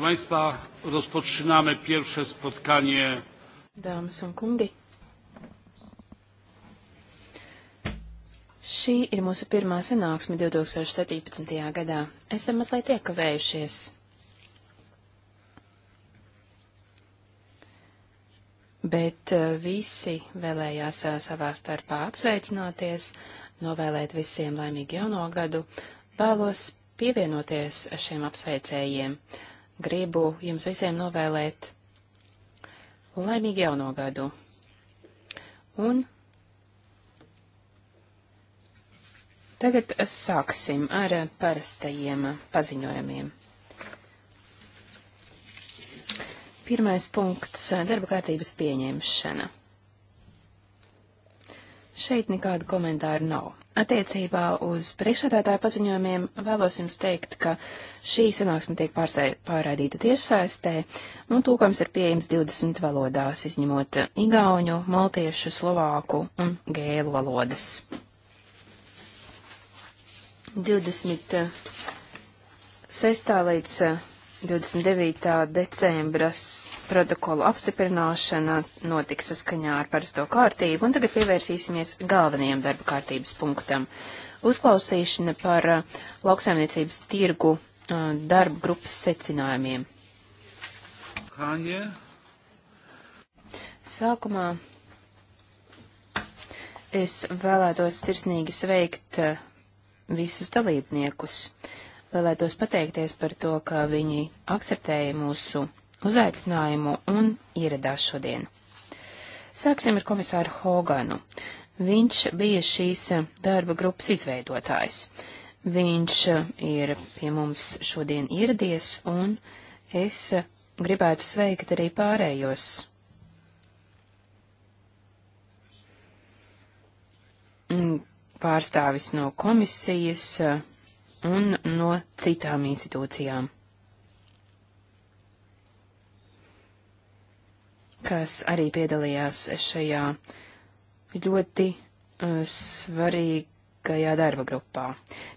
Proszę Państwa, rozpoczynamy pierwsze spotkanie. Dāmas un kungi, šī ir mūsu pirmā sanāksme 2017. gadā. Esam mazliet iekavējušies. Bet eh, visi vēlējās eh, savā starpā apsveicināties, novēlēt visiem laimīgu jauno gadu, vēlos pievienoties šiem apsveicējiem. Uh, gribu jums visiem novēlēt laimīgu jauno gadu. Un tagad sāksim ar parastajiem paziņojumiem. Pirmais punkts - darba kārtības pieņemšana. Šeit nekādu komentāru nav. Attiecībā uz priekšsēdētāju paziņojumiem vēlos jums teikt, ka šī sanāksme tiek pārraidīta tiešsaistē, un tūkojums ir pieejams 20 valodās, izņemot igauņu, maltiešu, slovāku un gēlu valodas. 26. līdz 29. decembras protokolu apstiprināšana notiks saskaņā ar parasto kārtību, un tagad pievērsīsimies galvenajam darba kārtības punktam. Uzklausīšana par uh, lauksaimniecības tirgu uh, darba grupas secinājumiem. Kāņie? Sākumā es vēlētos sirsnīgi sveikt uh, visus dalībniekus. Uh, vēlētos pateikties par to, ka viņi akceptēja mūsu uzaicinājumu un ieradās šodien. Sāksim ar komisāru Hoganu. Viņš bija šīs darba grupas izveidotājs. Viņš ir pie mums šodien ieradies, un es gribētu sveikt arī pārējos. Mm, pārstāvis no komisijas, un no citām institūcijām, kas arī piedalījās šajā ļoti uh, svarīgajā darba grupā.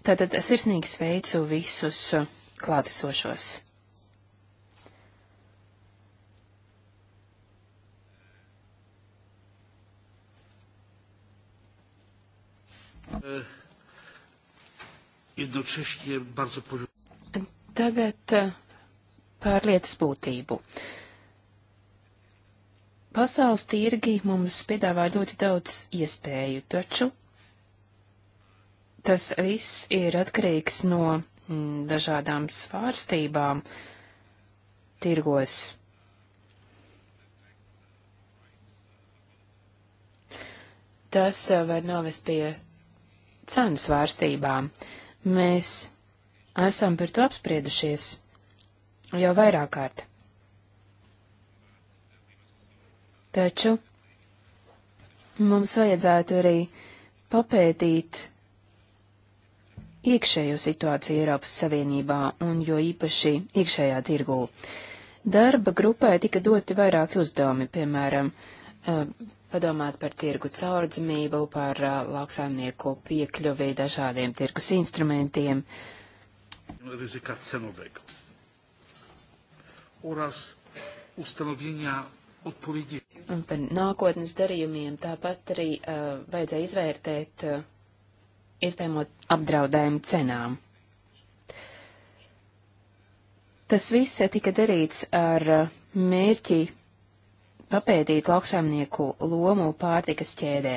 Tātad sirsnīgi sveicu visus uh, klātesošos. Uh jednocześnie bardzo Tagad e, par lietas būtību. Pasaules tirgi mums piedāvā ļoti daudz iespēju, taču tas viss ir atkarīgs no mm, dažādām svārstībām tirgos. Tas e, var novest pie cenu svārstībām. Uh, Mēs esam par to apspriedušies jau vairāk kārt. Taču mums vajadzētu arī papētīt iekšējo situāciju Eiropas Savienībā un jo īpaši iekšējā tirgū. Darba grupai tika doti vairāki uzdevumi, piemēram, eh, padomāt par tirgu caurdzamību, par uh, lauksaimnieku piekļuvi dažādiem tirgus instrumentiem. Ryzyka cenowego oraz ustanowienia odpowiednich. Un par nākotnes darījumiem tāpat arī uh, vajadzēja izvērtēt uh, iespējamo apdraudējumu cenām. Tas viss tika darīts ar uh, mērķi papētīt lauksaimnieku lomu pārtikas ķēdē.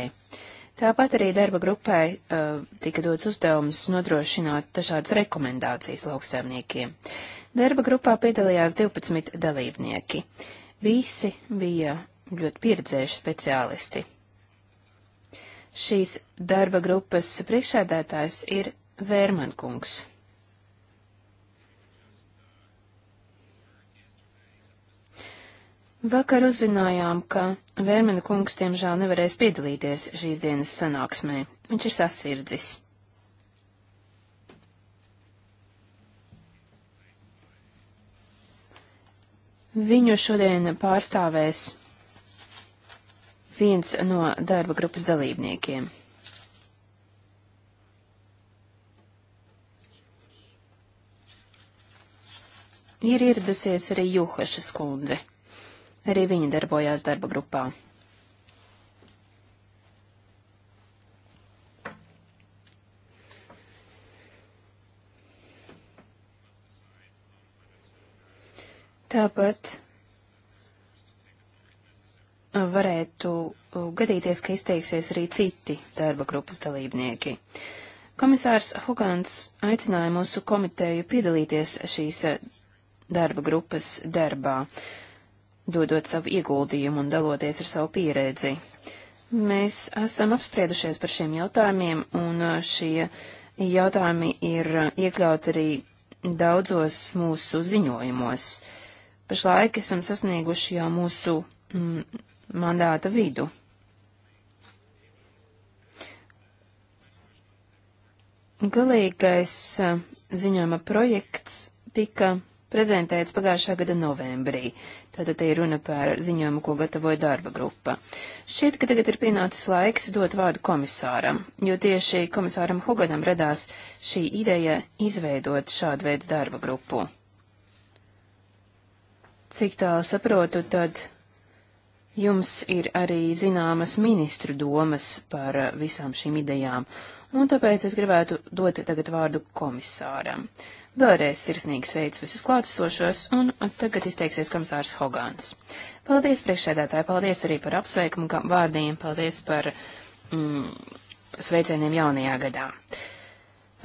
Tāpat arī darba grupai uh, tika dots uzdevums nodrošināt dažādas rekomendācijas lauksaimniekiem. Darba grupā piedalījās 12 dalībnieki. Visi bija ļoti pieredzējuši speciālisti. Šīs darba grupas priekšēdētājs ir Vērmankungs. Vakar uzzinājām, ka Vērmena kungs tiemžēl nevarēs piedalīties šīs dienas sanāksmē. Viņš ir sasirdzis. Viņu šodien pārstāvēs viens no darba grupas dalībniekiem. Ir ieradusies arī Juhašas kundze. Arī viņi darbojās darba grupā. Tāpat varētu gadīties, ka izteiksies arī citi darba grupas dalībnieki. Komisārs Hogans aicināja mūsu komiteju piedalīties šīs darba grupas darbā dodot savu ieguldījumu un daloties ar savu pieredzi. Mēs esam apspriedušies par šiem jautājumiem, un uh, šie jautājumi ir uh, iekļauti arī daudzos mūsu ziņojumos. Pašlaik esam sasnieguši jau mūsu mm, mandāta vidu. Galīgais uh, ziņojuma projekts tika prezentēts pagājušā gada novembrī. Tātad te ir runa par ziņojumu, ko gatavoja darba grupa. Šķiet, ka tagad ir pienācis laiks dot vārdu komisāram, jo tieši komisāram Huganam radās šī ideja izveidot šādu veidu darba grupu. Cik tālu saprotu, tad jums ir arī zināmas ministru domas par visām šīm idejām, un tāpēc es gribētu dot tagad vārdu komisāram. Vēlreiz sirsnīgs veids visus klātesošos, un tagad izteiksies komisārs Hogāns. Paldies priekšsēdētāji, paldies arī par apsveikumu vārdiem, paldies par mm, sveicieniem jaunajā gadā.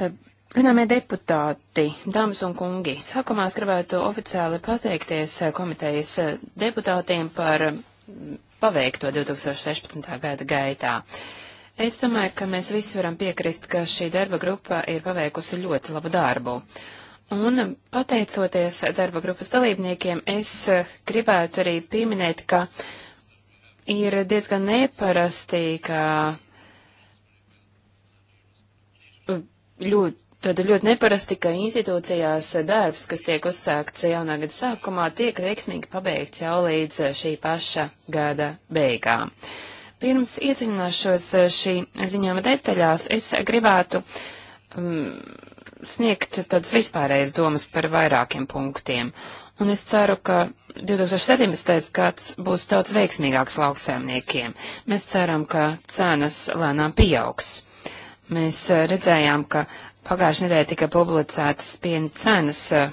Eh, Ganāmie deputāti, dāmas un kungi, sākumā es gribētu oficiāli pateikties eh, komitejas eh, deputātiem par mm, paveikto 2016. gada gaitā. Es domāju, ka mēs visi varam piekrist, ka šī darba grupa ir paveikusi ļoti labu darbu. Uh, Un pateicoties darba grupas dalībniekiem, es eh, gribētu arī pieminēt, ka ir diezgan neparasti, ka eh, ļoti, tad ļoti neparasti, ka institūcijās darbs, kas tiek uzsākts jaunā gada sākumā, tiek veiksmīgi pabeigts jau līdz eh, šī paša gada beigām. Pirms iedziļināšos šī ziņojuma detaļās, es gribētu. Um, sniegt tādas vispārējas domas par vairākiem punktiem. Un es ceru, ka 2017. gads būs daudz veiksmīgāks lauksēmniekiem. Mēs ceram, ka cenas lēnām pieaugs. Mēs eh, redzējām, ka Pagājušajā nedēļā tika publicētas piena cenas uh,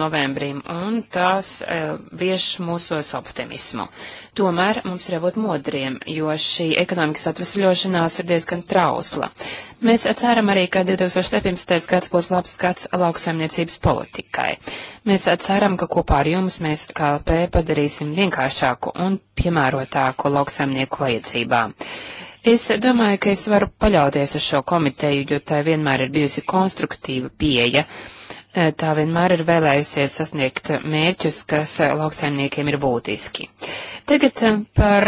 novembrim, un tās uh, vieš mūsos optimismu. Tomēr mums ir jābūt modriem, jo šī ekonomikas atvesļošanās ir diezgan trausla. Mēs ceram arī, ka 2017. gads būs labs gads lauksaimniecības politikai. Mēs ceram, ka kopā ar jums mēs KLP padarīsim vienkāršāku un piemērotāku lauksaimnieku vajadzībām. Uh, Es domāju, ka es varu paļauties uz šo komiteju, jo tā vienmēr ir bijusi konstruktīva pieeja. Eh, tā vienmēr ir vēlējusies sasniegt mērķus, kas eh, lauksaimniekiem ir būtiski. Tagad eh, par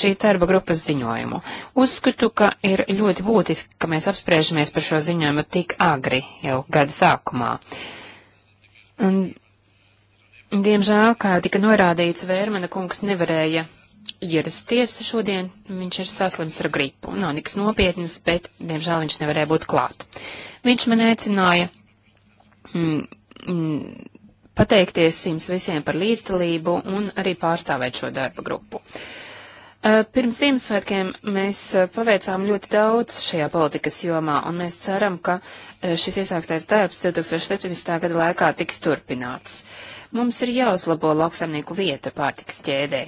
šīs darba grupas ziņojumu. Uzskatu, ka ir ļoti būtiski, ka mēs apspriežamies par šo ziņojumu tik agri, jau gada sākumā. Un, diemžēl, kā tika norādīts, Vērmana kungs nevarēja ierasties šodien. Viņš ir saslims ar gripu. Nav nekas nopietnas, bet, diemžēl, viņš nevarēja būt klāt. Viņš man aicināja mm, mm, pateikties jums visiem par līdzdalību un arī pārstāvēt šo darba grupu. Eh, pirms Ziemassvētkiem mēs eh, paveicām ļoti daudz šajā politikas jomā, un mēs ceram, ka eh, šis iesāktais darbs 2017. gada laikā tiks turpināts. Mums ir jāuzlabo lauksamnieku vieta pārtikas ķēdē.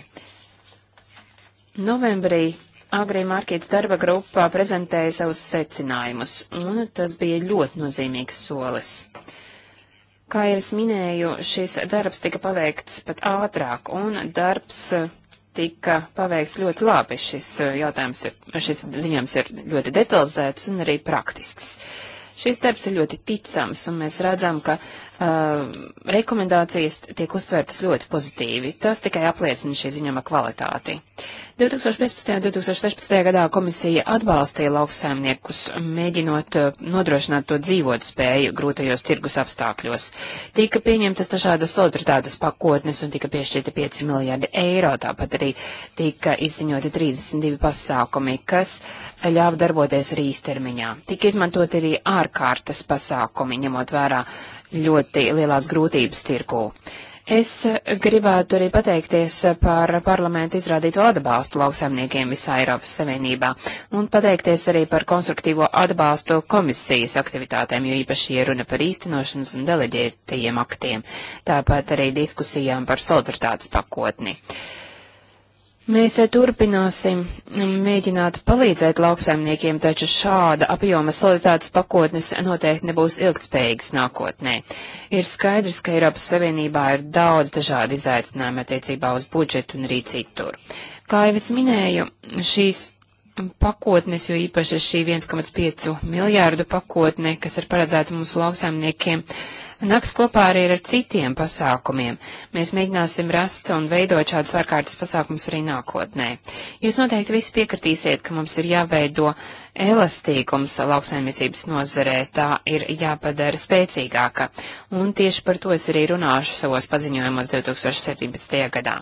Novembrī Agri Markets darba grupā prezentēja savus secinājumus, un tas bija ļoti nozīmīgs solis. Kā jau es minēju, šis darbs tika paveikts pat ātrāk, un darbs tika paveikts ļoti labi. Šis jautājums ir, šis ziņojums ir ļoti detalizēts un arī praktisks. Šis darbs ir ļoti ticams, un mēs redzam, ka uh, rekomendācijas tiek uztvērtas ļoti pozitīvi. Tas tikai apliecina šī ziņojuma kvalitāti. 2015. un 2016. gadā komisija atbalstīja lauksaimniekus, mēģinot uh, nodrošināt to dzīvot spēju grūtajos tirgus apstākļos. Tika pieņemtas dažādas solidaritātes pakotnes un tika piešķirta 5 miljardi eiro, tāpat arī tika izziņoti 32 pasākumi, kas ļāva darboties arī īstermiņā. Tika izmantot arī ārkārtas pasākumi, ņemot vērā uh, ļoti lielās grūtības tirkū. Es gribētu arī pateikties par parlamentu izrādīto atbalstu lauksaimniekiem visā Eiropas Savienībā un pateikties arī par konstruktīvo atbalstu komisijas aktivitātēm, jo īpaši ir runa par īstenošanas un deleģētajiem aktiem, tāpat arī diskusijām par solidaritātes pakotni. Uh, Mēs eh, turpināsim mm, mēģināt palīdzēt lauksaimniekiem, taču šāda apjoma solidaritātes pakotnes noteikti nebūs ilgtspējīgas nākotnē. Ir skaidrs, ka Eiropas Savienībā ir daudz dažādi izaicinājumi attiecībā uz budžetu un arī citur. Kā jau es minēju, šīs pakotnes, jo īpaši šī 1,5 miljārdu pakotne, kas ir paredzēta mūsu lauksaimniekiem, uh, nāks kopā arī ar citiem pasākumiem. Mēs mēģināsim rast un veidot šādus ārkārtas pasākumus arī nākotnē. Jūs noteikti visi piekritīsiet, ka mums ir jāveido elastīgums lauksaimniecības nozarē, tā ir jāpadara spēcīgāka. Un tieši par to es arī runāšu savos paziņojumos 2017. gadā.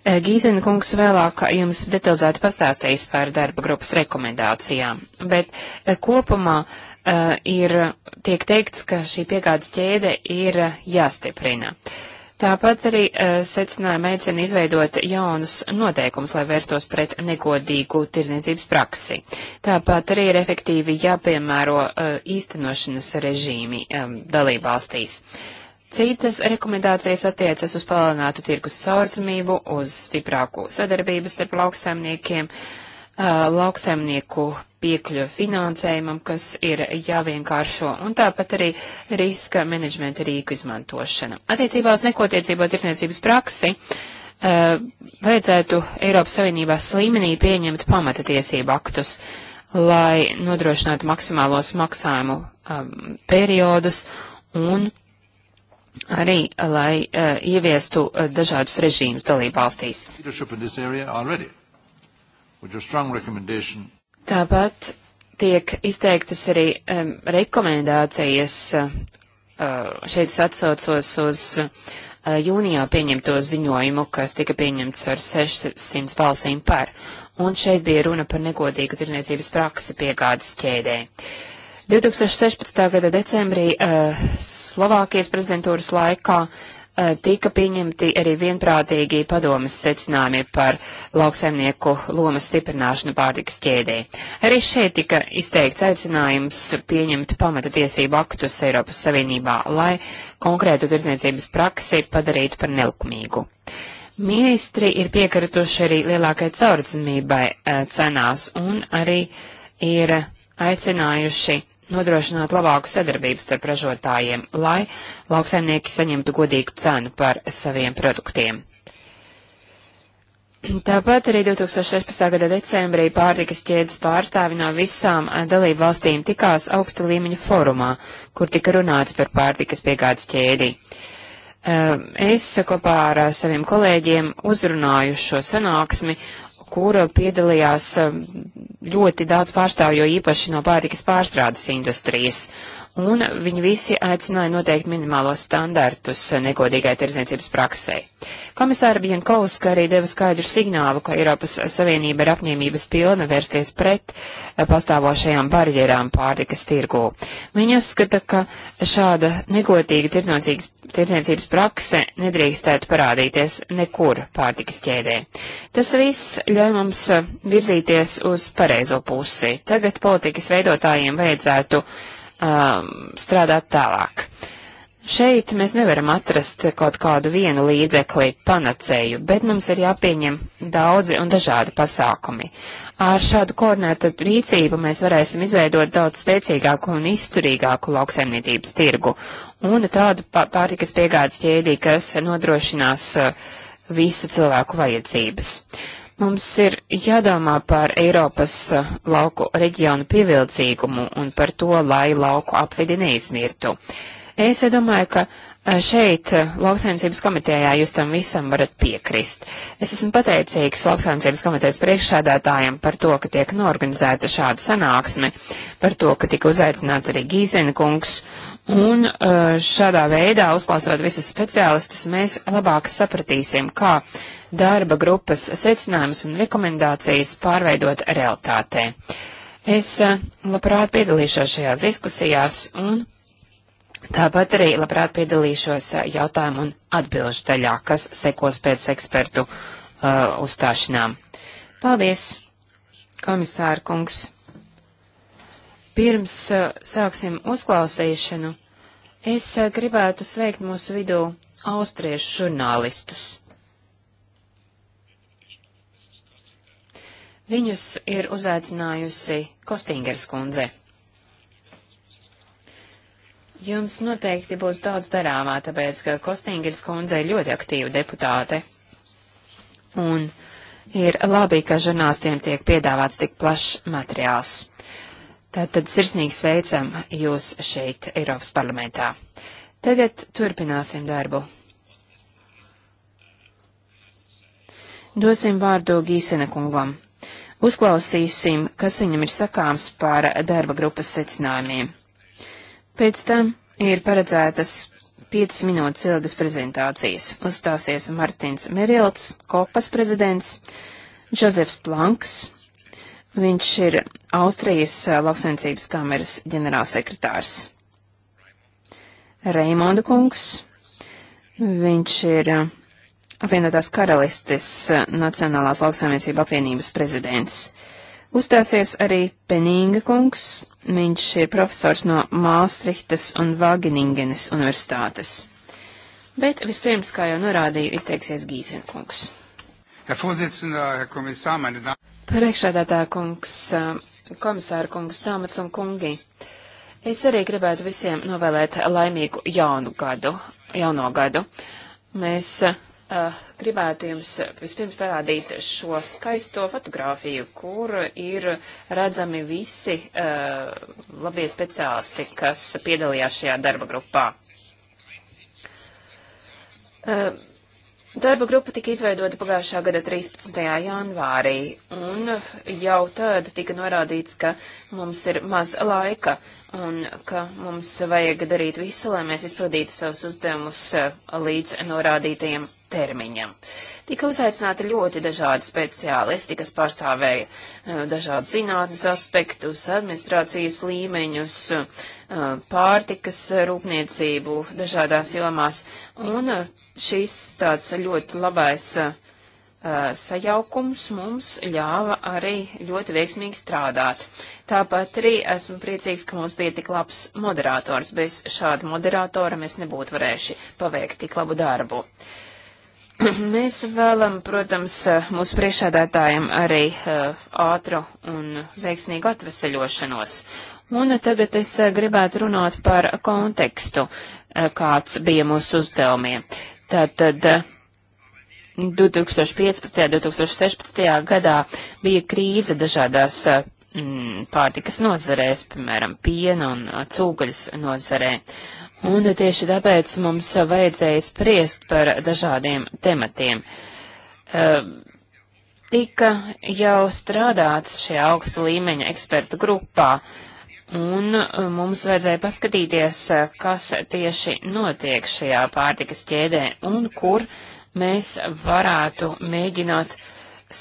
Eh, Gīzena kungs vēlāk jums detalizēti pastāstīs par darba grupas rekomendācijām, bet eh, kopumā uh, uh, ir, tiek teikts, ka šī piegādes ķēde ir jāstiprina. Tāpat arī uh, secinājumi aicina izveidot jaunus noteikumus, lai vērstos pret negodīgu tirzniecības praksi. Tāpat arī ir efektīvi jāpiemēro uh, īstenošanas režīmi um, dalībvalstīs. Citas rekomendācijas attiecas uz palielinātu tirgus saurzmību, uz stiprāku sadarbību starp lauksaimniekiem, uh, lauksaimnieku piekļuvi finansējumam, kas ir jāvienkāršo, un tāpat arī riska menedžmenta rīku izmantošana. Attiecībā uz nekotiecību tirdzniecības praksi uh, vajadzētu Eiropas Savienībās līmenī pieņemt pamata tiesību aktus, lai nodrošinātu maksimālos maksājumu um, periodus un arī, lai uh, ieviestu uh, dažādus režīmus dalību valstīs. Tāpat tiek izteiktas arī um, rekomendācijas, uh, šeit atsaucos uz uh, jūnijā pieņemto ziņojumu, kas tika pieņemts ar 600 balsīm par, un šeit bija runa par negodīgu tirniecības praksi piegādes ķēdē. 2016. gada decembrī uh, Slovākijas prezidentūras laikā Eh, tika pieņemti arī vienprātīgi padomas secinājumi par lauksaimnieku lomas stiprināšanu pārtikas ķēdē. Arī šeit tika izteikts aicinājums pieņemt pamata tiesību aktus Eiropas Savienībā, lai konkrētu tirdzniecības praksi padarītu par nelikumīgu. Ministri ir piekartuši arī lielākai caurdzamībai eh, cenās un arī ir aicinājuši nodrošināt labāku sadarbību starp ražotājiem, lai lauksaimnieki saņemtu godīgu cenu par saviem produktiem. Tāpat arī 2016. gada decembrī pārtikas ķēdes pārstāvi no visām eh, dalību valstīm tikās augsta līmeņa forumā, kur tika runāts par pārtikas piegādes ķēdi. Eh, es kopā ar eh, saviem kolēģiem uzrunāju šo sanāksmi kur piedalījās um, ļoti daudz pārstāvju, īpaši no pārtikas pārstrādes industrijas. Uh, un viņi visi aicināja noteikt minimālos standartus negodīgai tirdzniecības praksē. Komisāra Bienkovska arī deva skaidru signālu, ka Eiropas Savienība ir apņēmības pilna vērsties pret eh, pastāvošajām barjerām pārtikas tirgū. Viņa uzskata, ka šāda negodīga tirdzniecības prakse nedrīkstētu parādīties nekur pārtikas ķēdē. Tas viss ļauj mums eh, virzīties uz pareizo pusi. Tagad politikas veidotājiem vajadzētu uh, um, strādāt tālāk. Šeit mēs nevaram atrast kaut kādu vienu līdzekli panacēju, bet mums ir jāpieņem daudzi un dažādi pasākumi. Ar šādu koordinētu rīcību mēs varēsim izveidot daudz spēcīgāku un izturīgāku lauksaimniecības tirgu un tādu pārtikas piegādes ķēdī, kas nodrošinās uh, visu cilvēku vajadzības. Uh, Mums ir jādomā par Eiropas eh, lauku reģionu pievilcīgumu un par to, lai lauku apvidi neizmirtu. Es domāju, ka eh, šeit eh, lauksainicības komitejā jūs tam visam varat piekrist. Es esmu pateicīgs lauksainicības komitejas priekšsādātājiem par to, ka tiek norganizēta šāda sanāksme, par to, ka tika uzaicināts arī Gīzenkungs Un šādā veidā, uzklausot visus speciālistus, mēs labāk sapratīsim, kā darba grupas secinājumus un rekomendācijas pārveidot realitātē. Es eh, labprāt piedalīšos šajās diskusijās un tāpat arī labprāt piedalīšos eh, jautājumu un atbilžu daļā, kas sekos pēc ekspertu uh, uzstāšanām. Paldies, komisāra kungs! Pirms uh, sāksim uzklausīšanu, es uh, gribētu sveikt mūsu vidū austriešu žurnālistus. Viņus ir uzaicinājusi Kostingers kundze. Jums noteikti būs daudz darāmā, tāpēc, ka Kostingers kundze ir ļoti aktīva deputāte. Un ir labi, ka žurnālistiem tiek piedāvāts tik plašs materiāls. Tātad sirsnīgi sveicam jūs šeit, Eiropas parlamentā. Tagad turpināsim darbu. Dosim vārdu Gīsena kungam. Uzklausīsim, kas viņam ir sakāms par darba grupas secinājumiem. Pēc tam ir paredzētas 5 minūtes ilgas prezentācijas. Uzstāsies Martins Merilts, kopas prezidents, Džozefs Planks, viņš ir Austrijas lauksainicības kameras ģenerālsekretārs. Reimonda kungs, viņš ir uh, apvienotās karalistes eh, Nacionālās lauksaimniecība apvienības prezidents. Uzstāsies arī Penīnga kungs, viņš ir profesors no Māstrihtas un Vāgeningenes universitātes. Bet vispirms, kā jau norādīju, izteiksies Gīzen kungs. Priekšādātā kungs, eh, komisāra kungs, dāmas un kungi, es arī gribētu visiem novēlēt laimīgu jaunu gadu, jauno gadu. Mēs eh, Uh, gribētu jums vispirms parādīt šo skaisto fotografiju, kur ir redzami visi uh, labie speciālisti, kas piedalījās šajā darba grupā. Uh, darba grupa tika izveidota pagājušā gada 13. janvārī, un jau tad tika norādīts, ka mums ir maz laika un ka mums vajag darīt visu, lai mēs izpildītu savus uzdevumus līdz norādītajiem termiņam. Tika uzaicināti ļoti dažādi speciālisti, kas pārstāvēja eh, dažādu zinātnes aspektus, administrācijas līmeņus, eh, pārtikas rūpniecību dažādās jomās, un eh, šis tāds ļoti labais sajaukums mums ļāva arī ļoti veiksmīgi strādāt. Tāpat arī esmu priecīgs, ka mums bija tik labs moderators. Bez šāda moderatora mēs nebūtu varējuši paveikt tik labu darbu. Uh, Mēs vēlam, protams, mūsu priekšādātājiem arī uh, ātru un veiksmīgu atveseļošanos. Un tagad es eh, gribētu runāt par kontekstu, eh, kāds bija mūsu uzdevumiem. Tātad 2015. un 2016. gadā bija krīze dažādās mm, pārtikas nozarēs, piemēram, piena un cūgaļas nozarē. Uh, Un tieši tāpēc mums vajadzēja spriest par dažādiem tematiem. Ehm, tika jau strādāts šajā augsta līmeņa ekspertu grupā, un e, mums vajadzēja paskatīties, e, kas tieši notiek šajā pārtikas ķēdē un kur mēs varētu mēģināt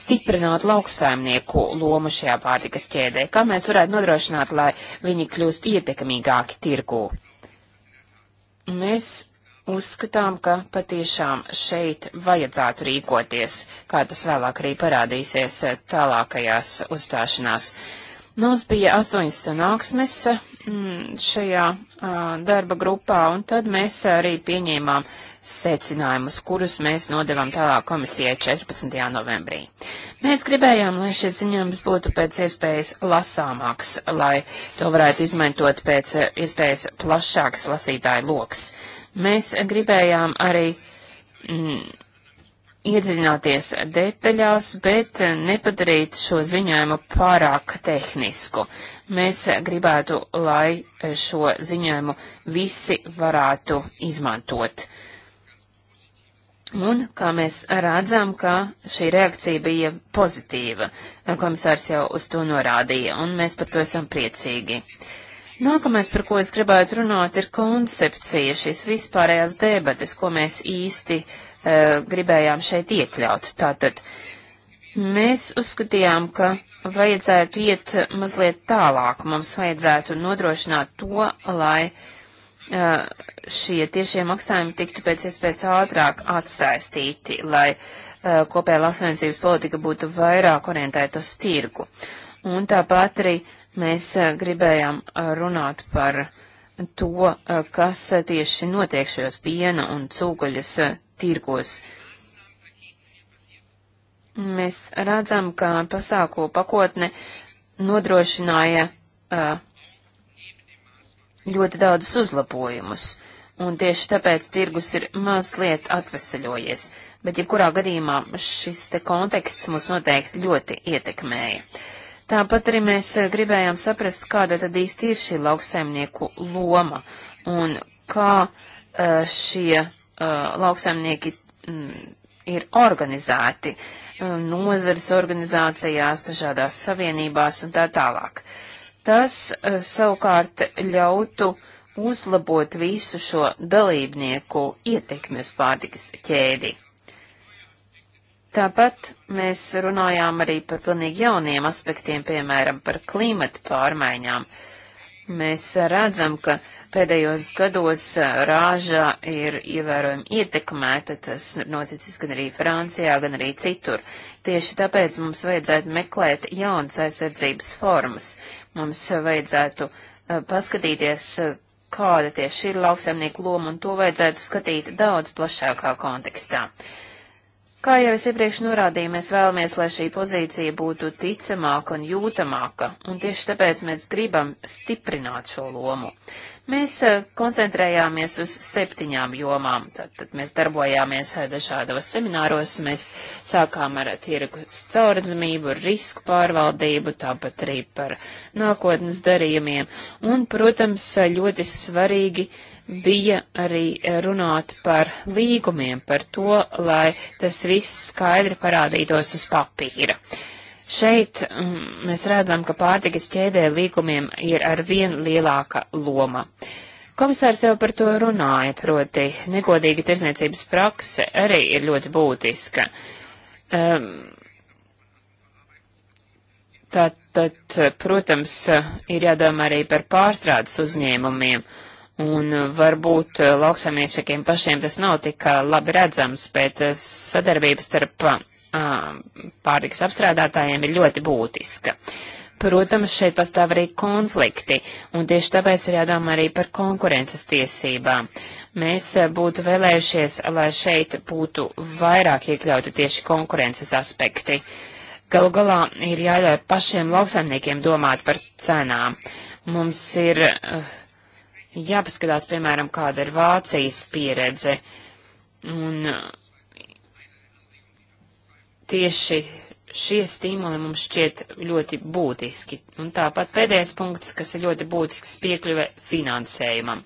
stiprināt lauksaimnieku lomu šajā pārtikas ķēdē, kā mēs varētu nodrošināt, lai viņi kļūst ietekmīgāki tirgū. Mēs uzskatām, ka patiešām šeit vajadzētu rīkoties, kā tas vēlāk arī parādīsies eh, tālākajās uzstāšanās. Uh, Mums bija astoņas sanāksmes mm, šajā darba grupā, un tad mēs arī pieņēmām secinājumus, kurus mēs nodevām tālāk komisijai 14. novembrī. Mēs gribējām, lai šis ziņojums būtu pēc iespējas lasāmāks, lai to varētu izmantot pēc iespējas plašāks lasītāju loks. Mēs gribējām arī. Mm, iedziļināties detaļās, bet nepadarīt šo ziņojumu pārāk tehnisku. Mēs gribētu, lai šo ziņojumu visi varētu izmantot. Un, kā mēs redzam, ka šī reakcija bija pozitīva, komisārs jau uz to norādīja, un mēs par to esam priecīgi. Nākamais, par ko es gribētu runāt, ir koncepcija, šīs vispārējās debates, ko mēs īsti uh, E, gribējām šeit iekļaut. Tātad mēs uzskatījām, ka vajadzētu iet mazliet tālāk. Mums vajadzētu nodrošināt to, lai e, šie tiešie maksājumi tiktu pēc iespējas ātrāk atsaistīti, lai e, kopējā lauksaimniecības politika būtu vairāk orientēta uz tirgu. Un tāpat arī mēs gribējām runāt par to, kas tieši notiek šajos piena un cūkuļas tirgos. Mēs redzam, ka pasāku pakotne nodrošināja uh, ļoti daudzus uzlabojumus, un tieši tāpēc tirgus ir mazliet atveseļojies, bet jebkurā gadījumā šis te konteksts mūs noteikti ļoti ietekmēja. Tāpat arī mēs gribējām saprast, kāda tad īsti ir šī lauksaimnieku loma un kā šie Uh, lauksaimnieki m, mm, ir organizēti uh, nozares organizācijās, dažādās savienībās un tā tālāk. Tas uh, savukārt ļautu uzlabot visu šo dalībnieku ietekmi uz pārtikas ķēdi. Tāpat mēs runājām arī par pilnīgi jauniem aspektiem, piemēram, par klimata pārmaiņām. Uh, Mēs redzam, ka pēdējos gados rāža ir ievērojami ietekmēta, tas noticis gan arī Francijā, gan arī citur. Tieši tāpēc mums vajadzētu meklēt jaunas aizsardzības formas. Mums vajadzētu paskatīties, kāda tieši ir lauksaimnieku loma, un to vajadzētu skatīt daudz plašākā kontekstā. Uh, Kā jau es iepriekš norādīju, mēs vēlamies, lai šī pozīcija būtu ticamāka un jūtamāka, un tieši tāpēc mēs gribam stiprināt šo lomu. Mēs eh, koncentrējāmies uz septiņām jomām, tad, tad mēs darbojāmies eh, dažādos semināros, mēs sākām ar tirgus caurdzamību, risku pārvaldību, tāpat arī par nākotnes darījumiem, un, protams, eh, ļoti svarīgi uh, bija arī eh, runāt par līgumiem, par to, lai tas viss skaidri parādītos uz papīra. Šeit mm, mēs redzam, ka pārtikas ķēdē līgumiem ir arvien lielāka loma. Komisārs jau par to runāja, proti negodīga tirzniecības prakse arī ir ļoti būtiska. Um, ehm, Tātad, protams, ir jādomā arī par pārstrādes uzņēmumiem. Uh, Un eh, varbūt eh, lauksamniekiem pašiem tas nav tik eh, labi redzams, bet sadarbības starp pārtiks apstrādātājiem ir ļoti būtiska. Protams, šeit pastāv arī konflikti, un tieši tāpēc ir jādomā arī par konkurences tiesībām. Mēs būtu vēlējušies, lai šeit būtu vairāk iekļauti tieši konkurences aspekti. Galu galā ir jāļauj pašiem lauksaimniekiem domāt par cenām. Mums ir uh, jāpaskatās, piemēram, kāda ir Vācijas pieredze. Un tieši šie stimuli mums šķiet ļoti būtiski. Un tāpat pēdējais punkts, kas ir ļoti būtisks, piekļuve finansējumam.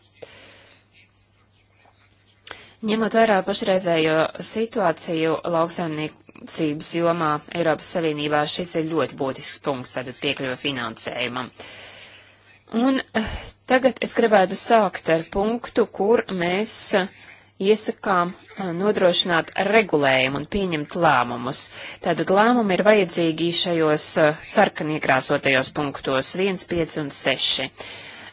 Ņemot vērā pašreizējo situāciju lauksaimniecības jomā Eiropas Savienībā, šis ir ļoti būtisks punkts, tātad piekļuve finansējumam. Uh, Un eh, tagad es gribētu sākt ar punktu, kur mēs eh, iesakām eh, nodrošināt regulējumu un pieņemt lēmumus. Tātad lēmumi ir vajadzīgi šajos sarkanī krāsotajos punktos 1, 5 un 6.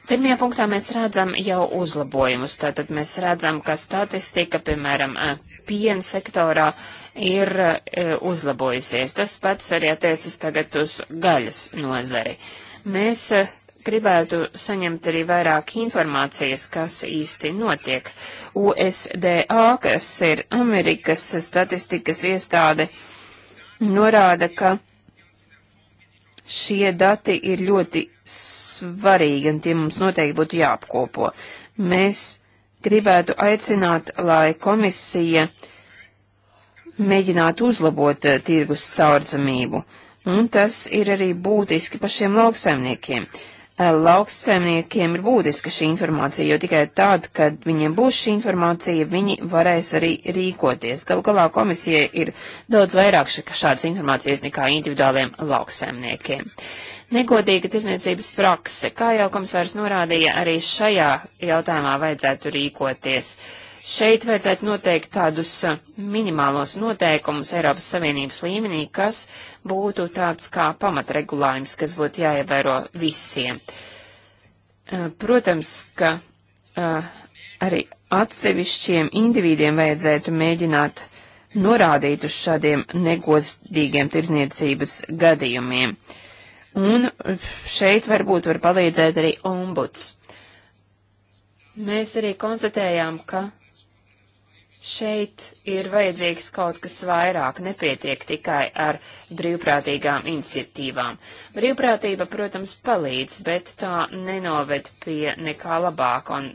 Pirmajā punktā mēs redzam jau uzlabojumus, tātad mēs redzam, ka statistika, piemēram, piena sektorā ir uzlabojusies. Tas pats arī attiecas tagad uz gaļas nozari. Mēs gribētu saņemt arī vairāk informācijas, kas īsti notiek. USDA, kas ir Amerikas statistikas iestāde, norāda, ka šie dati ir ļoti svarīgi un tie mums noteikti būtu jāapkopo. Mēs gribētu aicināt, lai komisija mēģinātu uzlabot eh, tirgus caurdzamību, un tas ir arī būtiski pašiem lauksaimniekiem. Uh, Eh, lauksaimniekiem ir būtiska šī informācija, jo tikai tad, kad viņiem būs šī informācija, viņi varēs arī rīkoties. Galu galā komisijai ir daudz vairāk šādas informācijas nekā individuāliem lauksaimniekiem. Negodīga tirzniecības prakse, kā jau komisārs norādīja, arī šajā jautājumā vajadzētu rīkoties. Uh, Šeit vajadzētu noteikt tādus uh, minimālos noteikumus Eiropas Savienības līmenī, kas būtu tāds kā pamatregulājums, kas būtu jāievēro visiem. Uh, protams, ka uh, arī atsevišķiem individiem vajadzētu mēģināt norādīt uz šādiem negodīgiem tirzniecības gadījumiem. Un šeit varbūt var palīdzēt arī ombuds. Mēs arī konstatējām, ka Šeit ir vajadzīgs kaut kas vairāk, nepietiek tikai ar brīvprātīgām iniciatīvām. Brīvprātība, protams, palīdz, bet tā nenoved pie nekā labāka un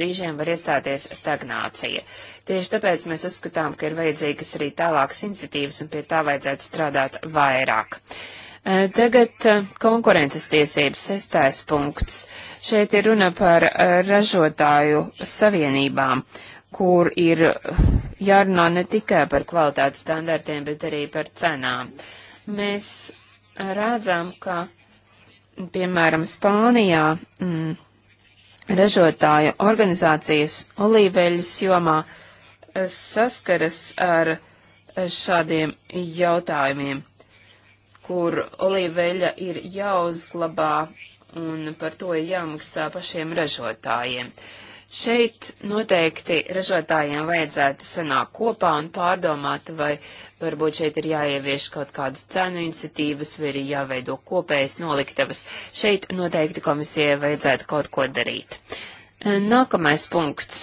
brīžiem var iestāties stagnācija. Tieši tāpēc mēs uzskatām, ka ir vajadzīgas arī tālākas iniciatīvas un pie tā vajadzētu strādāt vairāk. Eh, tagad eh, konkurences tiesības sestais punkts. Šeit ir runa par eh, ražotāju savienībām kur ir jārunā ne tikai par kvalitātes standartiem, bet arī par cenām. Mēs redzam, ka, piemēram, Spānijā mm, ražotāju organizācijas olīveļas jomā eh, saskaras ar šādiem jautājumiem, kur olīveļa ir jāuzglabā un par to ir jāmaksā pašiem ražotājiem. Uh, Šeit noteikti ražotājiem vajadzētu sanākt kopā un pārdomāt, vai varbūt šeit ir jāievieš kaut kādas cenu iniciatīvas, vai ir jāveido kopējas noliktavas. Šeit noteikti komisijai vajadzētu kaut ko darīt. Nākamais punkts.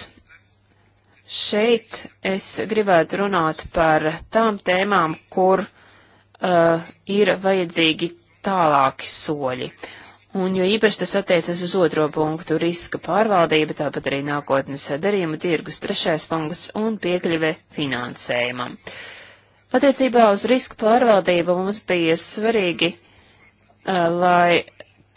Šeit es gribētu runāt par tām tēmām, kur uh, ir vajadzīgi tālāki soļi. Uh, Un jo īpaši tas attiecas uz otro punktu - riska pārvaldība, tāpat arī nākotnes darījuma tirgus trešais punkts un piekļuve finansējumam. Attiecībā uz risku pārvaldību mums bija svarīgi, lai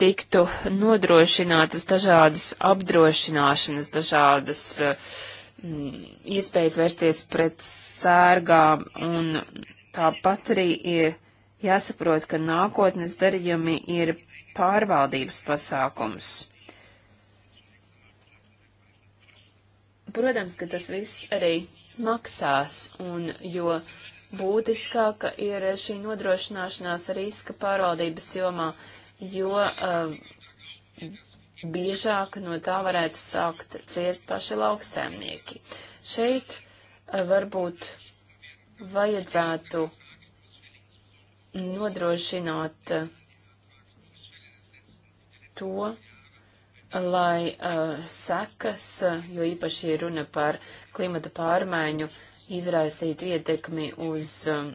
tiktu nodrošinātas dažādas apdrošināšanas, dažādas m, iespējas vērsties pret sērgām, un tāpat arī ir Jāsaprot, ka nākotnes darījumi ir pārvaldības pasākums. Protams, ka tas viss arī maksās, un jo būtiskāka ir šī nodrošināšanās riska pārvaldības jomā, jo uh, biežāk no tā varētu sākt ciest paši lauksēmnieki. Šeit uh, varbūt vajadzētu nodrošināt uh, to, lai uh, sekas, uh, jo īpaši ir runa par klimata pārmaiņu, izraisītu ietekmi uz um,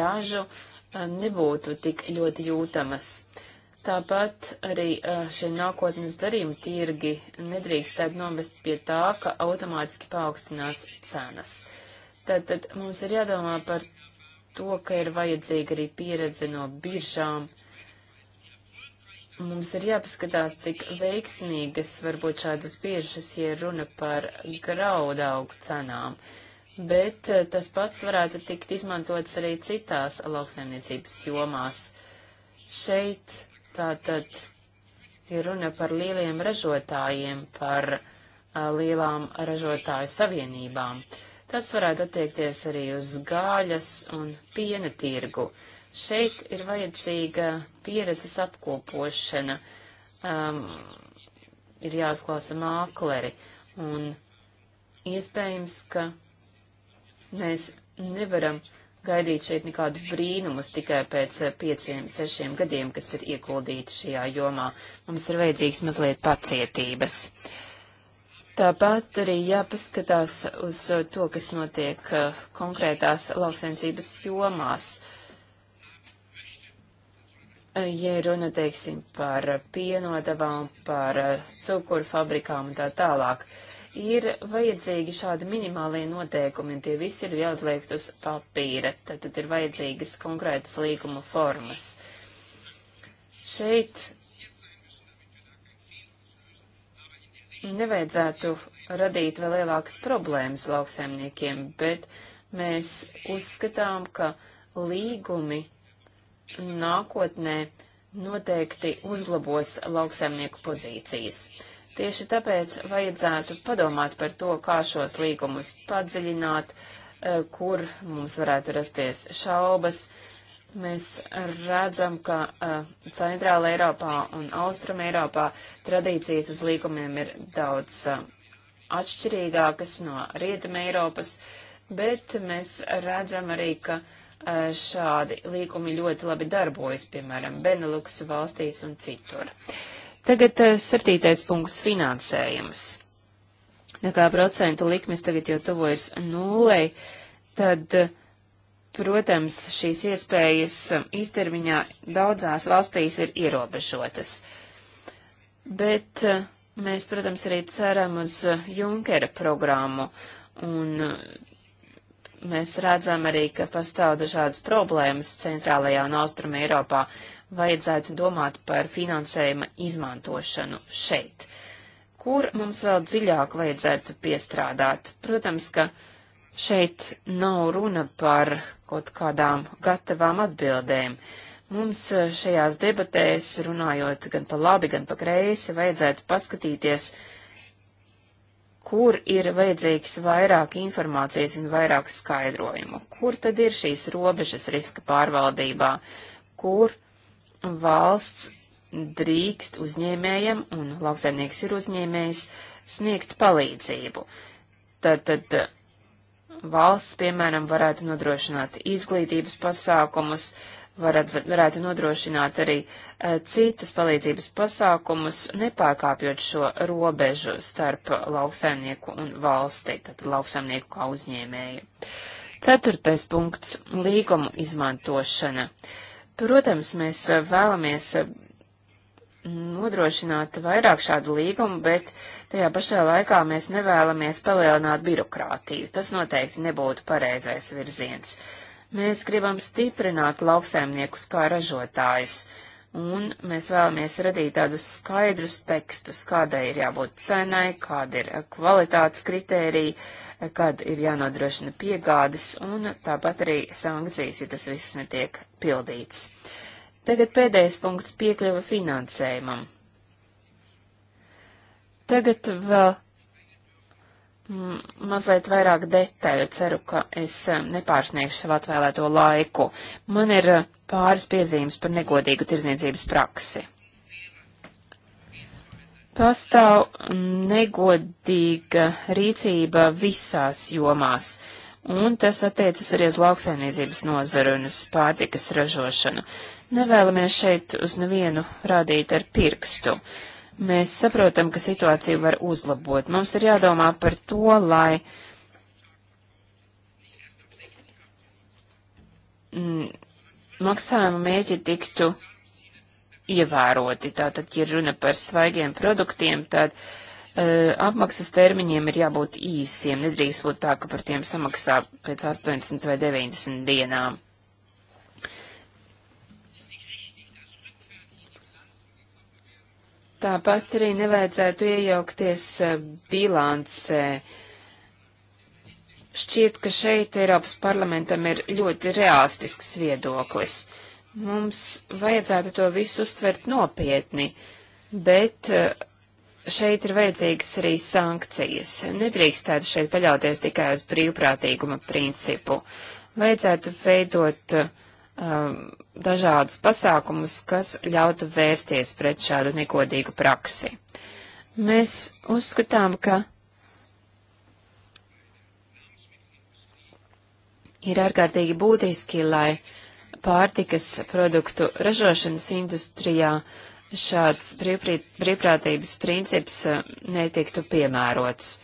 ražu, uh, nebūtu tik ļoti jūtamas. Tāpat arī uh, šie nākotnes darījumi tirgi nedrīkstētu novest pie tā, ka automātiski paaugstinās cenas. Tātad mums ir jādomā par to, ka ir vajadzīga arī pieredze no biržām. Mums ir jāpaskatās, cik veiksmīgas var būt šādas biežas, ja runa par graudaugu cenām, bet eh, tas pats varētu tikt izmantots arī citās lauksaimniecības jomās. Šeit tātad ir runa par lieliem ražotājiem, par a, eh, lielām ražotāju savienībām. Uh, Tas varētu attiekties arī uz gāļas un piena tirgu. Šeit ir vajadzīga pieredzes apkopošana, um, ir jāsklāsa mākleri, un iespējams, ka mēs nevaram gaidīt šeit nekādus brīnumus tikai pēc pieciem, sešiem gadiem, kas ir ieguldīti šajā jomā. Mums ir vajadzīgs mazliet pacietības. Uh, Tāpat arī jāpaskatās uz uh, to, kas notiek uh, konkrētās lauksensības jomās. Uh, ja runa, teiksim, par pienodavām, par cukuru fabrikām un tā tālāk, ir vajadzīgi šādi minimālie noteikumi, un tie visi ir jāuzliekt uz papīra, tad, tad ir vajadzīgas konkrētas līguma formas. Šeit nevajadzētu radīt vēl lielākas problēmas lauksaimniekiem, bet mēs uzskatām, ka līgumi nākotnē noteikti uzlabos lauksaimnieku pozīcijas. Tieši tāpēc vajadzētu padomāt par to, kā šos līgumus padziļināt, eh, kur mums varētu rasties šaubas, Mēs redzam, ka uh, Centrāla Eiropā un Austrum Eiropā tradīcijas uz līgumiem ir daudz uh, atšķirīgākas no Rietuma Eiropas, bet mēs redzam arī, ka uh, šādi līgumi ļoti labi darbojas, piemēram, Benelux valstīs un citur. Tagad uh, septītais punkts - finansējums. Tā kā procentu likmes tagad jau tuvojas nulei, tad uh, Protams, šīs iespējas īstermiņā daudzās valstīs ir ierobežotas. Bet eh, mēs, protams, arī ceram uz eh, Junkera programmu, un eh, mēs redzam arī, ka pastāv dažādas problēmas centrālajā un austruma Eiropā. Vajadzētu domāt par finansējuma izmantošanu šeit. Kur mums vēl dziļāk vajadzētu piestrādāt? Protams, ka Šeit nav runa par kaut kādām gatavām atbildēm. Mums e, šajās debatēs, runājot gan pa labi, gan pa kreisi, vajadzētu paskatīties, kur ir vajadzīgs vairāk informācijas un vairāk skaidrojumu, kur tad ir šīs robežas riska pārvaldībā, kur valsts drīkst uzņēmējiem, un lauksaimnieks ir uzņēmējs, sniegt palīdzību. Tad, tad valsts, piemēram, varētu nodrošināt izglītības pasākumus, varētu, varētu nodrošināt arī uh, citus palīdzības pasākumus, nepārkāpjot šo robežu starp lauksaimnieku un valsti, tad lauksaimnieku kā uzņēmēju. Ceturtais punkts - līgumu izmantošana. Protams, mēs eh, vēlamies eh, nodrošināt vairāk šādu līgumu, bet tajā pašā laikā mēs nevēlamies palielināt birokrātiju. Tas noteikti nebūtu pareizais virziens. Mēs gribam stiprināt lauksaimniekus kā ražotājus, un mēs vēlamies radīt tādus skaidrus tekstus, kādai ir jābūt cenai, kāda ir kvalitātes kritērija, kad ir jānodrošina piegādes, un tāpat arī sankcijas, ja tas viss netiek pildīts. Uh, Tagad pēdējais punkts piekļuva finansējumam. Tagad vēl mm, mazliet vairāk detaļu. Ceru, ka es eh, nepārsniegšu savu atvēlēto laiku. Man ir eh, pāris piezīmes par negodīgu tirzniecības praksi. Pastāv negodīga rīcība visās jomās, un tas attiecas arī uz lauksaimniecības nozaru un uz pārtikas ražošanu. Nevēlamies šeit uz nevienu rādīt ar pirkstu. Mēs saprotam, ka situāciju var uzlabot. Mums ir jādomā par to, lai mm, maksājuma mēķi tiktu ievēroti. Tātad, ja runa par svaigiem produktiem, tad uh, apmaksas termiņiem ir jābūt īsiem. Nedrīkst būt tā, ka par tiem samaksā pēc 80 vai 90 dienām. Tāpat arī nevajadzētu iejaukties eh, bilancē. Šķiet, ka šeit Eiropas parlamentam ir ļoti realistisks viedoklis. Mums vajadzētu to visu uztvert nopietni, bet eh, šeit ir vajadzīgas arī sankcijas. Nedrīkstētu šeit paļauties tikai uz brīvprātīguma principu. Vajadzētu veidot uh, Um, dažādus pasākumus, kas ļautu vērsties pret šādu nekodīgu praksi. Mēs uzskatām, ka ir ārkārtīgi būtiski, lai pārtikas produktu ražošanas industrijā šāds brīvprātības princips uh, netiktu piemērots.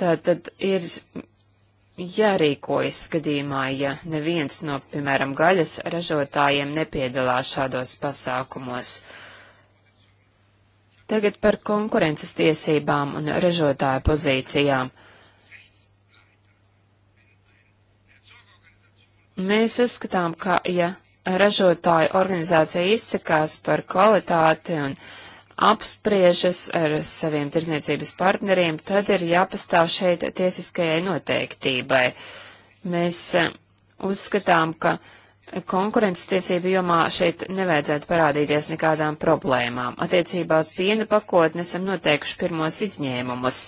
Tātad ir jārīkojas skatījumā, ja neviens no, piemēram, gaļas ražotājiem nepiedalās šādos pasākumos. Tagad par konkurences tiesībām un ražotāju pozīcijām. Mēs uzskatām, ka, ja ražotāju organizācija izsakās par kvalitāti un uh, apspriežas ar saviem tirzniecības partneriem, tad ir jāpastāv šeit tiesiskajai noteiktībai. Mēs eh, uzskatām, ka konkurences tiesību jomā šeit nevajadzētu parādīties nekādām problēmām. Attiecībā uz piena pakotni esam noteikuši pirmos izņēmumus,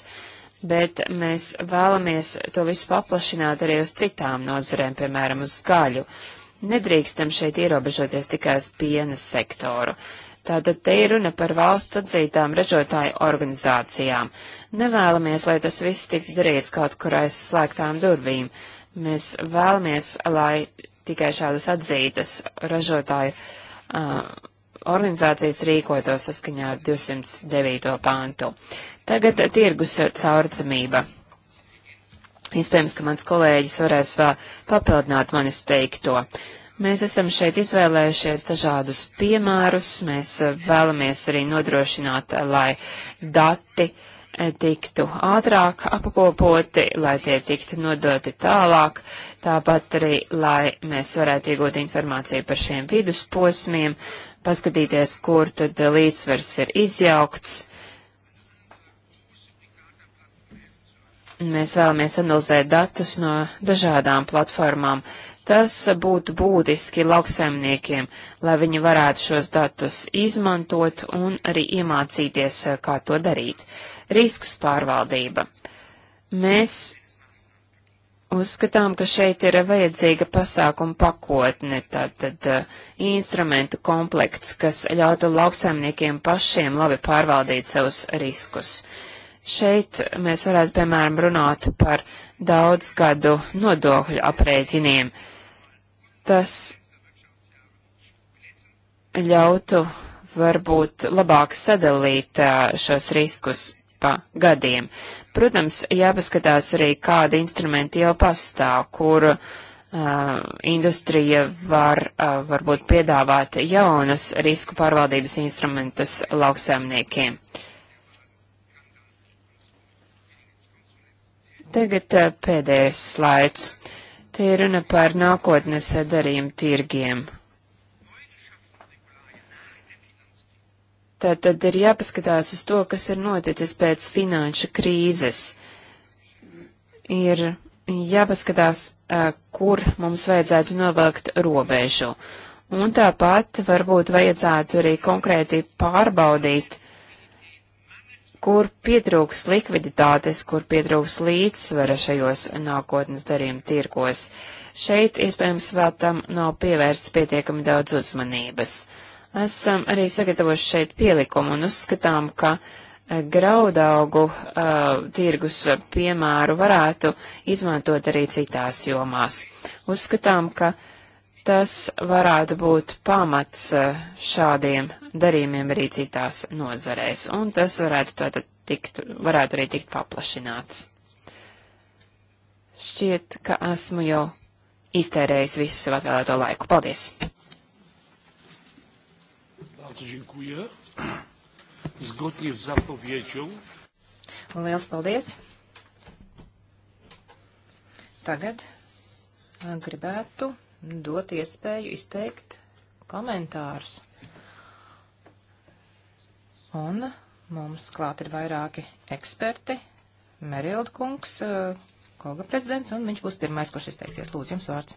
bet mēs vēlamies to visu paplašināt arī uz citām nozarēm, piemēram, uz gaļu. Nedrīkstam šeit ierobežoties tikai uz piena sektoru. Uh, Tātad te ir runa par valsts atzītām ražotāju organizācijām. Nevēlamies, lai tas viss tiktu darīts kaut kur aiz slēgtām durvīm. Mēs vēlamies, lai tikai šādas atzītas ražotāju uh, organizācijas rīkoto saskaņā ar 209. pāntu. Tagad tirgus caurdzamība. Iespējams, ka mans kolēģis varēs vēl papildināt manis teikto. Uh, Mēs esam šeit izvēlējušies dažādus piemērus. Mēs eh, vēlamies arī nodrošināt, eh, lai dati eh, tiktu ātrāk apkopoti, lai tie tiktu nodoti tālāk, tāpat arī, lai mēs varētu iegūt informāciju par šiem vidusposmiem, paskatīties, kur tad līdzsvers ir izjaukts. Mēs vēlamies analizēt datus no dažādām platformām. Uh, Tas būtu būtiski lauksaimniekiem, lai viņi varētu šos datus izmantot un arī iemācīties, eh, kā to darīt. Riskus pārvaldība. Mēs uzskatām, ka šeit ir vajadzīga pasākuma pakotne, tātad eh, instrumentu komplekts, kas ļautu lauksaimniekiem pašiem labi pārvaldīt savus riskus. Šeit mēs varētu, piemēram, runāt par daudzgadu nodokļu aprēķiniem. Uh, Tas ļautu varbūt labāk sadalīt šos riskus pa gadiem. Protams, jāpaskatās arī, kādi instrumenti jau pastāv, kur uh, industrija var uh, varbūt piedāvāt jaunus risku pārvaldības instrumentus lauksēmniekiem. Tagad uh, pēdējais slaids. Uh, Te ir runa par nākotnes darījumu tirgiem. Tad, tad ir jāpaskatās uz to, kas ir noticis pēc finanšu krīzes. Ir jāpaskatās, kur mums vajadzētu novilkt robežu. Un tāpat varbūt vajadzētu arī konkrēti pārbaudīt, kur pietrūks likviditātes, kur pietrūks līdzsvara šajos nākotnes darījuma tirkos. Šeit, iespējams, vēl tam nav pievērsts pietiekami daudz uzmanības. Esam arī sagatavojuši šeit pielikumu un uzskatām, ka e, graudaugu uh, tirgus piemēru varētu izmantot arī citās jomās. Uzskatām, ka tas varētu būt pamats e, šādiem darījumiem arī citās nozarēs, un tas varētu tātad tikt, varētu arī tikt paplašināts. Šķiet, ka esmu jau iztērējis visu sev atvēlēto laiku. Paldies! Liels paldies! Tagad gribētu dot iespēju izteikt komentārus. Un mums klāt ir vairāki eksperti. Merilda kungs, eh, Koga prezidents, un viņš būs pirmais, kurš izteiksies. Lūdzu, jums vārds.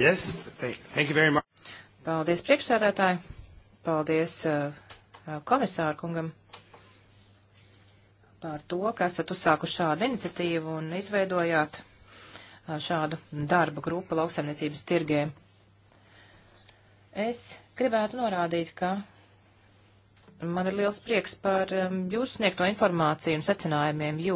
Yes, thank you very much. Paldies priekšsēdētāji. Paldies uh, komisāru kungam par to, ka esat uzsākuši šādu iniciatīvu un izveidojāt uh, šādu darba grupu lauksaimniecības tirgiem. Es gribētu norādīt, ka Man ir liels prieks par um, jūsu sniegto informāciju un secinājumiem, jo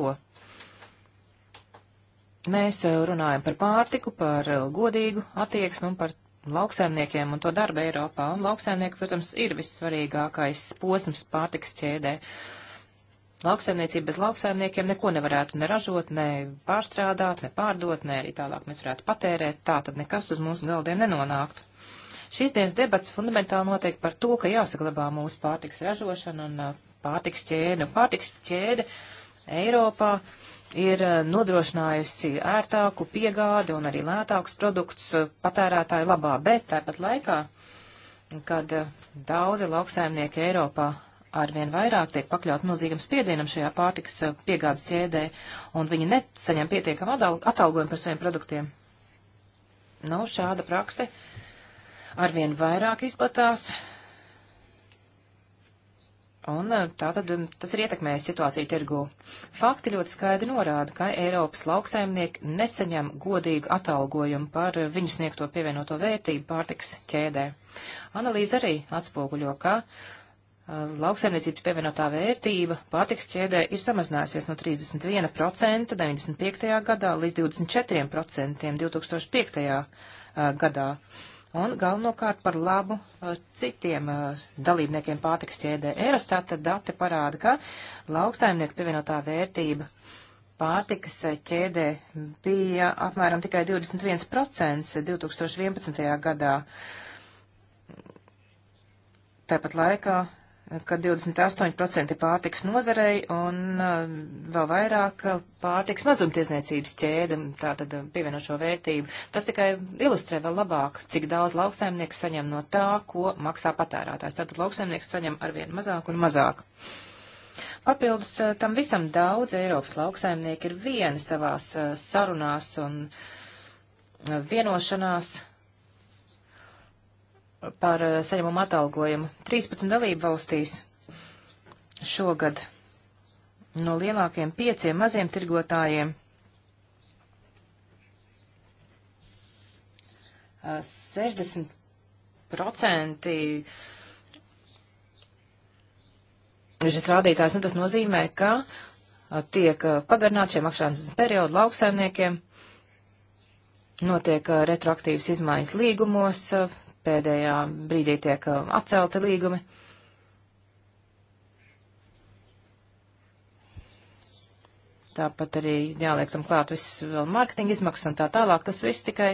mēs uh, runājam par pārtiku, par uh, godīgu attieksmi un par lauksaimniekiem un to darbu Eiropā. Un lauksaimnieki, protams, ir vissvarīgākais posms pārtikas ķēdē. Lauksaimniecība bez lauksaimniekiem neko nevarētu neražot, ne pārstrādāt, ne pārdot, ne arī tālāk mēs varētu patērēt, tā tad nekas uz mūsu galdiem nenonāktu. Šīs dienas debats fundamentāli notiek par to, ka jāsaglabā mūsu pārtiks ražošana un uh, pārtiks ķēde. Pārtiks ķēde Eiropā ir uh, nodrošinājusi ērtāku piegādi un arī lētākus produktus uh, patērētāju labā, bet tāpat laikā, kad daudzi lauksaimnieki Eiropā arvien vairāk tiek pakļaut milzīgam spiedienam šajā pārtiks piegādes ķēdē, un viņi nesaņem pietiekam atalgojumu par saviem produktiem. Nu, šāda prakse uh, arvien vairāk izplatās. Un eh, tā tad um, tas ir ietekmējis situāciju tirgū. Fakti ļoti skaidri norāda, ka Eiropas lauksaimnieki nesaņem godīgu atalgojumu par eh, viņu sniegto pievienoto vērtību pārtiks ķēdē. Analīze arī atspoguļo, ka eh, lauksaimniecības pievienotā vērtība pārtiks ķēdē ir samazinājusies no 31% 95. gadā līdz 24% 2005. gadā un galvenokārt par labu eh, citiem eh, dalībniekiem pārtiks ķēdē. Eurostata dati parāda, ka lauksaimnieku pievienotā vērtība pārtikas eh, ķēdē bija apmēram tikai 21% 2011. gadā. Tāpat laikā ka 28% ir pārtiks nozarei un uh, vēl vairāk pārtiks mazumtiesniecības ķēde, tātad uh, pievienošo vērtību. Tas tikai ilustrē vēl labāk, cik daudz lauksaimnieks saņem no tā, ko maksā patērētājs. Tātad lauksaimnieks saņem arvien mazāk un mazāk. Papildus uh, tam visam daudz Eiropas lauksaimnieki ir vieni savās sarunās un vienošanās par eh, saņemumu atalgojumu. 13 dalību valstīs šogad no lielākiem pieciem maziem tirgotājiem uh, eh, 60% šis rādītājs, nu tas nozīmē, ka uh, tiek uh, pagarināts šie makšanas periodi lauksaimniekiem, notiek retroaktīvas izmaiņas līgumos, pēdējā brīdī tiek um, atcelti līgumi. Tāpat arī jāliek tam klāt viss vēl mārketinga izmaksas un tā tālāk. Tas viss tikai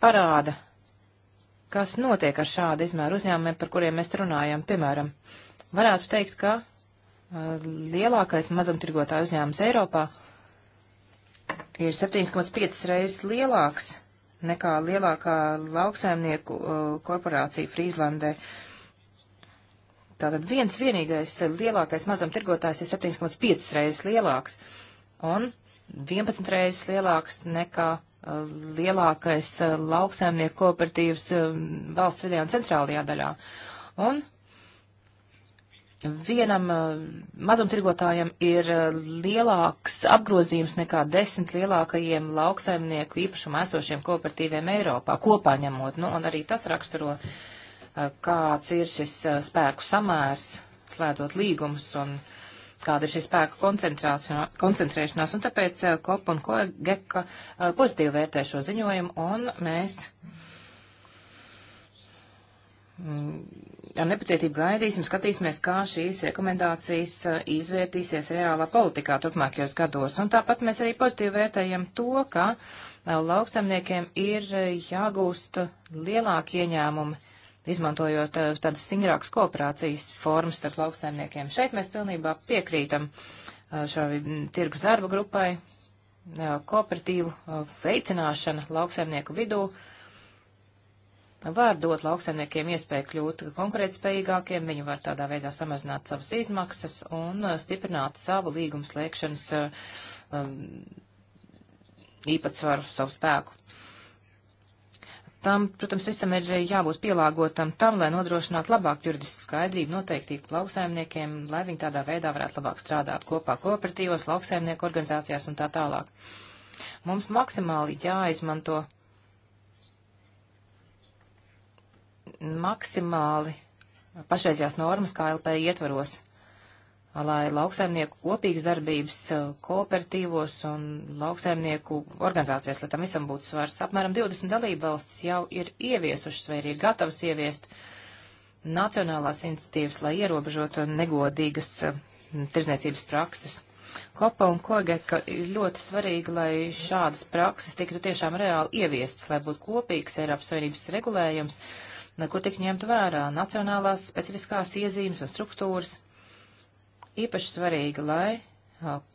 parāda, kas notiek ar šādu izmēru uzņēmumiem, par kuriem mēs runājam. Piemēram, varētu teikt, ka uh, lielākais mazumtirgotāju uzņēmums Eiropā ir 7,5 reizes lielāks nekā lielākā lauksaimnieku uh, korporācija Frīzlandē. Tātad viens vienīgais eh, lielākais mazumtirgotājs ir 7,5 reizes lielāks un 11 reizes lielāks nekā eh, lielākais eh, lauksaimnieku kooperatīvs valsts vidējā un centrālajā daļā. Un vienam eh, mazumtirgotājam ir eh, lielāks apgrozījums nekā desmit lielākajiem lauksaimnieku īpašumā esošiem kooperatīviem Eiropā kopā ņemot. Nu, un arī tas raksturo, eh, kāds ir šis spēku samērs, slēdzot līgumus un kāda ir šī spēka koncentrēšanās. Un tāpēc Kop un Kogeka pozitīvi vērtē šo ziņojumu un mēs mm, ar nepacietību gaidīsim, skatīsimies, kā šīs rekomendācijas uh, izvērtīsies reālā politikā turpmākajos gados. Un tāpat mēs arī pozitīvi vērtējam to, ka uh, lauksaimniekiem ir uh, jāgūst lielāki ieņēmumi, izmantojot tādas stingrākas kooperācijas formas starp lauksaimniekiem. Šeit mēs pilnībā piekrītam šo mm, tirgus darba grupai, kooperatīvu veicināšana lauksaimnieku vidū var dot lauksaimniekiem iespēju kļūt konkurētspējīgākiem, viņi var tādā veidā samazināt savas izmaksas un uh, stiprināt savu līgumu slēgšanas uh, um, īpatsvaru, savu spēku. Tam, protams, visam ir uh, jābūt pielāgotam tam, lai nodrošinātu labāku juridisku skaidrību noteiktību lauksaimniekiem, lai viņi tādā veidā varētu labāk strādāt kopā kooperatīvos, lauksaimnieku organizācijās un tā tālāk. Mums maksimāli jāizmanto maksimāli pašreizējās normas KLP ietvaros, lai lauksaimnieku kopīgas darbības eh, kooperatīvos un lauksaimnieku organizācijās, lai tam visam būtu svars. Apmēram 20 dalība valstis jau ir ieviesušas vai ir gatavas ieviest nacionālās iniciatīvas, lai ierobežotu negodīgas eh, tirzniecības prakses. Kopa un Kogeka ir ļoti svarīgi, lai šādas prakses tiktu tiešām reāli ieviestas, lai būtu kopīgs Eiropas Savienības regulējums, uh, nekur tik ņemtu vērā nacionālās specifiskās iezīmes un struktūras. Īpaši svarīgi, lai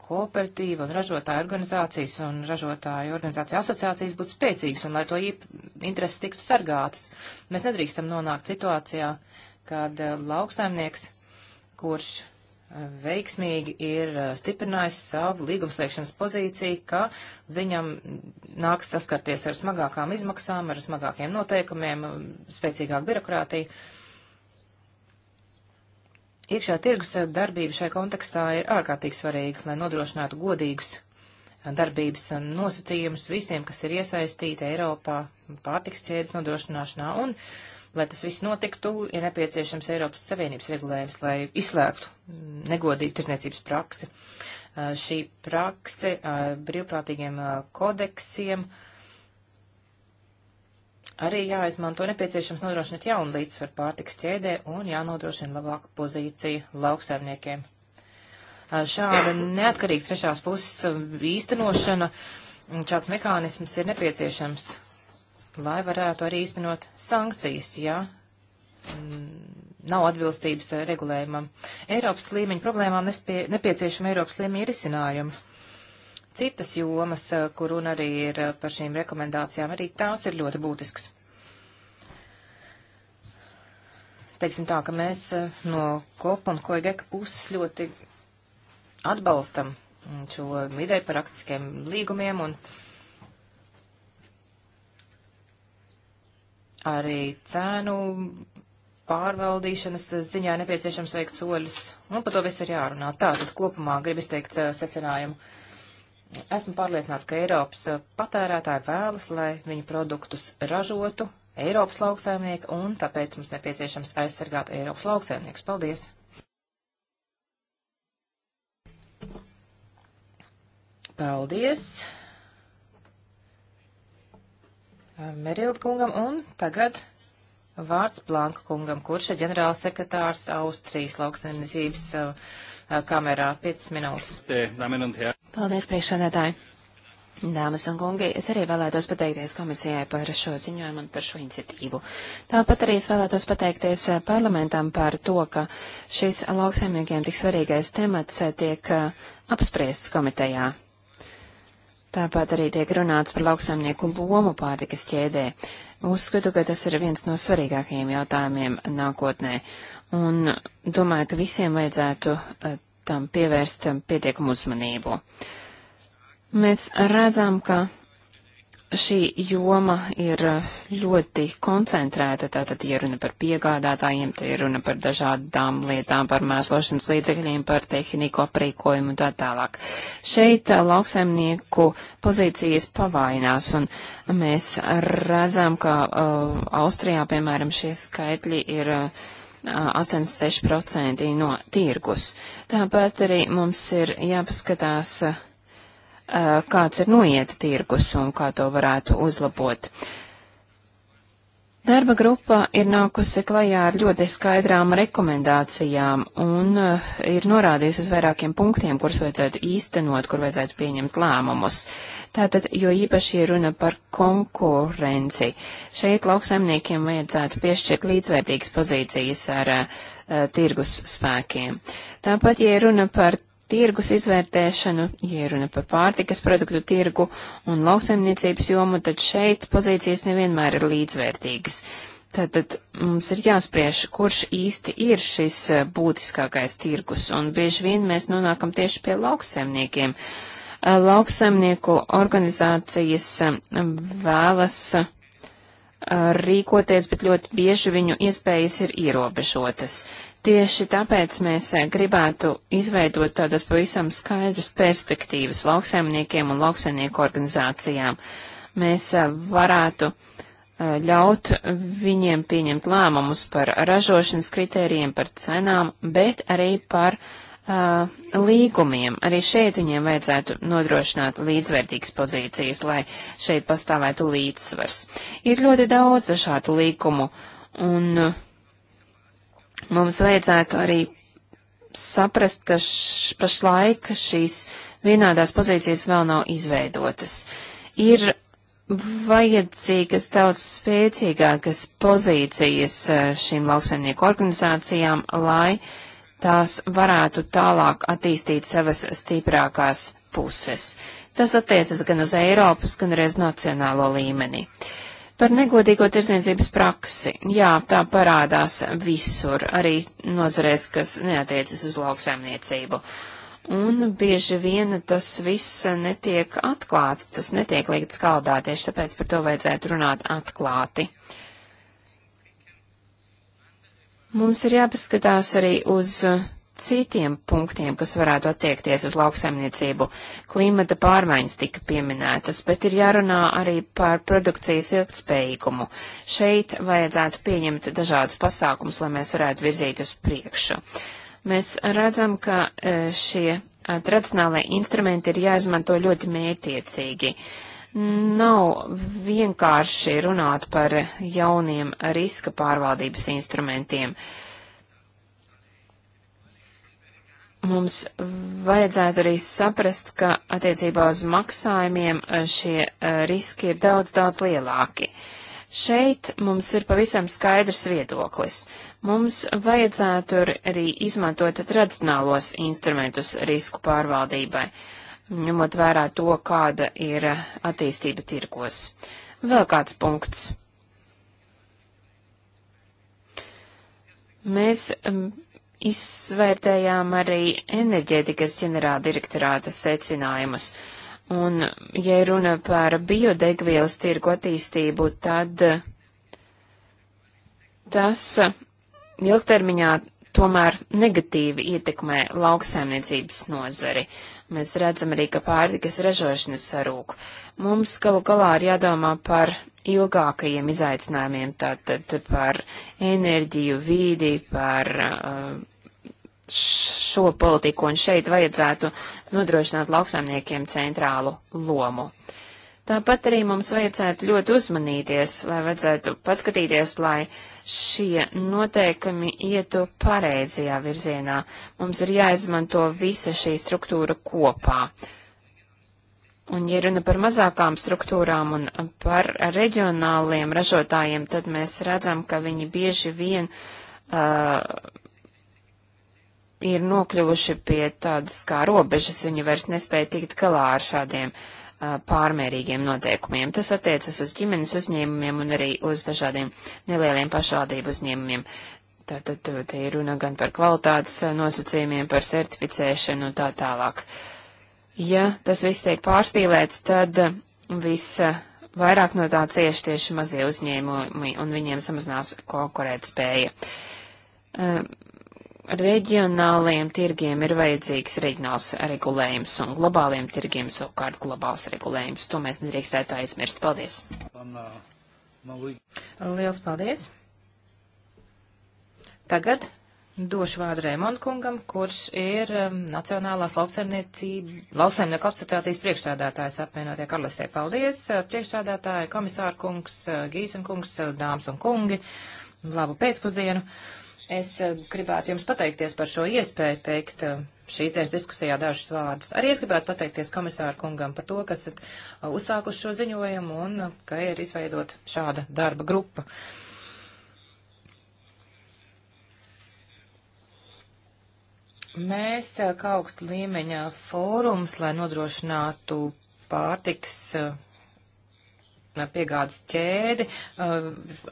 kooperatīva un ražotāja organizācijas un ražotāju organizāciju asociācijas būtu spēcīgas un lai to intereses tiktu sargātas. Mēs nedrīkstam nonākt situācijā, kad lauksaimnieks, kurš veiksmīgi ir stiprinājis savu līgumslēgšanas pozīciju, ka viņam nāks saskarties ar smagākām izmaksām, ar smagākiem noteikumiem, spēcīgāk birokrātiju. Iekšā tirgus darbība šai kontekstā ir ārkārtīgi svarīga, lai nodrošinātu godīgus darbības nosacījumus visiem, kas ir iesaistīti Eiropā pārtiks ķēdes nodrošināšanā. Un, uh, Lai tas viss notiktu, ir nepieciešams Eiropas Savienības regulējums, lai izslēgtu negodīgu tirzniecības praksi. Šī prakse brīvprātīgiem kodeksiem arī jāizmanto nepieciešams nodrošināt jaunu līdzsvaru pārtiks ķēdē un jānodrošina labāka pozīcija lauksaimniekiem. Šāda neatkarīga trešās puses īstenošana, šāds mehānisms ir nepieciešams, lai varētu arī īstenot sankcijas, ja nav atbilstības regulējumam. Eiropas līmeņa problēmām nespie, nepieciešama Eiropas līmeņa risinājuma. Citas jomas, eh, kur un arī ir eh, par šīm rekomendācijām, arī tās ir ļoti būtisks. Teiksim tā, ka mēs eh, no kopa un koigeka puses ļoti atbalstam šo ideju par rakstiskiem līgumiem un uh, arī cēnu pārvaldīšanas ziņā nepieciešams veikt soļus, un par to visu ir jārunā. Tātad kopumā gribu izteikt eh, secinājumu. Esmu pārliecināts, ka Eiropas eh, patērētāji vēlas, lai viņu produktus ražotu Eiropas lauksaimnieki, un tāpēc mums nepieciešams aizsargāt Eiropas lauksaimniekus. Paldies! Paldies! Merild kungam un tagad vārds Blanka kungam, kurš ir ģenerālsekretārs Austrijas lauksaimniecības uh, uh, kamerā 5 minūtes. Paldies, priekšsēdētāji! Dāmas un kungi, es arī vēlētos pateikties komisijai par šo ziņojumu un par šo iniciatīvu. Tāpat arī es vēlētos pateikties uh, parlamentam par to, ka šis lauksaimniekiem tik svarīgais temats tiek apspriests komitejā. Tāpat arī tiek runāts par lauksaimnieku lomu pārtikas ķēdē. Uzskatu, ka tas ir viens no svarīgākajiem jautājumiem nākotnē, un domāju, ka visiem vajadzētu eh, tam pievērst pietiekumu uzmanību. Mēs redzam, ka šī joma ir eh, ļoti koncentrēta, tātad, ja runa par piegādātājiem, te ir runa par dažādām lietām, par mēslošanas līdzekļiem, par tehniku aprīkojumu un tā tālāk. Šeit eh, lauksaimnieku pozīcijas pavainās, un mēs redzam, ka uh, Austrijā, piemēram, šie skaitļi ir. Uh, 86% no tirgus. Tāpat arī mums ir jāpaskatās uh, Eh, kāds ir noiet tirgus un kā to varētu uzlabot. Darba grupa ir nākusi klajā ar ļoti skaidrām rekomendācijām un eh, ir norādījusi uz vairākiem punktiem, kurus vajadzētu īstenot, kur vajadzētu pieņemt lēmumus. Tātad, jo īpaši ir runa par konkurenci. Šeit lauksaimniekiem vajadzētu piešķirt līdzvērtīgas pozīcijas ar uh, tirgus spēkiem. Tāpat, ja runa par tirgus izvērtēšanu, ja runa par pārtikas produktu tirgu un lauksaimniecības jomu, tad šeit pozīcijas nevienmēr ir līdzvērtīgas. Tātad mums ir jāspriež, kurš īsti ir šis eh, būtiskākais tirgus, un bieži vien mēs nonākam tieši pie lauksaimniekiem. Eh, lauksaimnieku organizācijas eh, vēlas rīkoties, bet ļoti bieži viņu iespējas ir ierobežotas. Tieši tāpēc mēs eh, gribētu izveidot tādas pavisam skaidras perspektīvas lauksaimniekiem un lauksaimnieku organizācijām. Mēs eh, varētu eh, ļaut viņiem pieņemt lēmumus par ražošanas kritērijiem, par cenām, bet arī par uh, uh, līgumiem. Arī šeit viņiem vajadzētu nodrošināt līdzvērtīgas pozīcijas, lai šeit pastāvētu līdzsvars. Ir ļoti daudz dažādu līgumu, un uh, mums vajadzētu arī saprast, ka š, pašlaik šīs vienādās pozīcijas vēl nav izveidotas. Ir vajadzīgas daudz spēcīgākas pozīcijas uh, šīm lauksaimnieku organizācijām, lai uh, tās varētu tālāk attīstīt savas stiprākās puses. Tas attiecas gan uz Eiropas, gan arī uz nacionālo līmeni. Par negodīgo tirdzniecības praksi. Jā, tā parādās visur, arī nozarēs, kas neatiecas uz lauksaimniecību. Un bieži vien tas viss netiek atklāts, tas netiek liekts kaldā, tieši tāpēc par to vajadzētu runāt atklāti. Uh, Mums ir jāpaskatās arī uz uh, citiem punktiem, kas varētu attiekties uz lauksaimniecību. Klimata pārmaiņas tika pieminētas, bet ir jārunā arī par produkcijas ilgtspējīgumu. Šeit vajadzētu pieņemt dažādus pasākumus, lai mēs varētu virzīt uz priekšu. Mēs redzam, ka uh, šie uh, tradicionālajie instrumenti ir jāizmanto ļoti mētiecīgi. Uh, Nav vienkārši runāt par jauniem riska pārvaldības instrumentiem. Mums vajadzētu arī saprast, ka attiecībā uz maksājumiem šie eh, riski ir daudz, daudz lielāki. Šeit mums ir pavisam skaidrs viedoklis. Mums vajadzētu arī izmantot tradicionālos instrumentus risku pārvaldībai. Uh, ņemot vērā to, kāda ir attīstība tirgos. Vēl kāds punkts. Mēs um, izsvērtējām arī enerģētikas ģenerāldirektorāta secinājumus. Un, ja runa par biodegvielas tirgu attīstību, tad tas ilgtermiņā tomēr negatīvi ietekmē lauksaimniecības nozari. Uh, Mēs redzam arī, ka pārtikas ražošana sarūk. Mums galu galā ir jādomā par ilgākajiem izaicinājumiem, tātad par enerģiju, vīdi, par uh, šo politiku, un šeit vajadzētu nodrošināt lauksaimniekiem centrālu lomu. Uh, Tāpat arī mums vajadzētu ļoti uzmanīties, lai vajadzētu paskatīties, lai šie noteikumi ietu pareizajā virzienā. Mums ir jāizmanto visa šī struktūra kopā. Un, ja runa par mazākām struktūrām un par reģionāliem ražotājiem, tad mēs redzam, ka viņi bieži vien uh, ir nokļuvuši pie tādas kā robežas, viņi vairs nespēja tikt galā ar šādiem uh, pārmērīgiem noteikumiem. Tas attiecas uz ģimenes uzņēmumiem un arī uz dažādiem nelieliem pašvaldību uzņēmumiem. Tātad te ir runa gan par kvalitātes nosacījumiem, par certificēšanu un tā tālāk. Ja tas viss tiek pārspīlēts, tad viss vairāk no tā cieši tieši mazie uzņēmumi un viņiem samazinās konkurēt spēja reģionāliem tirgiem ir vajadzīgs reģionāls regulējums un globāliem tirgiem savukārt globāls regulējums. To mēs nedrīkstētu aizmirst. Paldies! Liels paldies! Tagad došu vārdu Rēmon kungam, kurš ir um, Nacionālās lauksaimnieku asociācijas priekšsādātājs apvienotie karalistē. Paldies, uh, priekšsādātāji, komisārkungs, uh, gīzenkungs, uh, dāmas un kungi. Labu pēcpusdienu! Uh, Es eh, gribētu jums pateikties par šo iespēju teikt eh, šīs dienas diskusijā dažus vārdus. Arī es gribētu pateikties komisāru kungam par to, ka esat eh, uzsākuši šo ziņojumu un ka ir izveidot šāda darba grupa. Mēs kā augsta līmeņa fórums, lai nodrošinātu pārtiks piegādes ķēdi. Uh,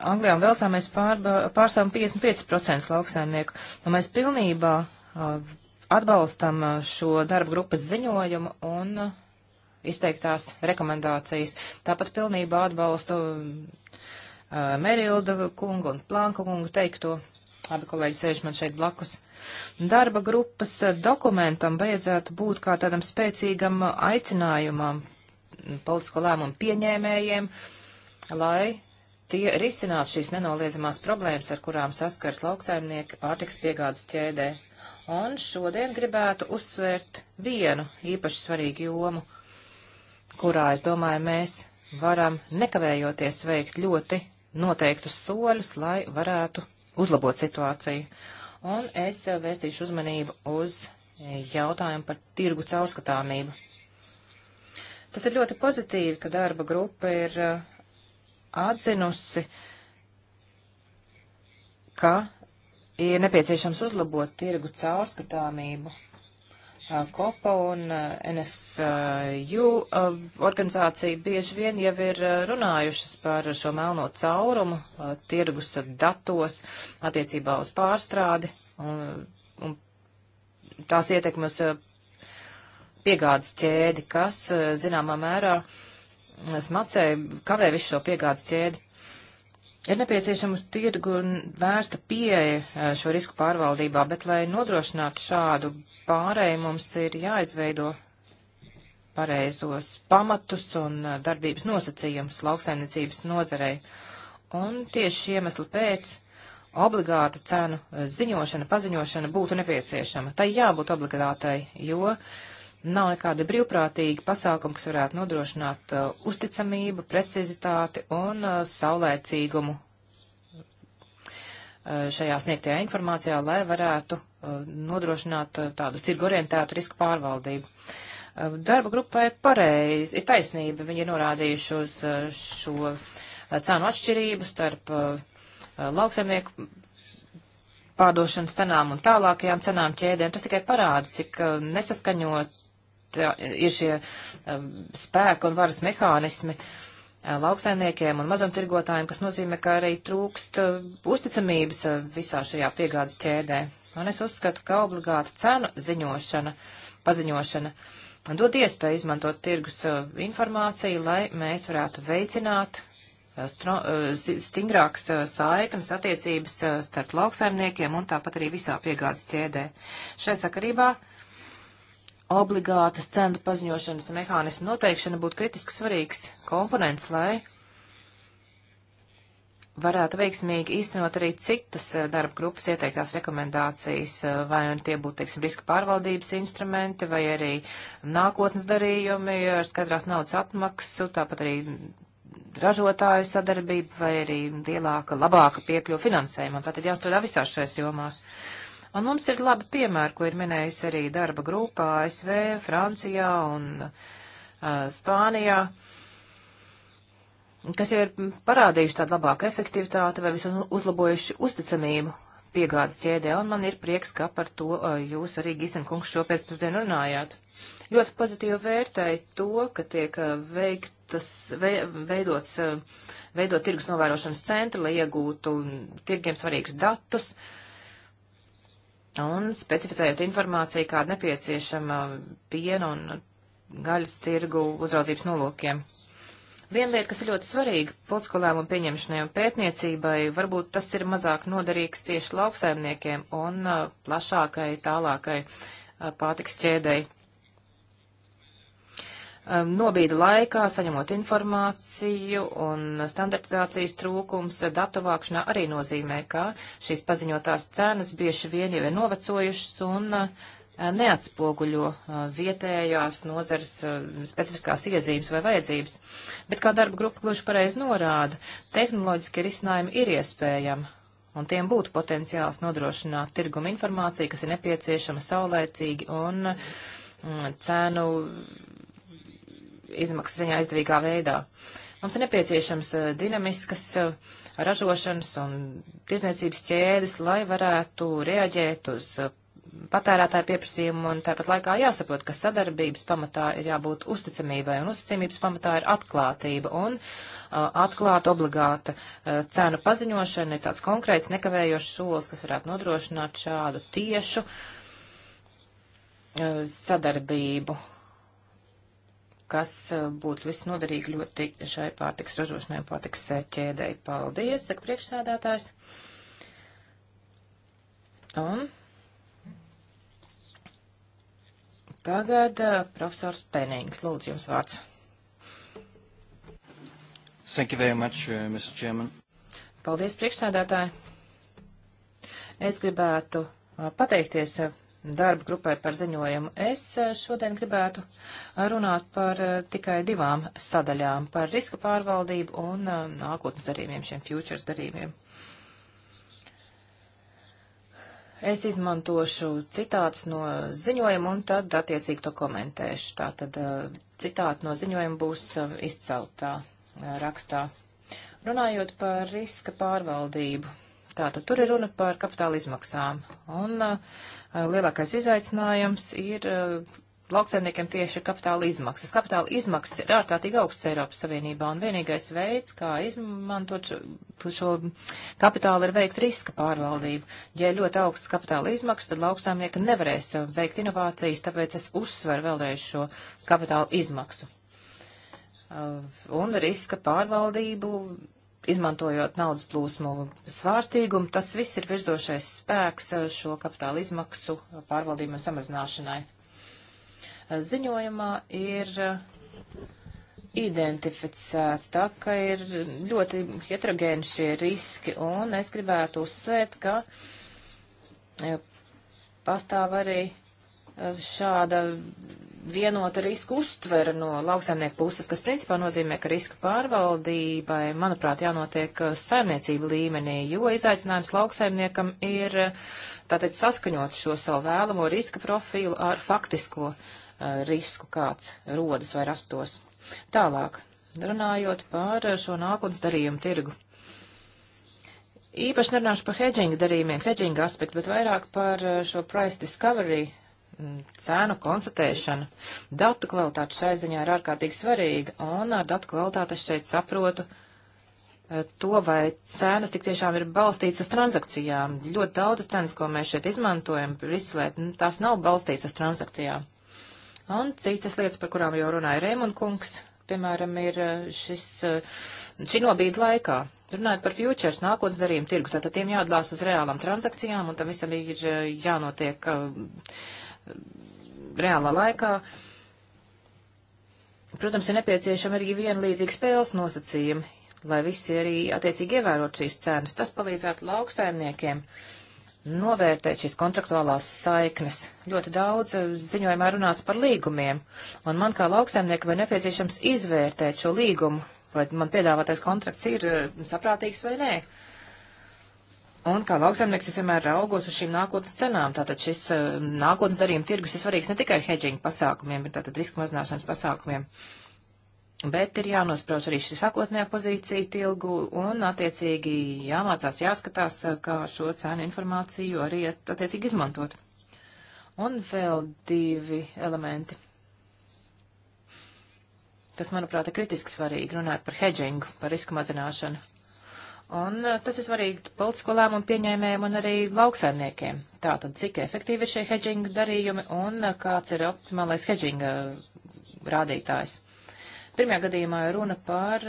Anglijā un Velsā mēs pārstāvam 55% lauksaimnieku, un nu, mēs pilnībā uh, atbalstam uh, šo darba grupas ziņojumu un uh, izteiktās rekomendācijas. Tāpat pilnībā atbalstu uh, Merilda kungu un Planka kungu teikto. Abi kolēģi sēž man šeit blakus. Darba grupas uh, dokumentam vajadzētu būt kā tādam spēcīgam aicinājumam politisko lēmumu pieņēmējiem, lai tie risinātu šīs nenoliedzamās problēmas, ar kurām saskars lauksaimnieki pārtiks piegādes ķēdē. Un šodien gribētu uzsvērt vienu īpaši svarīgu jomu, kurā, es domāju, mēs varam nekavējoties veikt ļoti noteiktus soļus, lai varētu uzlabot situāciju. Un es vēstīšu uzmanību uz jautājumu par tirgu caurskatāmību. Tas ir ļoti pozitīvi, ka darba grupa ir uh, atzinusi, ka ir nepieciešams uzlabot tirgu caurskatāmību. Uh, Kopa un uh, NFU organizācija bieži vien jau ir runājušas par šo melno caurumu tirgus datos attiecībā uz pārstrādi un, un tās ietekmi uz piegādes ķēdi, kas, eh, zināmā mērā, smacē, kavē visu šo piegādes ķēdi. Ir nepieciešama uz tirgu vērsta pieeja eh, šo risku pārvaldībā, bet, lai nodrošinātu šādu pārēju, mums ir jāizveido pareizos pamatus un eh, darbības nosacījumus lauksaimniecības nozarei. Un tieši šī iemesla pēc obligāta cenu ziņošana, paziņošana būtu nepieciešama. Tai jābūt obligātai, jo uh, Nav nekāda brīvprātīga pasākuma, kas varētu nodrošināt uh, uzticamību, precizitāti un uh, saulēcīgumu uh, šajā sniegtajā informācijā, lai varētu uh, nodrošināt uh, tādu tirgu orientētu risku pārvaldību. Uh, darba grupai pareizi ir taisnība, viņi ir norādījuši uz uh, šo uh, cēnu atšķirību starp uh, uh, lauksaimnieku pārdošanas cenām un tālākajām cenām ķēdēm. Tas tikai parāda, cik uh, nesaskaņot ir šie um, spēka un varas mehānismi uh, lauksaimniekiem un mazumtirgotājiem, kas nozīmē, ka arī trūkst uh, uzticamības uh, visā šajā piegādes ķēdē. Un es uzskatu, ka obligāta cenu ziņošana, paziņošana dod iespēju izmantot tirgus informāciju, lai mēs varētu veicināt stingrākas saiknes attiecības starp lauksaimniekiem un tāpat arī visā piegādes ķēdē. Šai sakarībā obligātas cenu paziņošanas mehānismu noteikšana būtu kritiski svarīgs komponents, lai varētu veiksmīgi īstenot arī citas eh, darba grupas ieteiktās rekomendācijas, eh, vai un tie būtu, teiksim, riska pārvaldības instrumenti, vai arī nākotnes darījumi ar skaidrās naudas atmaksu, tāpat arī ražotāju sadarbība, vai arī lielāka, labāka piekļuva finansējuma. Tātad jāstrādā visās šajās jomās. Uh, Un mums ir labi piemēri, ko ir minējusi arī darba grupā ASV, Francijā un uh, Spānijā, kas jau ir parādījuši tādu labāku efektivitāti vai vismaz uzlabojuši uzticamību piegādes ķēdē, un man ir prieks, ka par to uh, jūs arī, Gisenkungs, šo pēcpusdienu runājāt. Ļoti pozitīvi vērtēju to, ka tiek uh, veiktas, ve, veidots, uh, veidot tirgus novērošanas centri, lai iegūtu tirgiem svarīgus datus. Uh, un specificējot informāciju, kāda nepieciešama piena un gaļas tirgu uzraudzības nolūkiem. Viena lieta, kas ir ļoti svarīga politisko lēmumu pieņemšanai un pētniecībai, varbūt tas ir mazāk noderīgs tieši lauksaimniekiem un uh, plašākai, tālākai uh, pārtiks ķēdēji. Um, nobīda laikā, saņemot informāciju un standartizācijas trūkums datu vākšanā arī nozīmē, ka šīs paziņotās cenas bieži vien jau ir novecojušas un uh, neatspoguļo uh, vietējās nozares uh, specifiskās iezīmes vai vajadzības. Bet, kā darba grupa gluži pareizi norāda, tehnoloģiski risinājumi ir iespējami, un tiem būtu potenciāls nodrošināt tirguma informāciju, kas ir nepieciešama saulēcīgi un mm, cēnu izmaksu ziņā izdevīgā veidā. Mums ir nepieciešams eh, dinamiskas eh, ražošanas un tirzniecības ķēdes, lai varētu reaģēt uz eh, patērētāju pieprasījumu un tāpat laikā jāsaprot, ka sadarbības pamatā ir jābūt uzticamībai un uzticamības pamatā ir atklātība un uh, atklāta obligāta uh, cenu paziņošana ir tāds konkrēts nekavējošs solis, kas varētu nodrošināt šādu tiešu uh, sadarbību kas eh, būtu viss noderīgi ļoti šai pārtiks ražošanai, pārtiks eh, ķēdēji. Paldies, saka priekšsēdētājs. Un tagad eh, profesors Penings, lūdzu jums vārds. Thank you very much, uh, Mr. Chairman. Paldies, priekšsēdētāji. Es gribētu pateikties darba grupai par ziņojumu. Es eh, šodien gribētu runāt par eh, tikai divām sadaļām - par riska pārvaldību un eh, nākotnes darījumiem, šiem futures darījumiem. Es izmantošu citātus no ziņojuma un tad attiecīgi to komentēšu. Tātad citāti no ziņojuma būs izceltā rakstā. Runājot par riska pārvaldību Tātad tur ir runa par kapitāla izmaksām. Un uh, lielākais izaicinājums ir uh, lauksaimniekiem tieši kapitāla izmaksas. Kapitāla izmaksas ir ārkārtīgi augsts Eiropas Savienībā, un vienīgais veids, kā izmantot šo, šo kapitālu, ir veikt riska pārvaldību. Ja ir ļoti augsts kapitāla izmaksas, tad lauksaimnieki nevarēs uh, veikt inovācijas, tāpēc es uzsveru vēlreiz šo kapitāla izmaksu. Un riska pārvaldību izmantojot naudas plūsmu svārstīgumu, tas viss ir virzošais spēks eh, šo kapitāla izmaksu pārvaldījuma samazināšanai. Eh, ziņojumā ir eh, identificēts tā, ka ir ļoti heterogēni šie riski, un es gribētu uzsvērt, ka pastāv arī šāda vienota riska uztvera no lauksaimnieku puses, kas principā nozīmē, ka riska pārvaldībai, manuprāt, jānotiek uh, saimniecību līmenī, jo izaicinājums lauksaimniekam ir uh, tātad saskaņot šo savu vēlamo riska profilu ar faktisko uh, risku, kāds rodas vai rastos. Tālāk, runājot par uh, šo nākotnes darījumu tirgu. Īpaši nerunāšu par hedžinga darījumiem, hedžinga aspektu, bet vairāk par šo price discovery cēnu konstatēšana. Datu kvalitāte šai ziņā ir ārkārtīgi svarīga, un ar datu kvalitāti es šeit saprotu eh, to, vai cenas tik tiešām ir balstītas uz transakcijām. Ļoti daudz cenas, ko mēs šeit izmantojam, Briselē, nu, tās nav balstītas uz transakcijām. Un citas lietas, par kurām jau runāja Reimund kungs, piemēram, ir eh, šis, eh, šī nobīda laikā. Runājot par futures nākotnes darījumu tirgu, tātad tiem jādalās uz reālām transakcijām, un tam visam ir jānotiek reālā laikā. Protams, ir nepieciešama arī vienlīdzīga spēles nosacījuma, lai visi arī attiecīgi ievērot šīs cenas. Tas palīdzētu lauksaimniekiem novērtēt šīs kontraktuālās saiknes. Ļoti daudz eh, ziņojumā runāts par līgumiem, un man kā lauksaimniekam ir nepieciešams izvērtēt šo līgumu, vai man piedāvātais kontrakts ir eh, saprātīgs vai nē. Uh, Un kā lauksaimnieks es vienmēr raugos uz šīm nākotnes cenām. Tātad šis uh, nākotnes darījuma tirgus ir svarīgs ne tikai hedžinga pasākumiem, bet tātad riska mazināšanas pasākumiem. Bet ir jānosprauž arī šī sakotnējā pozīcija tirgu un attiecīgi jāmācās, jāskatās, eh, kā šo cenu informāciju arī attiecīgi izmantot. Un vēl divi elementi, kas, manuprāt, ir kritiski svarīgi, runājot par hedžingu, par riska mazināšanu. Un eh, tas ir svarīgi politisko lēmumu pieņēmējiem un arī lauksaimniekiem. Tātad, cik efektīvi ir šie hedžinga darījumi un eh, kāds ir optimālais hedžinga rādītājs. Pirmajā gadījumā ir runa par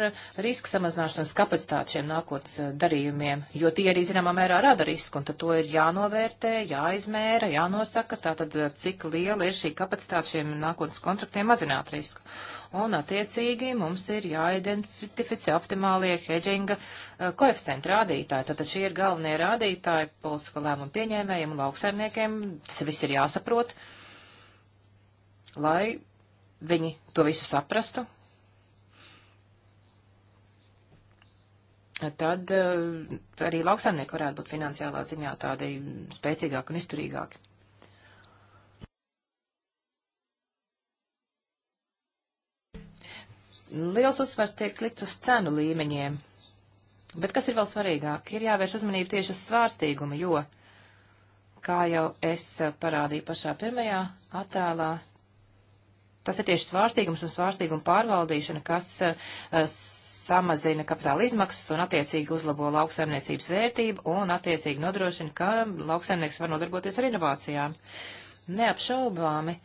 riska samazināšanas kapacitāti šiem nākotnes eh, darījumiem, jo tie arī zināmā mērā rada risku, un tad to ir jānovērtē, jāizmēra, jānosaka, tātad eh, cik liela ir šī kapacitāte šiem nākotnes kontraktiem mazināt risku. Un attiecīgi mums ir jāidentificē optimālie hedžinga eh, koeficienti rādītāji. Tātad šie ir galvenie rādītāji politisko lēmumu pieņēmējiem un lauksaimniekiem. Tas viss ir jāsaprot, lai viņi to visu saprastu tad eh, arī lauksaimnieki varētu būt finansiālā ziņā tādi spēcīgāki un izturīgāki. Liels uzsvars tiek likts uz cenu līmeņiem, bet kas ir vēl svarīgāk, ir jāvērš uzmanība tieši uz svārstīgumu, jo, kā jau es parādīju pašā pirmajā attēlā, tas ir tieši svārstīgums un svārstīguma pārvaldīšana, kas eh, samazina kapitāla izmaksas un attiecīgi uzlabo lauksaimniecības vērtību un attiecīgi nodrošina, ka lauksaimnieks var nodarboties ar inovācijām. Neapšaubāmi,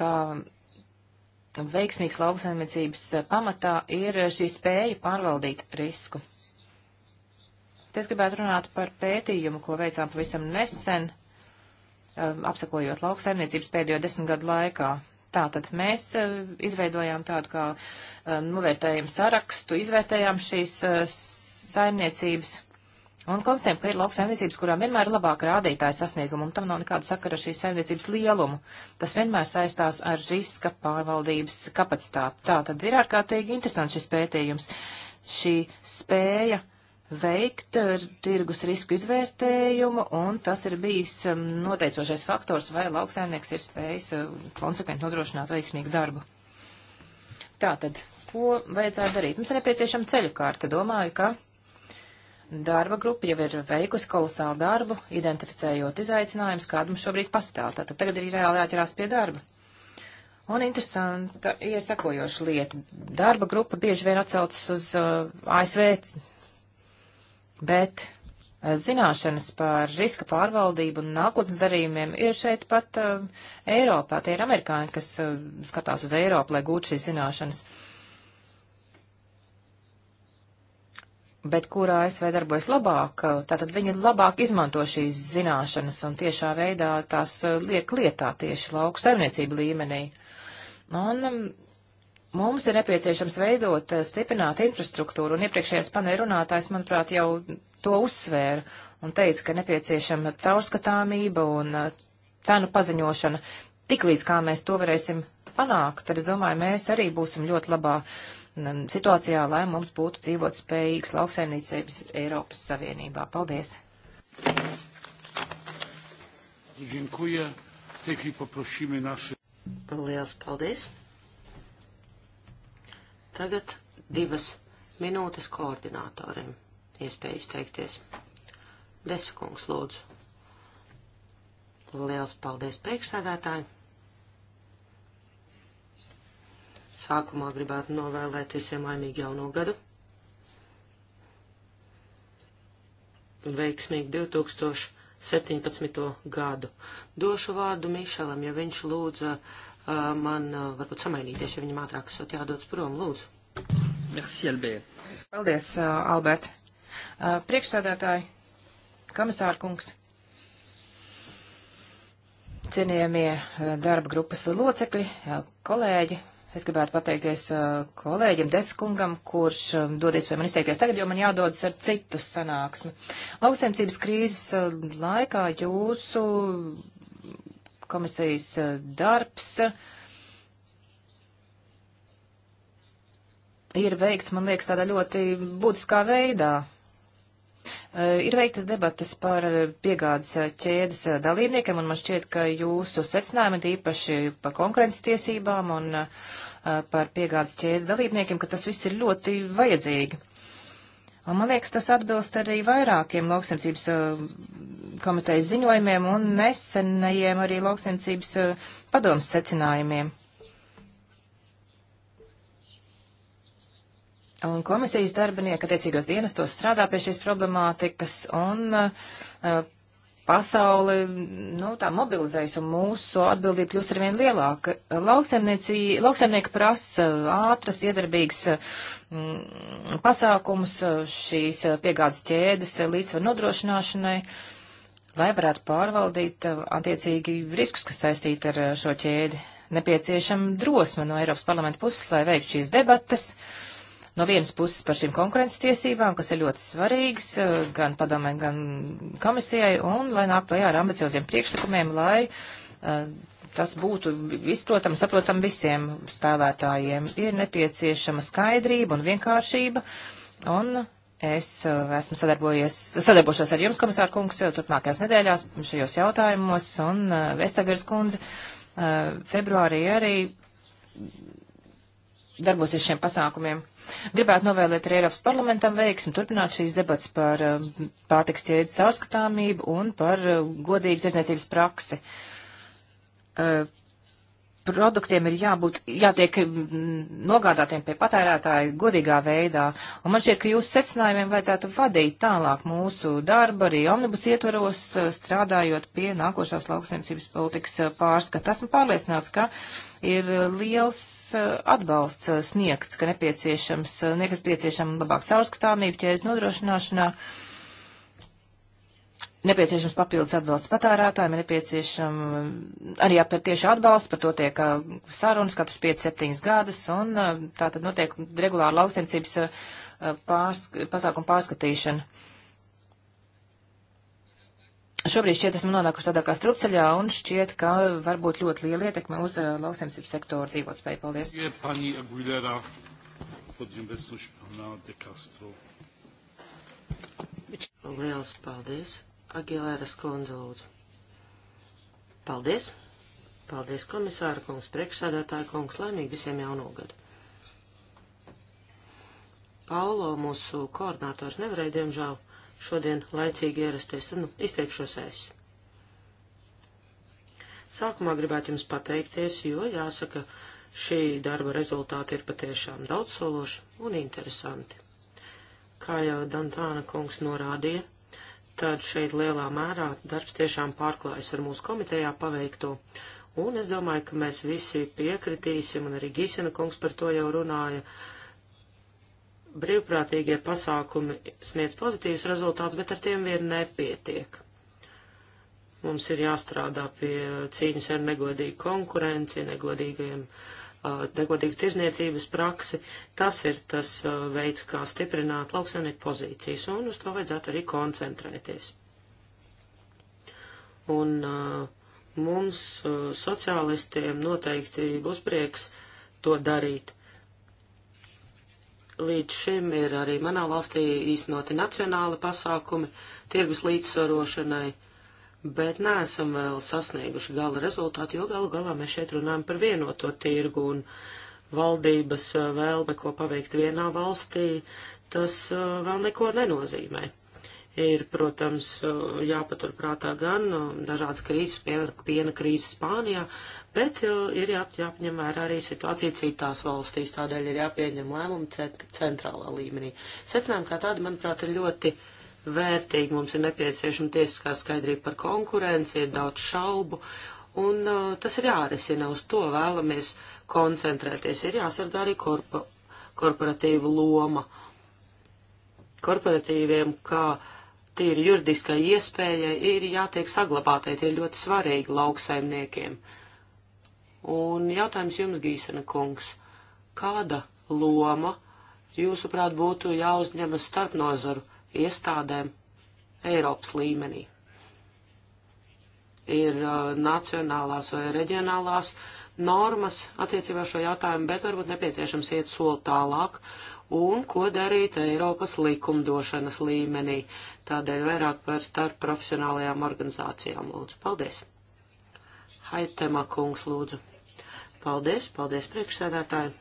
ka veiksmīgs lauksaimniecības pamatā ir šī spēja pārvaldīt risku. Es gribētu runāt par pētījumu, ko veicām pavisam nesen, um, apsakojot lauksaimniecības pēdējo desmit gadu laikā. Tātad mēs eh, izveidojām tādu kā eh, novērtējumu sarakstu, izvērtējām šīs eh, saimniecības un konstatējām, ka ir lauksaimniecības, kurām vienmēr ir labāk rādītāji sasniegumi, un tam nav nekāda sakara ar šīs saimniecības lielumu. Tas vienmēr saistās ar riska pārvaldības kapacitāti. Tātad ir ārkārtīgi interesants šis pētījums. Šī spēja veikt eh, tirgus risku izvērtējumu, un tas ir bijis eh, noteicošais faktors, vai lauksaimnieks ir spējis eh, konsekventi nodrošināt veiksmīgu darbu. Tātad, ko vajadzētu darīt? Mums ir nepieciešama ceļu kārta. Domāju, ka darba grupa jau ir veikusi kolosālu darbu, identificējot izaicinājumus, kāda mums šobrīd pastāv. Tātad tagad ir reāli jāķerās pie darba. Un interesanta ir sekojoša lieta. Darba grupa bieži vien atsaucas uz uh, ASV bet eh, zināšanas par riska pārvaldību un nākotnes darījumiem ir šeit pat uh, Eiropā. Tie ir amerikāņi, kas uh, skatās uz Eiropu, lai gūtu šīs zināšanas. Bet kurā ASV darbojas labāk, tātad viņi labāk izmanto šīs zināšanas un tiešā veidā tās liek lietā tieši lauku saimniecību līmenī. Un um, Mums ir nepieciešams veidot, eh, stiprināt infrastruktūru, un iepriekšējais panērunātājs, manuprāt, jau to uzsvēra un teica, ka nepieciešama caurskatāmība un eh, cenu paziņošana. Tiklīdz kā mēs to varēsim panākt, tad es domāju, mēs arī būsim ļoti labā mm, situācijā, lai mums būtu dzīvot spējīgs lauksaimniecības Eiropas Savienībā. Paldies! Dziękuję. W tej chwili poprosimy nasze. Liels paldies! Tagad divas minūtes koordinātoriem iespēja izteikties. Desakungs, lūdzu. Liels paldies priekšsēdētāji. Sākumā gribētu novēlēt visiem laimīgu jauno gadu. Veiksmīgi 2017. gadu. Došu vārdu Mišelam, ja viņš lūdza uh, Eh, man eh, varbūt samainīties, ja viņam ātrāk esot jādodas prom, lūdzu. Merci, Albert. Paldies, eh, Albert. Priekšsēdētāji, komisārkungs cienījamie darba grupas locekļi, kolēģi. Es gribētu pateikties kolēģim Deskungam, kurš dodies vai man izteikties tagad, jo man jādodas ar citu sanāksmi. Lauksaimniecības krīzes laikā jūsu komisijas eh, darbs ir veikts, man liekas, tādā ļoti būtiskā veidā. Eh, ir veiktas debatas par eh, piegādes ķēdes dalībniekiem, un man šķiet, ka jūsu secinājumi īpaši par konkurences tiesībām un par piegādes ķēdes dalībniekiem, ka tas viss ir ļoti vajadzīgi. Un man liekas, tas atbilst arī vairākiem lauksaimniecības uh, komitejas ziņojumiem un nesenajiem arī lauksaimniecības uh, padomas secinājumiem. Un komisijas darbinieki attiecīgos dienestos strādā pie šīs problemātikas un uh, pasauli nu, tā mobilizējas un mūsu atbildība kļūst arvien lielāka. Lauksaimnieki prasa ātras, iedarbīgas m, mm, pasākumus šīs piegādes ķēdes līdzsvaru nodrošināšanai, lai varētu pārvaldīt eh, attiecīgi riskus, kas saistīti ar eh, šo ķēdi. Nepieciešama drosme no Eiropas parlamenta puses, lai veiktu šīs debatas. Uh, no vienas puses par šīm konkurences tiesībām, kas ir ļoti svarīgas eh, gan padomē, gan komisijai, un lai nāk klajā ar ambicioziem priekšlikumiem, lai uh, tas būtu izprotam, saprotam visiem spēlētājiem. Ir nepieciešama skaidrība un vienkāršība, un es uh, esmu sadarbojies, sadarbošos ar jums, komisāra kungs, turpmākajās nedēļās šajos jautājumos, un uh, Vestagers kundze februārī arī darbosies šiem pasākumiem. Gribētu novēlēt arī Eiropas parlamentam veiksmi turpināt šīs debats par um, pārtiks ķēdes caurskatāmību un par uh, godīgu tiesniecības praksi. Uh, produktiem ir jābūt, jātiek nogādātiem pie patērētāja godīgā veidā. Un man šķiet, ka jūsu secinājumiem vajadzētu vadīt tālāk mūsu darbu arī omnibus ietvaros, strādājot pie nākošās lauksaimniecības politikas pārskata. Esmu pārliecināts, ka ir liels atbalsts sniegts, ka nepieciešams, nepieciešama labāk caurskatāmība ķēdes nodrošināšanā. Uh, nepieciešams papildus atbalsts patērētājiem, ir nepieciešama um, arī par tieši atbalstu, par to tiek uh, sarunas katrs 5-7 gadus, un uh, tā tad notiek regulāra lauksemcības uh, pārsk pasākuma pārskatīšana. Šobrīd šķiet esmu nonākuši tādā kā strupceļā, un šķiet, ka var būt ļoti liela ietekme uz lauksemcības sektoru dzīvotspēju. Paldies. Liels paldies. Agilēras kundze, lūdzu. Paldies! Paldies, komisāra kungs, priekšsādātāja kungs, laimīgi visiem jauno gadu. Paulo, mūsu koordinātors, nevarēja, diemžēl, šodien laicīgi ierasties, tad, nu, izteikšos es. Sākumā gribētu jums pateikties, jo, jāsaka, šī darba rezultāti ir patiešām daudzsološi un interesanti. Kā jau Dantāna kungs norādīja, tad šeit lielā mērā darbs tiešām pārklājas ar mūsu komitejā paveikto. Un es domāju, ka mēs visi piekritīsim, un arī Gīsena kungs par to jau runāja. Brīvprātīgie pasākumi sniedz pozitīvus rezultātus, bet ar tiem vien nepietiek. Mums ir jāstrādā pie cīņas ar negodīgu konkurenci, negodīgajiem uh, negodīgu uh, tirzniecības praksi. Tas ir tas uh, veids, kā stiprināt lauksaimnieku pozīcijas, un uz to vajadzētu arī koncentrēties. Un uh, mums, sociālistiem, noteikti būs prieks to darīt līdz šim ir arī manā valstī īstenoti nacionāli pasākumi tirgus līdzsvarošanai bet neesam vēl sasnieguši gala rezultātu, jo galu galā mēs šeit runājam par vienoto tirgu un valdības eh, vēlme, ko paveikt vienā valstī, tas eh, vēl neko nenozīmē. Ir, protams, eh, jāpaturprātā gan um, dažādas krīzes, piena krīze Spānijā, bet ir jā, jāpņem vērā arī situācija citās valstīs, tādēļ ir jāpieņem lēmumi centrālā līmenī. Secinājumi kā tādi, manuprāt, ir ļoti uh, vērtīgi. Mums ir nepieciešama tiesiskā skaidrība par konkurenci, ir daudz šaubu, un uh, tas ir jārisina. Uz to vēlamies koncentrēties. Ir jāsargā arī korpo, korporatīva loma. Korporatīviem, kā tīri juridiskai iespējai, ir jātiek saglabātai, tie ir ļoti svarīgi lauksaimniekiem. Un jautājums jums, Gīsena kungs, kāda loma, jūsuprāt, būtu jāuzņemas starpnozaru iestādēm Eiropas līmenī. Ir uh, nacionālās vai reģionālās normas attiecībā šo jautājumu, bet varbūt nepieciešams iet soli tālāk un ko darīt Eiropas likumdošanas līmenī. Tādēļ vairāk par starp profesionālajām organizācijām lūdzu. Paldies! Haitema kungs lūdzu. Paldies, paldies priekšsēdētāji.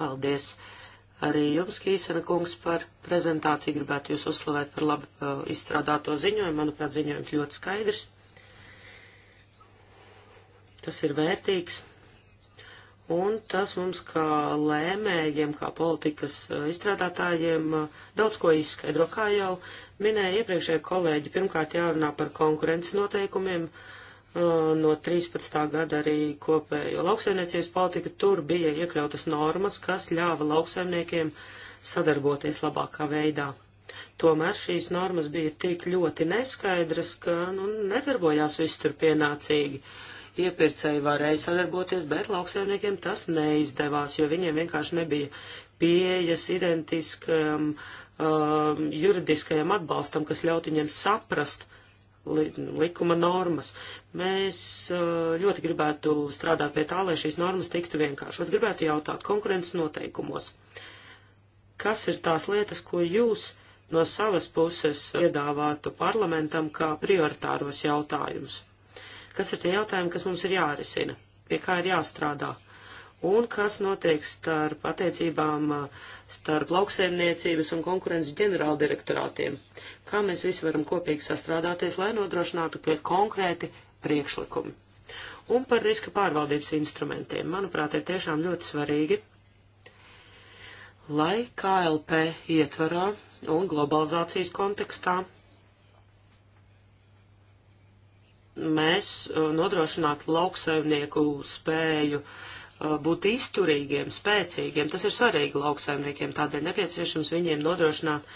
Paldies Arī jums, Kīsena kungs, par prezentāciju gribētu jūs uzslavēt par labi uh, izstrādāto ziņojumu. Manuprāt, ziņojums ļoti skaidrs. Tas ir vērtīgs. Un tas mums kā lēmējiem, kā politikas uh, izstrādātājiem uh, daudz ko izskaidro. Kā jau minēja iepriekšējie kolēģi, pirmkārt jārunā par konkurences noteikumiem. Uh, Eh, no 13. gada arī kopējo lauksaimniecības politiku. Tur bija iekļautas normas, kas ļāva lauksaimniekiem sadarboties labākā veidā. Tomēr šīs normas bija tik ļoti neskaidras, ka nu, nedarbojās viss tur pienācīgi. Iepirkēji varēja sadarboties, bet lauksaimniekiem tas neizdevās, jo viņiem vienkārši nebija pieejas identiskam um, juridiskajam atbalstam, kas ļautu viņiem saprast, li, likuma normas. Mēs eh, ļoti gribētu strādāt pie tā, lai šīs normas tiktu vienkāršot. Gribētu jautāt konkurences noteikumos. Kas ir tās lietas, ko jūs no savas puses piedāvātu parlamentam kā prioritāros jautājumus? Kas ir tie jautājumi, kas mums ir jārisina, pie kā ir jāstrādā? un kas notiek starp attiecībām starp lauksaimniecības un konkurences ģenerāldirektorātiem. Kā mēs visi varam kopīgi sastrādāties, lai nodrošinātu, ka ir konkrēti priekšlikumi. Un par riska pārvaldības instrumentiem. Manuprāt, ir tiešām ļoti svarīgi, lai KLP ietvarā un globalizācijas kontekstā mēs nodrošinātu lauksaimnieku spēju uh, Uh, būt izturīgiem, spēcīgiem. Tas ir svarīgi lauksaimniekiem, tādēļ nepieciešams viņiem nodrošināt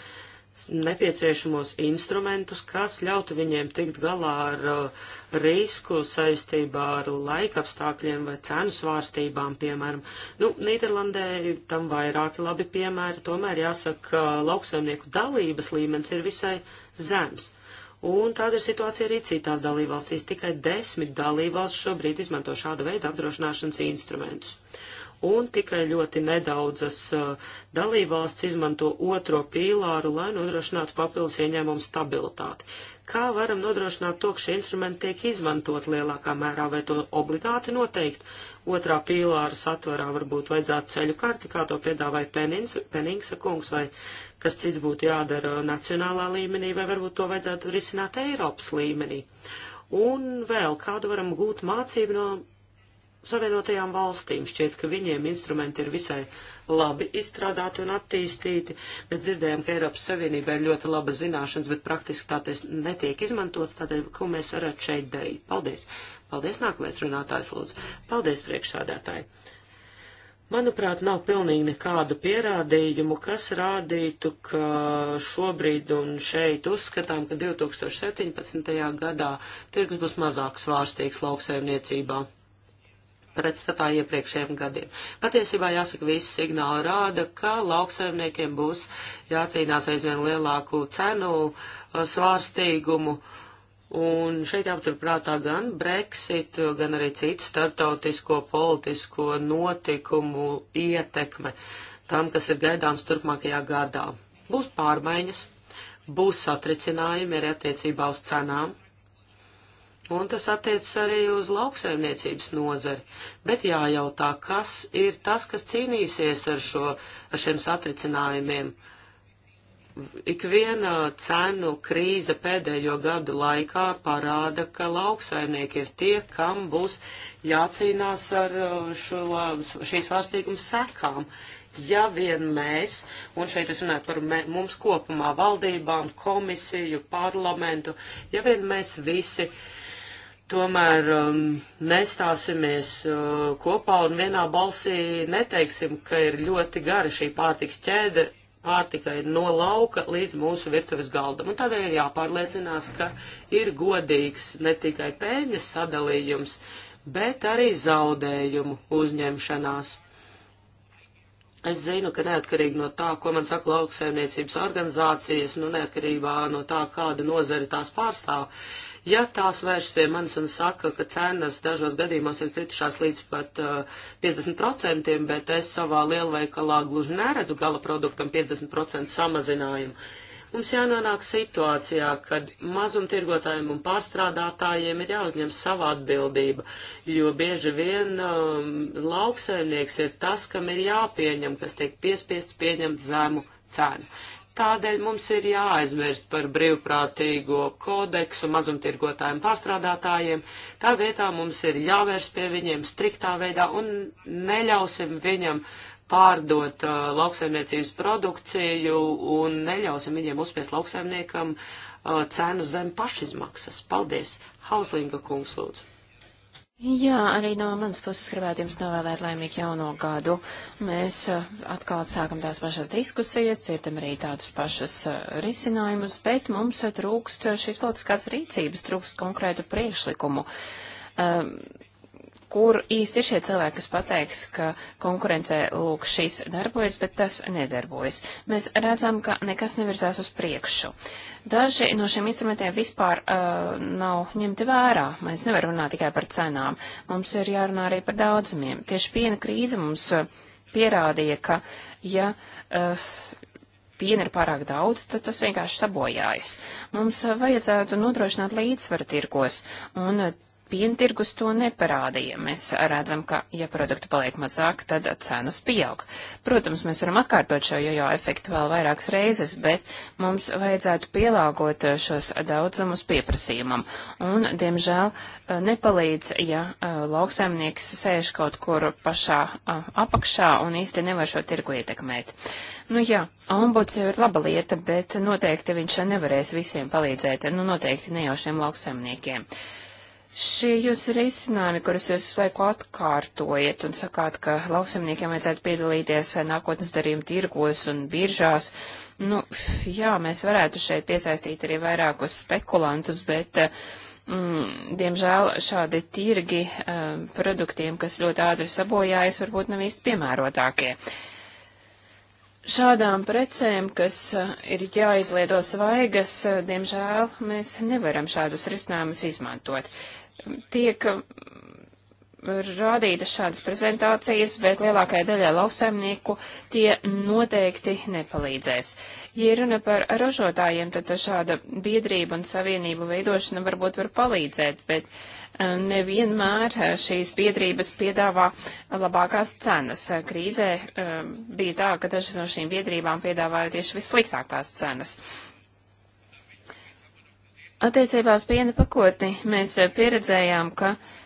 nepieciešamos instrumentus, kas ļautu viņiem tikt galā ar uh, risku saistībā ar laikapstākļiem vai cenu svārstībām, piemēram. Nu, Nīderlandē tam vairāki labi piemēri, tomēr jāsaka, ka lauksaimnieku dalības līmenis ir visai zems. Un tāda ir situācija arī citās dalībvalstīs. Tikai desmit dalībvalsts šobrīd izmanto šāda veida apdrošināšanas instrumentus. Un tikai ļoti nedaudzas uh, dalībvalsts izmanto otro pīlāru, lai nodrošinātu papildus ieņēmumu stabilitāti. Kā varam nodrošināt to, ka šie instrumenti tiek izmantot lielākā mērā, vai to obligāti noteikt? Otrā pīlāra satvarā varbūt vajadzētu ceļu karti, kā to piedāvāja Penins, Peningsa kungs, vai kas cits būtu jādara nacionālā līmenī, vai varbūt to vajadzētu risināt Eiropas līmenī. Un vēl kādu varam gūt mācību no Savienotajām valstīm. Šķiet, ka viņiem instrumenti ir visai labi izstrādāti un attīstīti. Mēs dzirdējām, ka Eiropas Savienībā ir ļoti laba zināšanas, bet praktiski tāties netiek izmantots, tādēļ, ko mēs varētu šeit darīt. Paldies! Paldies, nākamais runātājs lūdzu. Paldies, priekšsādātāji! Manuprāt, nav pilnīgi nekādu pierādījumu, kas rādītu, ka šobrīd un šeit uzskatām, ka 2017. gadā tirgus būs mazāk svārstīgs lauksaimniecībā pretstatā iepriekšējiem gadiem. Patiesībā jāsaka, visi signāli rāda, ka lauksaimniekiem būs jācīnās aizvien lielāku cenu uh, svārstīgumu. Un šeit jāpaturprātā gan Brexit, gan arī citu startautisko politisko notikumu ietekme tam, kas ir gaidāms turpmākajā gadā. Būs pārmaiņas, būs satricinājumi arī attiecībā uz cenām, Un tas attiecas arī uz lauksaimniecības nozari. Bet jājautā, kas ir tas, kas cīnīsies ar, šo, ar šiem satricinājumiem? Ikviena cenu krīze pēdējo gadu laikā parāda, ka lauksaimnieki ir tie, kam būs jācīnās ar uh, šo, uh, šīs vārstīgums sekām. Ja vien mēs, un šeit es runāju par mē, mums kopumā valdībām, komisiju, parlamentu, ja vien mēs visi uh, tomēr um, nestāsimies uh, kopā un vienā balsī neteiksim, ka ir ļoti gara šī pārtiks ķēde, pārtika ir no lauka līdz mūsu virtuves galdam. Un tādēļ ir jāpārliecinās, ka ir godīgs ne tikai pēļņas sadalījums, bet arī zaudējumu uzņemšanās. Es zinu, ka neatkarīgi no tā, ko man saka lauksaimniecības organizācijas, nu neatkarībā no tā, kāda nozari tās pārstāv, uh, Ja tās vērš pie manis un saka, ka cenas dažos gadījumos ir kritušās līdz pat uh, 50%, bet es savā lielveikalā gluži neredzu gala produktam 50% samazinājumu, mums jānonāk situācijā, kad mazumtirgotājiem un pārstrādātājiem ir jāuzņem sava atbildība, jo bieži vien um, lauksaimnieks ir tas, kam ir jāpieņem, kas tiek piespiests pieņemt zemu cenu. Tādēļ mums ir jāaizmirst par brīvprātīgo kodeksu mazumtirgotājiem pastrādātājiem. Tā vietā mums ir jāvērst pie viņiem striktā veidā un neļausim viņam pārdot uh, lauksaimniecības produkciju un neļausim viņiem uzspies lauksaimniekam uh, cenu zem pašizmaksas. Paldies! Hauslinga kungs lūdzu! Jā, arī no manas puses gribētu jums novēlēt laimīgu jauno gadu. Mēs eh, atkal sākam tās pašas diskusijas, cietam arī tādus pašus eh, risinājumus, bet mums trūkst šīs politiskās rīcības, trūkst konkrētu priekšlikumu. Um, kur īsti ir šie cilvēki, kas pateiks, ka konkurencē lūk šis darbojas, bet tas nedarbojas. Mēs redzam, ka nekas nevirzās uz priekšu. Daži no šiem instrumentiem vispār uh, nav ņemti vērā. Mēs nevaram runāt tikai par cenām. Mums ir jārunā arī par daudzumiem. Tieši piena krīze mums uh, pierādīja, ka ja. Uh, piena ir pārāk daudz, tad tas vienkārši sabojājas. Mums uh, vajadzētu nodrošināt līdzsvaru tirgos, un uh, Pientirgus to neparādīja. Mēs redzam, ka, ja produktu paliek mazāk, tad cenas pieaug. Protams, mēs varam atkārtot šo jojo efektu vēl vairākas reizes, bet mums vajadzētu pielāgot šos daudzumus pieprasījumam. Un, diemžēl, nepalīdz, ja lauksaimnieks sēž kaut kur pašā apakšā un īsti nevar šo tirgu ietekmēt. Nu jā, ombuds jau ir laba lieta, bet noteikti viņš nevarēs visiem palīdzēt, nu noteikti ne jau šiem lauksaimniekiem. Šie jūsu risinājumi, kurus jūs laiku atkārtojat un sakāt, ka lauksamniekiem vajadzētu piedalīties nākotnes darījuma tirgos un biržās, nu, jā, mēs varētu šeit piesaistīt arī vairākus spekulantus, bet, mm, diemžēl, šādi tirgi um, produktiem, kas ļoti ātri sabojājas, varbūt nav īsti piemērotākie. Uh, Šādām precēm, kas uh, ir jāizlieto svaigas, uh, diemžēl mēs nevaram šādus risinājumus izmantot. Tiek rādītas šādas prezentācijas, bet lielākajai daļai lauksaimnieku tie noteikti nepalīdzēs. Ja runa par ražotājiem, tad šāda biedrība un savienību veidošana varbūt var palīdzēt, bet eh, nevienmēr eh, šīs biedrības piedāvā labākās cenas. Krīzē eh, bija tā, ka dažas no šīm biedrībām piedāvāja tieši vissliktākās cenas. Attiecībās piena pakoti mēs pieredzējām, ka uh,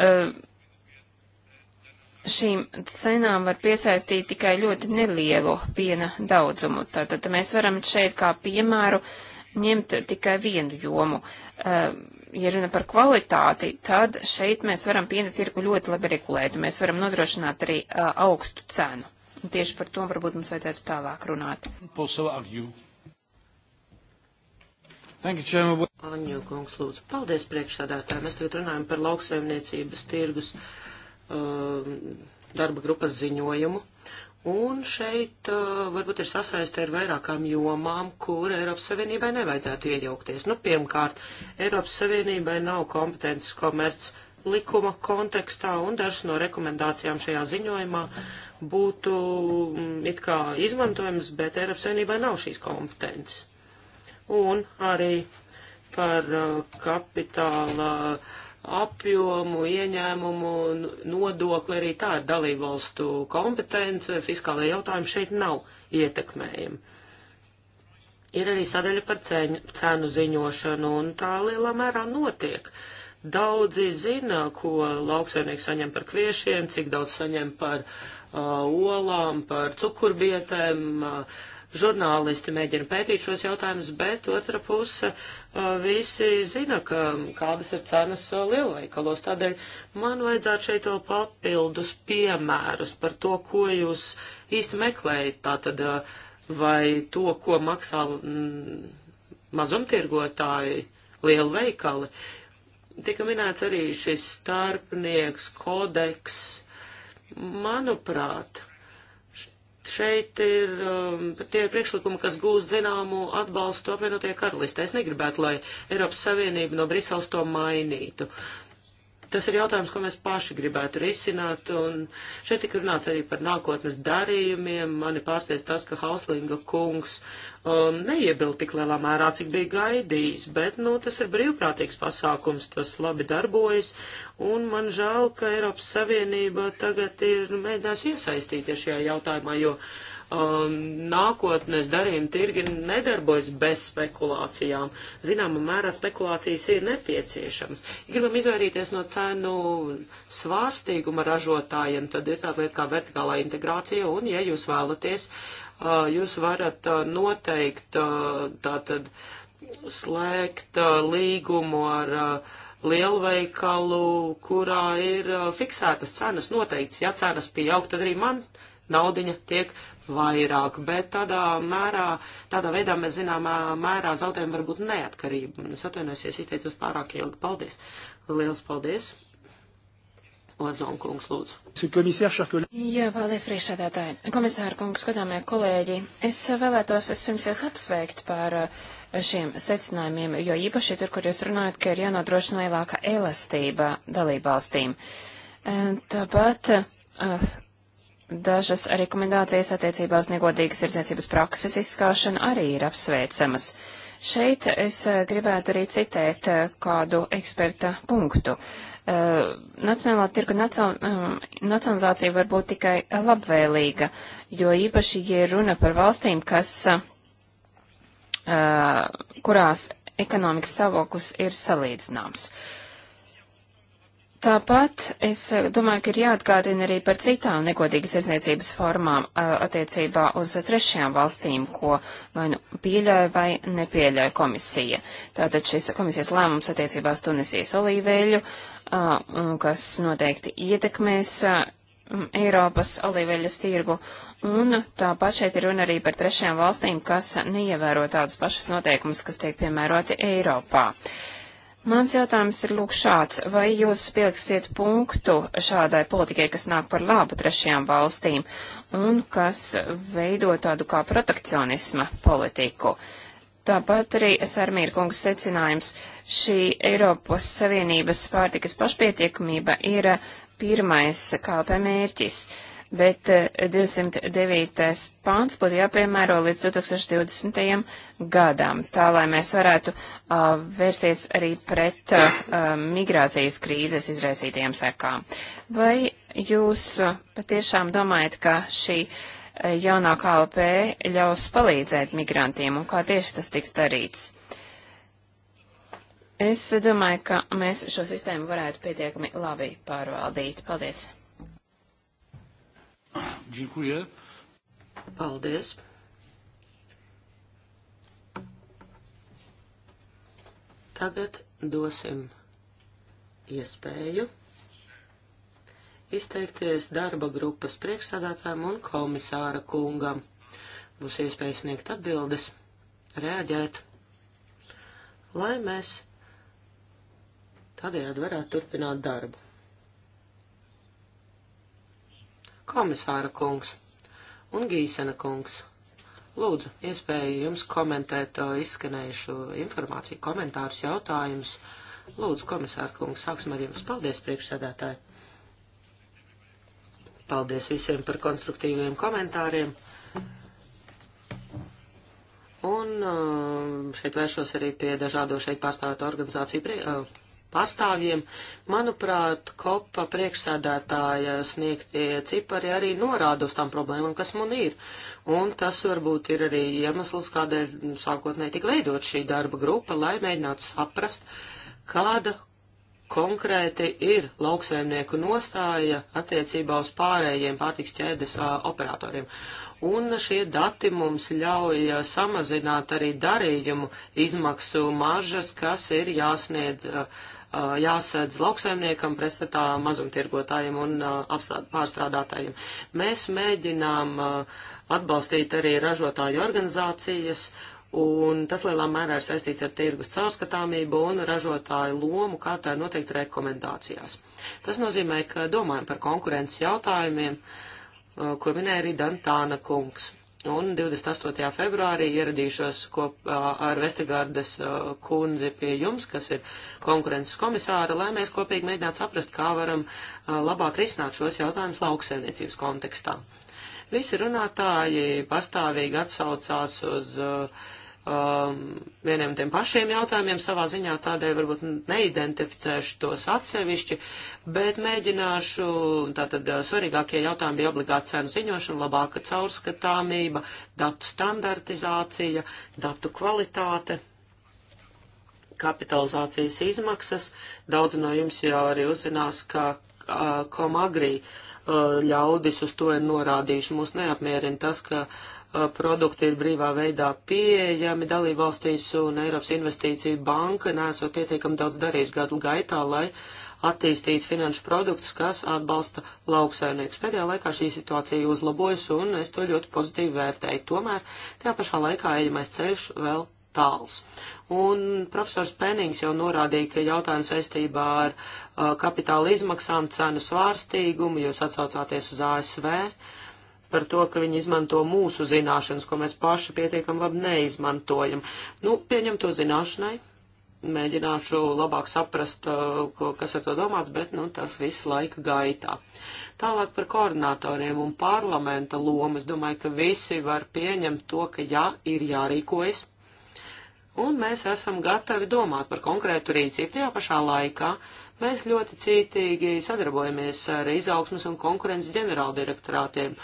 Eh, šīm cenām var piesaistīt tikai ļoti nelielu piena daudzumu. Tātad mēs varam šeit kā piemēru ņemt tikai vienu jomu. Eh, ja runa par kvalitāti, tad šeit mēs varam piena tirgu ļoti labi regulēt, un mēs varam nodrošināt arī eh, augstu cenu. Un tieši par to varbūt mums vajadzētu tālāk runāt. Posela Agju. Aņu kungs, lūdzu. Paldies priekšsādātājiem. Mēs tagad runājam par lauksaimniecības tirgus uh, darba grupas ziņojumu. Un šeit uh, varbūt ir sasaiste ar vairākām jomām, kur Eiropas Savienībai nevajadzētu iejaukties. Nu, pirmkārt, Eiropas Savienībai nav kompetences komerc likuma kontekstā, un dažas no rekomendācijām šajā ziņojumā būtu mm, it kā izmantojams, bet Eiropas Savienībai nav šīs kompetences un arī par uh, kapitāla apjomu, ieņēmumu, nodokli arī tā ir dalībvalstu kompetence, fiskālajā jautājumi šeit nav ietekmējami. Ir arī sadaļa par ceņu, cenu ziņošanu, un tā lielā mērā notiek. Daudzi zina, ko lauksaimnieks saņem par kviešiem, cik daudz saņem par uh, olām, par cukurbietēm, uh, žurnālisti mēģina pētīt šos jautājumus, bet otra puse uh, visi zina, ka kādas ir cenas uh, lielveikalos. Tādēļ man vajadzētu šeit vēl papildus piemērus par to, ko jūs īsti meklējat. Tātad, uh, vai to, ko maksā mm, mazumtirgotāji, lielveikali. Tika minēts arī šis starpnieks kodeks. Manuprāt, šeit ir, um, tie ir priekšlikumi, kas gūst zināmu atbalstu apvienotie karalistē. Es negribētu, lai Eiropas Savienība no Briseles to mainītu. Tas ir jautājums, ko mēs paši gribētu risināt, un šeit tika runāts arī par nākotnes darījumiem. Mani pārsteidz tas, ka Hauslinga kungs um, neiebild tik lielā mērā, cik bija gaidījis, bet, nu, tas ir brīvprātīgs pasākums, tas labi darbojas, un man žēl, ka Eiropas Savienība tagad ir nu, mēģinās iesaistīties šajā jautājumā, jo um, nākotnes darījuma tirgi nedarbojas bez spekulācijām. Zināmā mērā spekulācijas ir nepieciešamas. Ja gribam izvairīties no cenu svārstīguma ražotājiem, tad ir tāda lieta kā vertikālā integrācija, un, ja jūs vēlaties, uh, jūs varat uh, noteikt uh, tātad slēgt uh, līgumu ar uh, lielveikalu, kurā ir uh, fiksētas cenas noteikts. Ja cenas pieaug, tad arī man naudiņa tiek vairāk, bet tādā mērā, tādā veidā mēs zināmā mērā zaudējam varbūt neatkarību. Es atvainojos, izteicos pārāk ilgi. Paldies! Liels paldies! Ozonkungs, lūdzu. Jā, paldies, priekšsēdētāji. Komisāra kungs, skatāmie kolēģi, es vēlētos vispirms jūs apsveikt par šiem secinājumiem, jo īpaši tur, kur jūs runājat, ka ir jānodrošina lielāka elastība dalībvalstīm. Tāpat Dažas rekomendācijas attiecībā uz negodīgas tirdzniecības prakses izskaušanu arī ir apsveicamas. Šeit es eh, gribētu arī citēt eh, kādu eksperta punktu. Eh, nacionālā tirgu nacionalizācija var būt tikai labvēlīga, jo īpaši, ja runa par valstīm, kas, kurās ekonomikas stāvoklis ir salīdzināms. Uh, Tāpat es eh, domāju, ka ir jāatgādina arī par citām negodīgas aizniecības formām eh, attiecībā uz trešajām valstīm, ko vai nu pieļauj vai nepieļauj komisija. Tātad šis komisijas lēmums attiecībā uz Tunisijas olīveļu, eh, kas noteikti ietekmēs Eiropas olīveļas tirgu, un tāpat šeit ir runa arī par trešajām valstīm, kas neievēro tādus pašus noteikumus, kas tiek piemēroti Eiropā. Uh, Mans jautājums ir lūk šāds. Vai jūs pieliksiet punktu šādai politikai, kas nāk par labu trešajām valstīm un kas veido tādu kā protekcionisma politiku? Tāpat arī Sarmīra kungs secinājums, šī Eiropas Savienības pārtikas pašpietiekamība ir pirmais kalpē mērķis. Uh, bet 209. Eh, pāns būtu jāpiemēro līdz 2020. gadam, tā lai mēs varētu uh, vērsties arī pret uh, migrācijas krīzes izraisītajām sekām. Vai jūs uh, patiešām domājat, ka šī jaunā KLP ļaus palīdzēt migrantiem un kā tieši tas tiks darīts? Es domāju, ka mēs šo sistēmu varētu pietiekami labi pārvaldīt. Paldies! Dziękuję. Paldies. Tagad dosim iespēju izteikties darba grupas priekšsādātājiem un komisāra kungam. Būs iespēja sniegt atbildes, rēģēt, lai mēs tādējādi varētu turpināt darbu. Komisāra kungs un Gīsena kungs. Lūdzu, iespēja jums komentēt uh, izskanējušo informāciju, komentārus, jautājumus. Lūdzu, komisāra kungs, sāksim ar jums. Paldies, priekšsēdētāji. Paldies visiem par konstruktīviem komentāriem. Un uh, šeit vēršos arī pie dažādo šeit pārstāvēto organizāciju uh, pārstāvjiem. Manuprāt, kopa priekšsēdētāja sniegtie cipari arī norāda uz tām problēmām, kas man ir. Un tas varbūt ir arī iemesls, kādēļ sākotnēji tika veidot šī darba grupa, lai mēģinātu saprast, kāda konkrēti ir lauksaimnieku nostāja attiecībā uz pārējiem pārtiks ķēdes operatoriem. Un šie dati mums ļauj samazināt arī darījumu izmaksu maržas, kas ir jāsniedz jāsēdz lauksaimniekam pretstatā mazumtirgotājiem un pārstrādātājiem. Mēs mēģinām atbalstīt arī ražotāju organizācijas, un tas lielā mērā ir saistīts ar tirgus caurskatāmību un ražotāju lomu, kā tā ir noteikti rekomendācijās. Tas nozīmē, ka domājam par konkurences jautājumiem, ko minēja arī Dantāna kungs Un 28. februārī ieradīšos kopā ar Vestigārdas kundzi pie jums, kas ir konkurences komisāra, lai mēs kopīgi mēģinātu saprast, kā varam labāk risināt šos jautājumus lauksaimniecības kontekstā. Visi runātāji pastāvīgi atsaucās uz uh, um, vieniem tiem pašiem jautājumiem savā ziņā, tādēļ varbūt neidentificēšu tos atsevišķi, bet mēģināšu, tātad uh, svarīgākie jautājumi bija obligāta cenu ziņošana, labāka caurskatāmība, datu standartizācija, datu kvalitāte kapitalizācijas izmaksas. Daudz no jums jau arī uzzinās, ka uh, komagrī uh, ļaudis uz to ir norādījuši. Mūs neapmierina tas, ka uh, Uh, produkti ir brīvā veidā pieejami dalībvalstīs un Eiropas investīcija banka nesot pietiekami daudz darījis gadu gaitā, lai attīstītu finanšu produktus, kas atbalsta lauksaimniekus. Pēdējā laikā šī situācija uzlabojas un es to ļoti pozitīvi vērtēju. Tomēr tajā pašā laikā ejamais ceļš vēl tāls. Un profesors Penings jau norādīja, ka jautājums saistībā ar uh, kapitāla izmaksām, cenu svārstīgumu, jūs atsaucāties uz ASV. Uh, par to, ka viņi izmanto mūsu zināšanas, ko mēs paši pietiekam labi neizmantojam. Nu, pieņem to zināšanai, mēģināšu labāk saprast, uh, ko, kas ar to domāts, bet nu, tas viss laika gaitā. Tālāk par koordinatoriem un parlamenta lomu. Es domāju, ka visi var pieņemt to, ka jā, ir jārīkojas. Un mēs esam gatavi domāt par konkrētu rīcību tajā pašā laikā. Uh, Mēs ļoti cītīgi sadarbojamies ar izaugsmas un konkurences ģenerāldirektorātiem,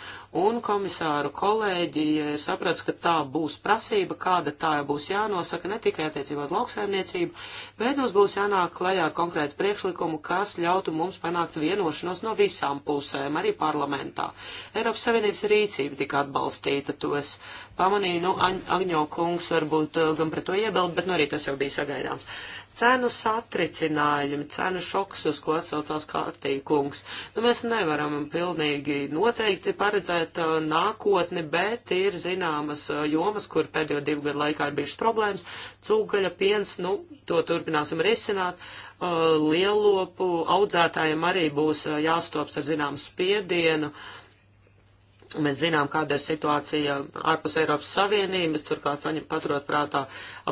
un komisāru kolēģi ir saprats, ka tā būs prasība, kāda tā būs jānosaka ne tikai attiecībās lauksaimniecību, bet mums būs jānāk klajā ar konkrētu priekšlikumu, kas ļautu mums panākt vienošanos no visām pusēm, arī parlamentā. Eiropas Savienības rīcība tika atbalstīta, to es pamanīju, nu, Agņo kungs varbūt uh, gan pret to iebeld, bet nu arī tas jau bija sagaidāms. Cenu satricinājumi, cenu šoks, uz ko atsaucās kārtīkungs. Nu, mēs nevaram pilnīgi noteikti paredzēt uh, nākotni, bet ir zināmas uh, jomas, kur pēdējo divu gadu laikā ir bijušas problēmas. Cūgaļa, piens, nu, to turpināsim risināt. Uh, lielopu audzētājiem arī būs uh, jāstops ar zināmu spiedienu. Uh, Mēs zinām, kāda ir situācija ārpus Eiropas Savienības, turklāt paturot prātā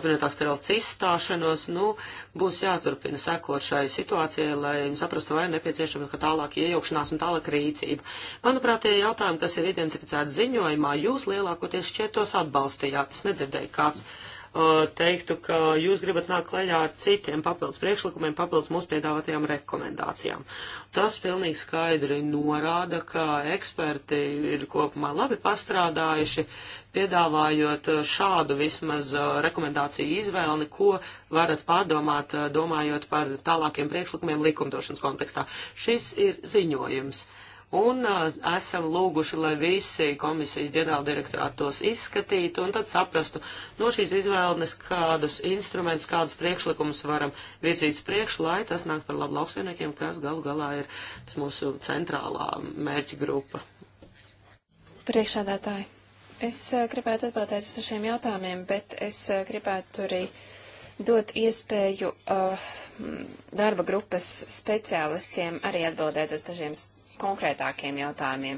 apvienotās karalists izstāšanos, nu, būs jāturpina sekot šai situācijai, lai saprastu, vai ir nepieciešama kā tālāk iejaukšanās un tālāk rīcība. Manuprāt, tie jautājumi, kas ir identificēti ziņojumā, jūs lielākoties šķiet tos atbalstījāt. Es nedzirdēju, kāds. Uh, Eh, teiktu, ka jūs gribat nākt klajā ar citiem papildus priekšlikumiem, papildus mūsu piedāvātajām rekomendācijām. Tas pilnīgi skaidri norāda, ka eksperti ir kopumā labi pastrādājuši, piedāvājot šādu vismaz eh, rekomendāciju izvēli, ko varat pārdomāt, eh, domājot par tālākiem priekšlikumiem likumdošanas kontekstā. Šis ir ziņojums. Uh, un uh, esam lūguši, lai visi komisijas ģenerāldirektorāti tos izskatītu un tad saprastu no šīs izvēlnes, kādus instrumentus, kādus priekšlikumus varam virzīt uz priekšu, lai tas nāk par labu lauksvieniekiem, kas galu galā ir tas mūsu centrālā mērķa grupa. Priekšādātāji, es gribētu atbildēt uz šiem jautājumiem, bet es gribētu arī dot iespēju uh, darba grupas speciālistiem arī atbildēt uz dažiem konkrētākiem jautājumiem,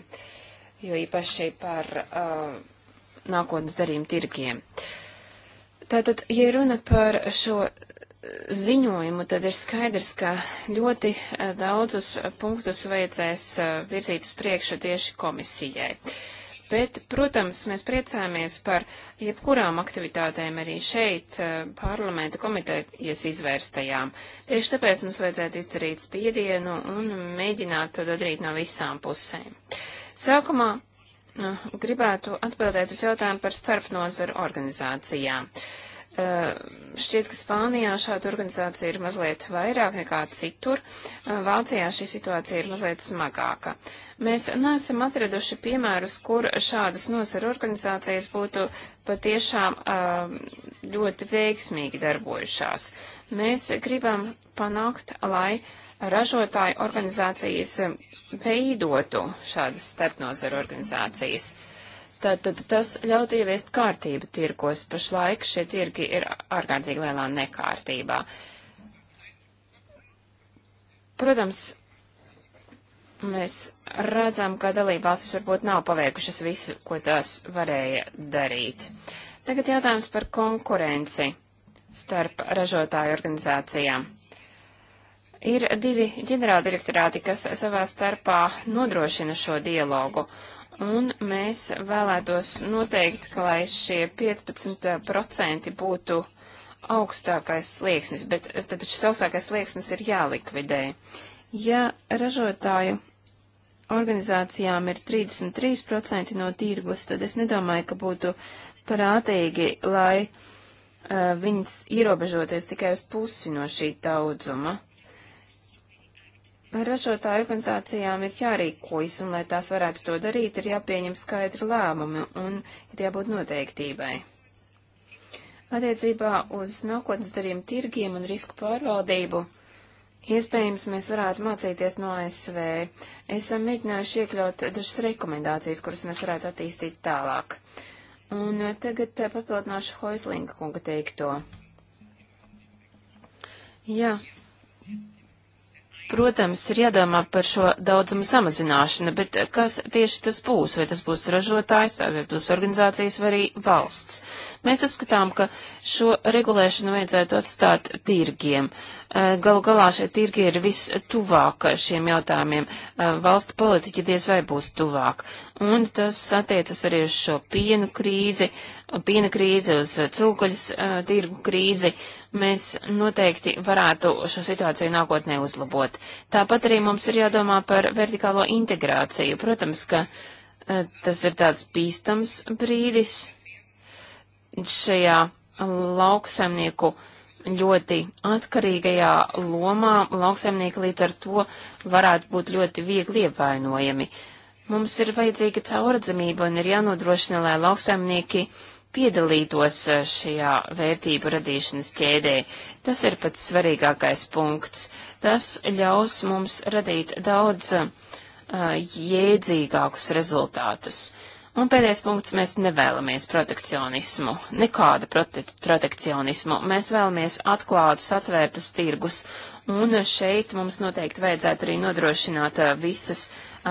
jo īpaši par uh, nākotnes darījumu tirgiem. Tātad, ja runa par šo ziņojumu, tad ir skaidrs, ka ļoti uh, daudzus punktus vajadzēs uh, virzīt uz priekšu tieši komisijai. Uh, Bet, protams, mēs priecājamies par jebkurām aktivitātēm arī šeit, eh, parlamenta komitejas izvērstajām. Tieši tāpēc mums vajadzētu izdarīt spiedienu un mēģināt to darīt no visām pusēm. Sākumā nu, gribētu atbildēt uz jautājumu par starpnozaru organizācijām. Eh, šķiet, ka Spānijā šāda organizācija ir mazliet vairāk nekā citur. Eh, Vācijā šī situācija ir mazliet smagāka. Uh, Mēs neesam atraduši piemērus, kur šādas nozaru organizācijas būtu patiešām um, ļoti veiksmīgi darbojušās. Mēs gribam panākt, lai ražotāju organizācijas veidotu šādas starpnozaru organizācijas. Tātad tas ļaut ieviest kārtību tirkos. Pašlaik šie tirgi ir ārkārtīgi lielā nekārtībā. Protams, mēs redzam, ka dalībvalstis varbūt nav paveikušas visu, ko tās varēja darīt. Tagad jautājums par konkurenci starp ražotāju organizācijām. Ir divi ģenerāldirektorāti, kas savā starpā nodrošina šo dialogu, un mēs vēlētos noteikt, ka lai šie 15% būtu augstākais slieksnis, bet tad šis augstākais slieksnis ir jālikvidē. Ja ražotāju organizācijām ir 33% no tirgus, tad es nedomāju, ka būtu prātīgi, lai uh, viņas ierobežoties tikai uz pusi no šī daudzuma. Ražotāju organizācijām ir jārīkojas, un lai tās varētu to darīt, ir jāpieņem skaidri lēmumi un ir jābūt noteiktībai. Attiecībā uz nākotnes darījumu tirgiem un risku pārvaldību. Uh, Iespējams, mēs varētu mācīties no ASV. Esam um, mēģinājuši iekļaut dažas rekomendācijas, kuras mēs varētu attīstīt tālāk. Un uh, tagad uh, papildināšu Hoislinga kunga teikto. Jā. Protams, ir jādomā par šo daudzumu samazināšanu, bet uh, kas tieši tas būs? Vai tas būs ražotājs, vai būs organizācijas, vai arī valsts? Mēs uzskatām, ka šo regulēšanu vajadzētu atstāt tirgiem. Eh, galu galā šie tirgi ir vistuvāk šiem jautājumiem. Eh, valstu politiķi diez vai būs tuvāk. Un tas attiecas arī uz šo pienu krīzi, piena krīzi, uz cūkuļas eh, tirgu krīzi. Mēs noteikti varētu šo situāciju nākotnē uzlabot. Tāpat arī mums ir jādomā par vertikālo integrāciju. Protams, ka tas ir tāds bīstams brīdis šajā lauksaimnieku ļoti atkarīgajā lomā lauksaimnieki līdz ar to varētu būt ļoti viegli ievainojami. Mums ir vajadzīga caurdzamība un ir jānodrošina, lai lauksaimnieki piedalītos šajā vērtību radīšanas ķēdē. Tas ir pats svarīgākais punkts. Tas ļaus mums radīt daudz uh, jēdzīgākus rezultātus. Un pēdējais punkts, mēs nevēlamies protekcionismu, nekādu prote protekcionismu. Mēs vēlamies atklātus, atvērtus tirgus, un šeit mums noteikti vajadzētu arī nodrošināt uh, visas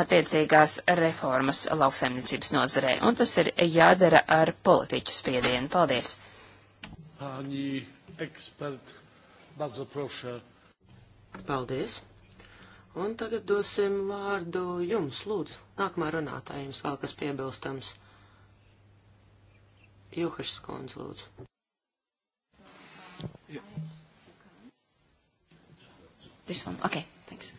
attiecīgās reformas lauksaimniecības nozarē, un tas ir jādara ar politiķu spiedienu. Paldies! Pāņi, ekspert, Paldies! Un tagad dosim vārdu jums, lūdzu. Nākamā runātāja jums vēl kas piebilstams. Juhašs kundz, lūdzu. Yeah. This one, okay, thanks.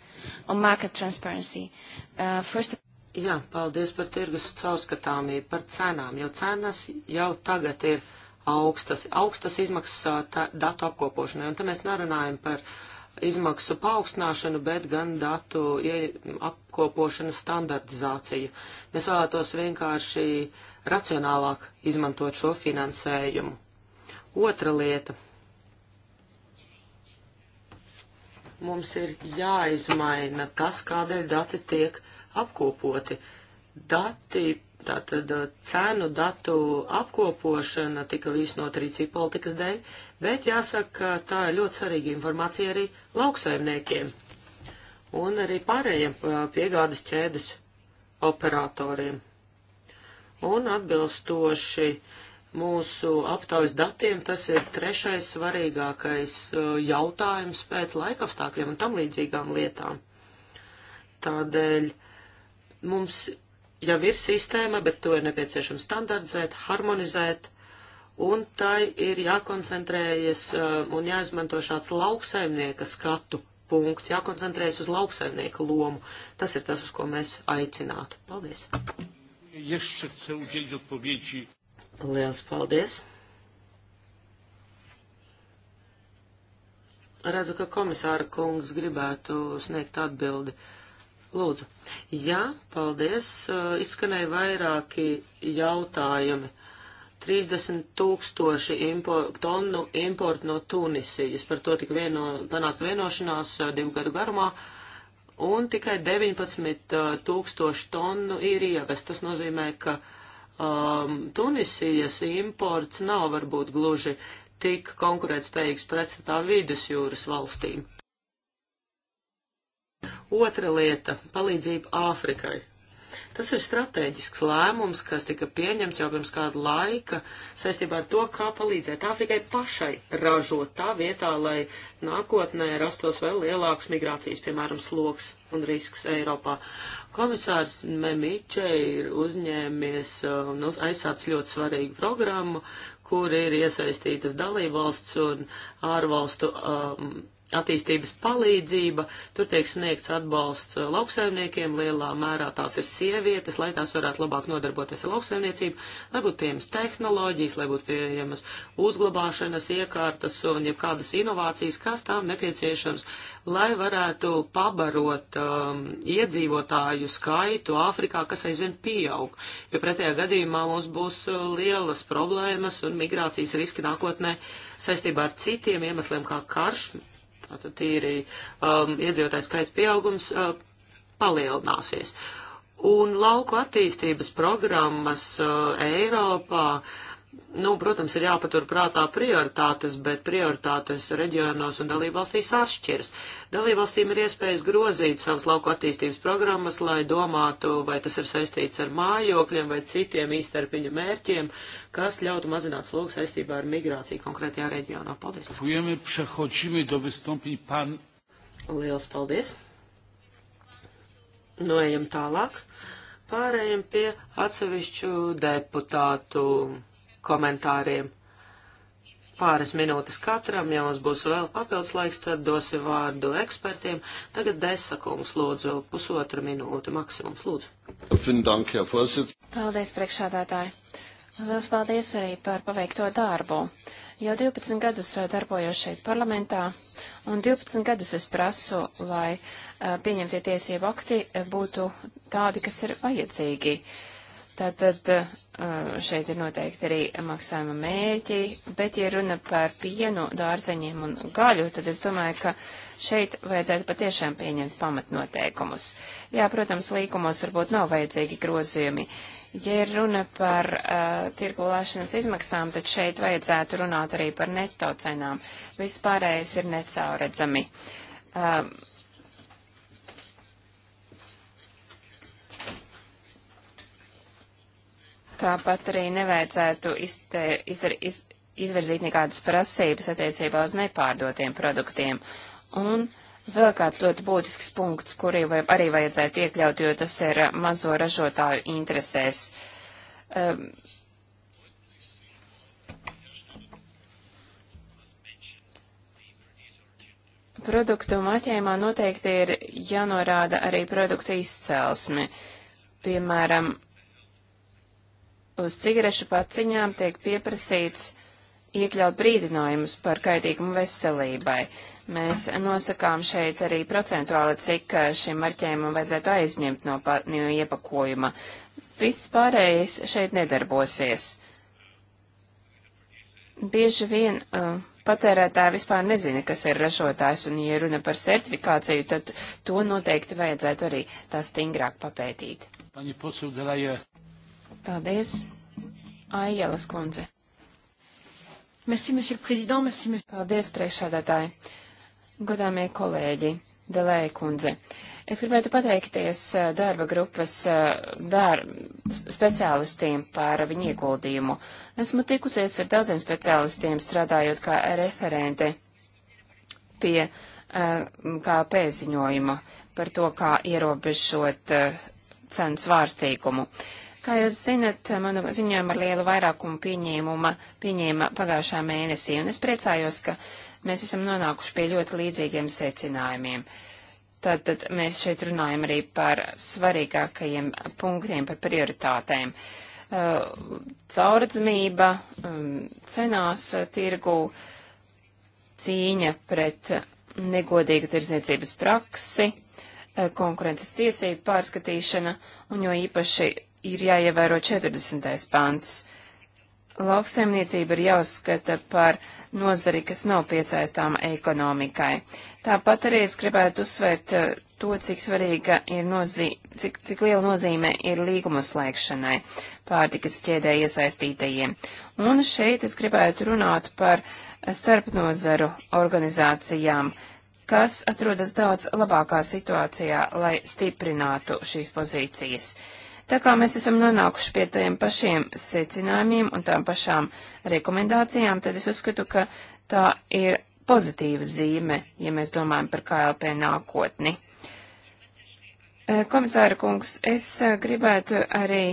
On market transparency, uh, first of Jā, paldies par tirgus caurskatāmību, par cenām, jo cenas jau tagad ir augstas, augstas izmaksas uh, datu apkopošanai, un te mēs nerunājam par uh, izmaksu paaugstināšanu, bet gan datu apkopošanas standartizāciju. Mēs vēlētos vienkārši racionālāk izmantot šo finansējumu. Otra lieta. Mums ir jāizmaina tas, kādēļ dati tiek apkopoti. Dati Tātad uh, cēnu datu apkopošana tika īstenot rīcība politikas dēļ, bet jāsaka, ka tā ir ļoti svarīga informācija arī lauksaimniekiem un arī pārējiem uh, piegādes ķēdes operatoriem. Un atbilstoši mūsu aptaujas datiem tas ir trešais svarīgākais uh, jautājums pēc laikapstākļiem un tam līdzīgām lietām. Tādēļ mums jau ir sistēma, bet to ir nepieciešams standardizēt, harmonizēt, un tai ir jākoncentrējas um, un jāizmanto šāds lauksaimnieka skatu punkts, jākoncentrējas uz lauksaimnieka lomu. Tas ir tas, uz ko mēs aicinātu. Paldies! Liels paldies! Redzu, ka komisāra kungs gribētu sniegt atbildi. Uh, Lūdzu. Jā, paldies. Izskanēja vairāki jautājumi. 30 tūkstoši impor, tonu importu no Tunisijas. Par to tika vieno, panākt vienošanās divu gadu garumā. Un tikai 19 tūkstoši tonu ir ievest. Tas nozīmē, ka um, Tunisijas imports nav varbūt gluži tik konkurētspējīgs pretstatā vidusjūras valstīm. Otra lieta - palīdzība Āfrikai. Tas ir strateģisks lēmums, kas tika pieņemts jau pirms kāda laika saistībā ar to, kā palīdzēt Āfrikai pašai ražot tā vietā, lai nākotnē rastos vēl lielāks migrācijas, piemēram, sloks un risks Eiropā. Komisārs Memiče ir uzņēmies un uh, nu, aizsācis ļoti svarīgu programmu, kur ir iesaistītas dalībvalsts un ārvalstu. Um, attīstības palīdzība, tur tiek sniegts atbalsts eh, lauksaimniekiem, lielā mērā tās ir sievietes, lai tās varētu labāk nodarboties ar lauksaimniecību, lai būtu pieejamas tehnoloģijas, lai būtu pieejamas uzglabāšanas iekārtas un jebkādas inovācijas, kas tām nepieciešams, lai varētu pabarot um, iedzīvotāju skaitu Āfrikā, kas aizvien pieaug, jo pretējā gadījumā mums būs uh, lielas problēmas un migrācijas riski nākotnē saistībā ar citiem iemesliem kā karš Tātad tīri um, iedzīvotāju skaita pieaugums uh, palielināsies. Un lauku attīstības programmas uh, Eiropā uh, Nu, protams, ir jāpatur prātā prioritātes, bet prioritātes reģionos un dalībvalstīs atšķiras. Dalībvalstīm ir iespējas grozīt savas lauku attīstības programmas, lai domātu, vai tas ir saistīts ar mājokļiem vai citiem īsterpiņa mērķiem, kas ļautu mazināt slogu saistībā ar migrāciju konkrētajā reģionā. Paldies! Liels paldies! Noejam nu, tālāk. Pārējiem pie atsevišķu deputātu komentāriem. Pāris minūtes katram, ja mums būs vēl papildus laiks, tad dosim vārdu ekspertiem. Tagad desakums lūdzu, pusotra minūte maksimums lūdzu. Paldies, priekšādātāji. Lielas paldies arī par paveikto darbu. Jau 12 gadus eh, darbojos šeit parlamentā, un 12 gadus es prasu, lai eh, pieņemtie tiesību akti eh, būtu tādi, kas ir vajadzīgi. Uh, Tātad uh, šeit ir noteikti arī maksājuma mērķi, bet ja runa par pienu, dārzeņiem un gaļu, tad es domāju, ka šeit vajadzētu patiešām pieņemt pamatnoteikumus. Jā, protams, līkumos varbūt nav vajadzīgi grozījumi. Ja ir runa par uh, tirgulēšanas izmaksām, tad šeit vajadzētu runāt arī par neto cenām. Vispārējais ir necauredzami. Uh, Tāpat arī nevajadzētu izte, iz, iz, izvirzīt nekādas prasības attiecībā uz nepārdotiem produktiem. Un vēl kāds ļoti būtisks punkts, kurī vai, arī vajadzētu iekļaut, jo tas ir mazo ražotāju interesēs. Um, produktu maķējumā noteikti ir jānorāda arī produktu izcelsme. Piemēram, uz cigarešu paciņām tiek pieprasīts iekļaut brīdinājumus par kaitīgumu veselībai. Mēs nosakām šeit arī procentuāli, cik eh, šim marķējumam vajadzētu aizņemt no, pa, no iepakojuma. Viss pārējais šeit nedarbosies. Bieži vien uh, patērētāji vispār nezina, kas ir ražotājs, un, ja runa par certifikāciju, tad to noteikti vajadzētu arī tā stingrāk papētīt. Pani posūdēja. Paldies, Aijēlas kundze. Merci, monsieur le président, merci, monsieur. Paldies, priekšsādātāji. Godāmie kolēģi, Delēja kundze. Es gribētu pateikties eh, darba grupas eh, dar speciālistiem par viņu ieguldījumu. Esmu tikusies ar daudziem speciālistiem strādājot kā referente pie eh, KP ziņojuma par to, kā ierobežot cenu svārstīgumu. Uh, Kā jūs zinat, manu ziņojumu ar lielu vairākumu pieņēmuma pieņēma pagājušā mēnesī, un es priecājos, ka mēs esam nonākuši pie ļoti līdzīgiem secinājumiem. Tātad mēs šeit runājam arī par svarīgākajiem punktiem, par prioritātēm. Uh, Caurdzmība, um, cenās tirgu, cīņa pret negodīgu tirdzniecības praksi, uh, konkurences tiesību pārskatīšana un jo īpaši ir jāievēro 40. pants. Lauksaimniecība ir jāuzskata par nozari, kas nav piesaistāma ekonomikai. Tāpat arī es gribētu uzsvērt eh, to, cik svarīga ir nozī, cik, cik liela nozīme ir līgumu slēgšanai pārtikas ķēdē iesaistītajiem. Un šeit es gribētu runāt par starpnozaru organizācijām, kas atrodas daudz labākā situācijā, lai stiprinātu šīs pozīcijas. Tā kā mēs esam nonākuši pie tiem pašiem secinājumiem un tām pašām rekomendācijām, tad es uzskatu, ka tā ir pozitīva zīme, ja mēs domājam par KLP nākotni. E, komisāra kungs, es e, gribētu arī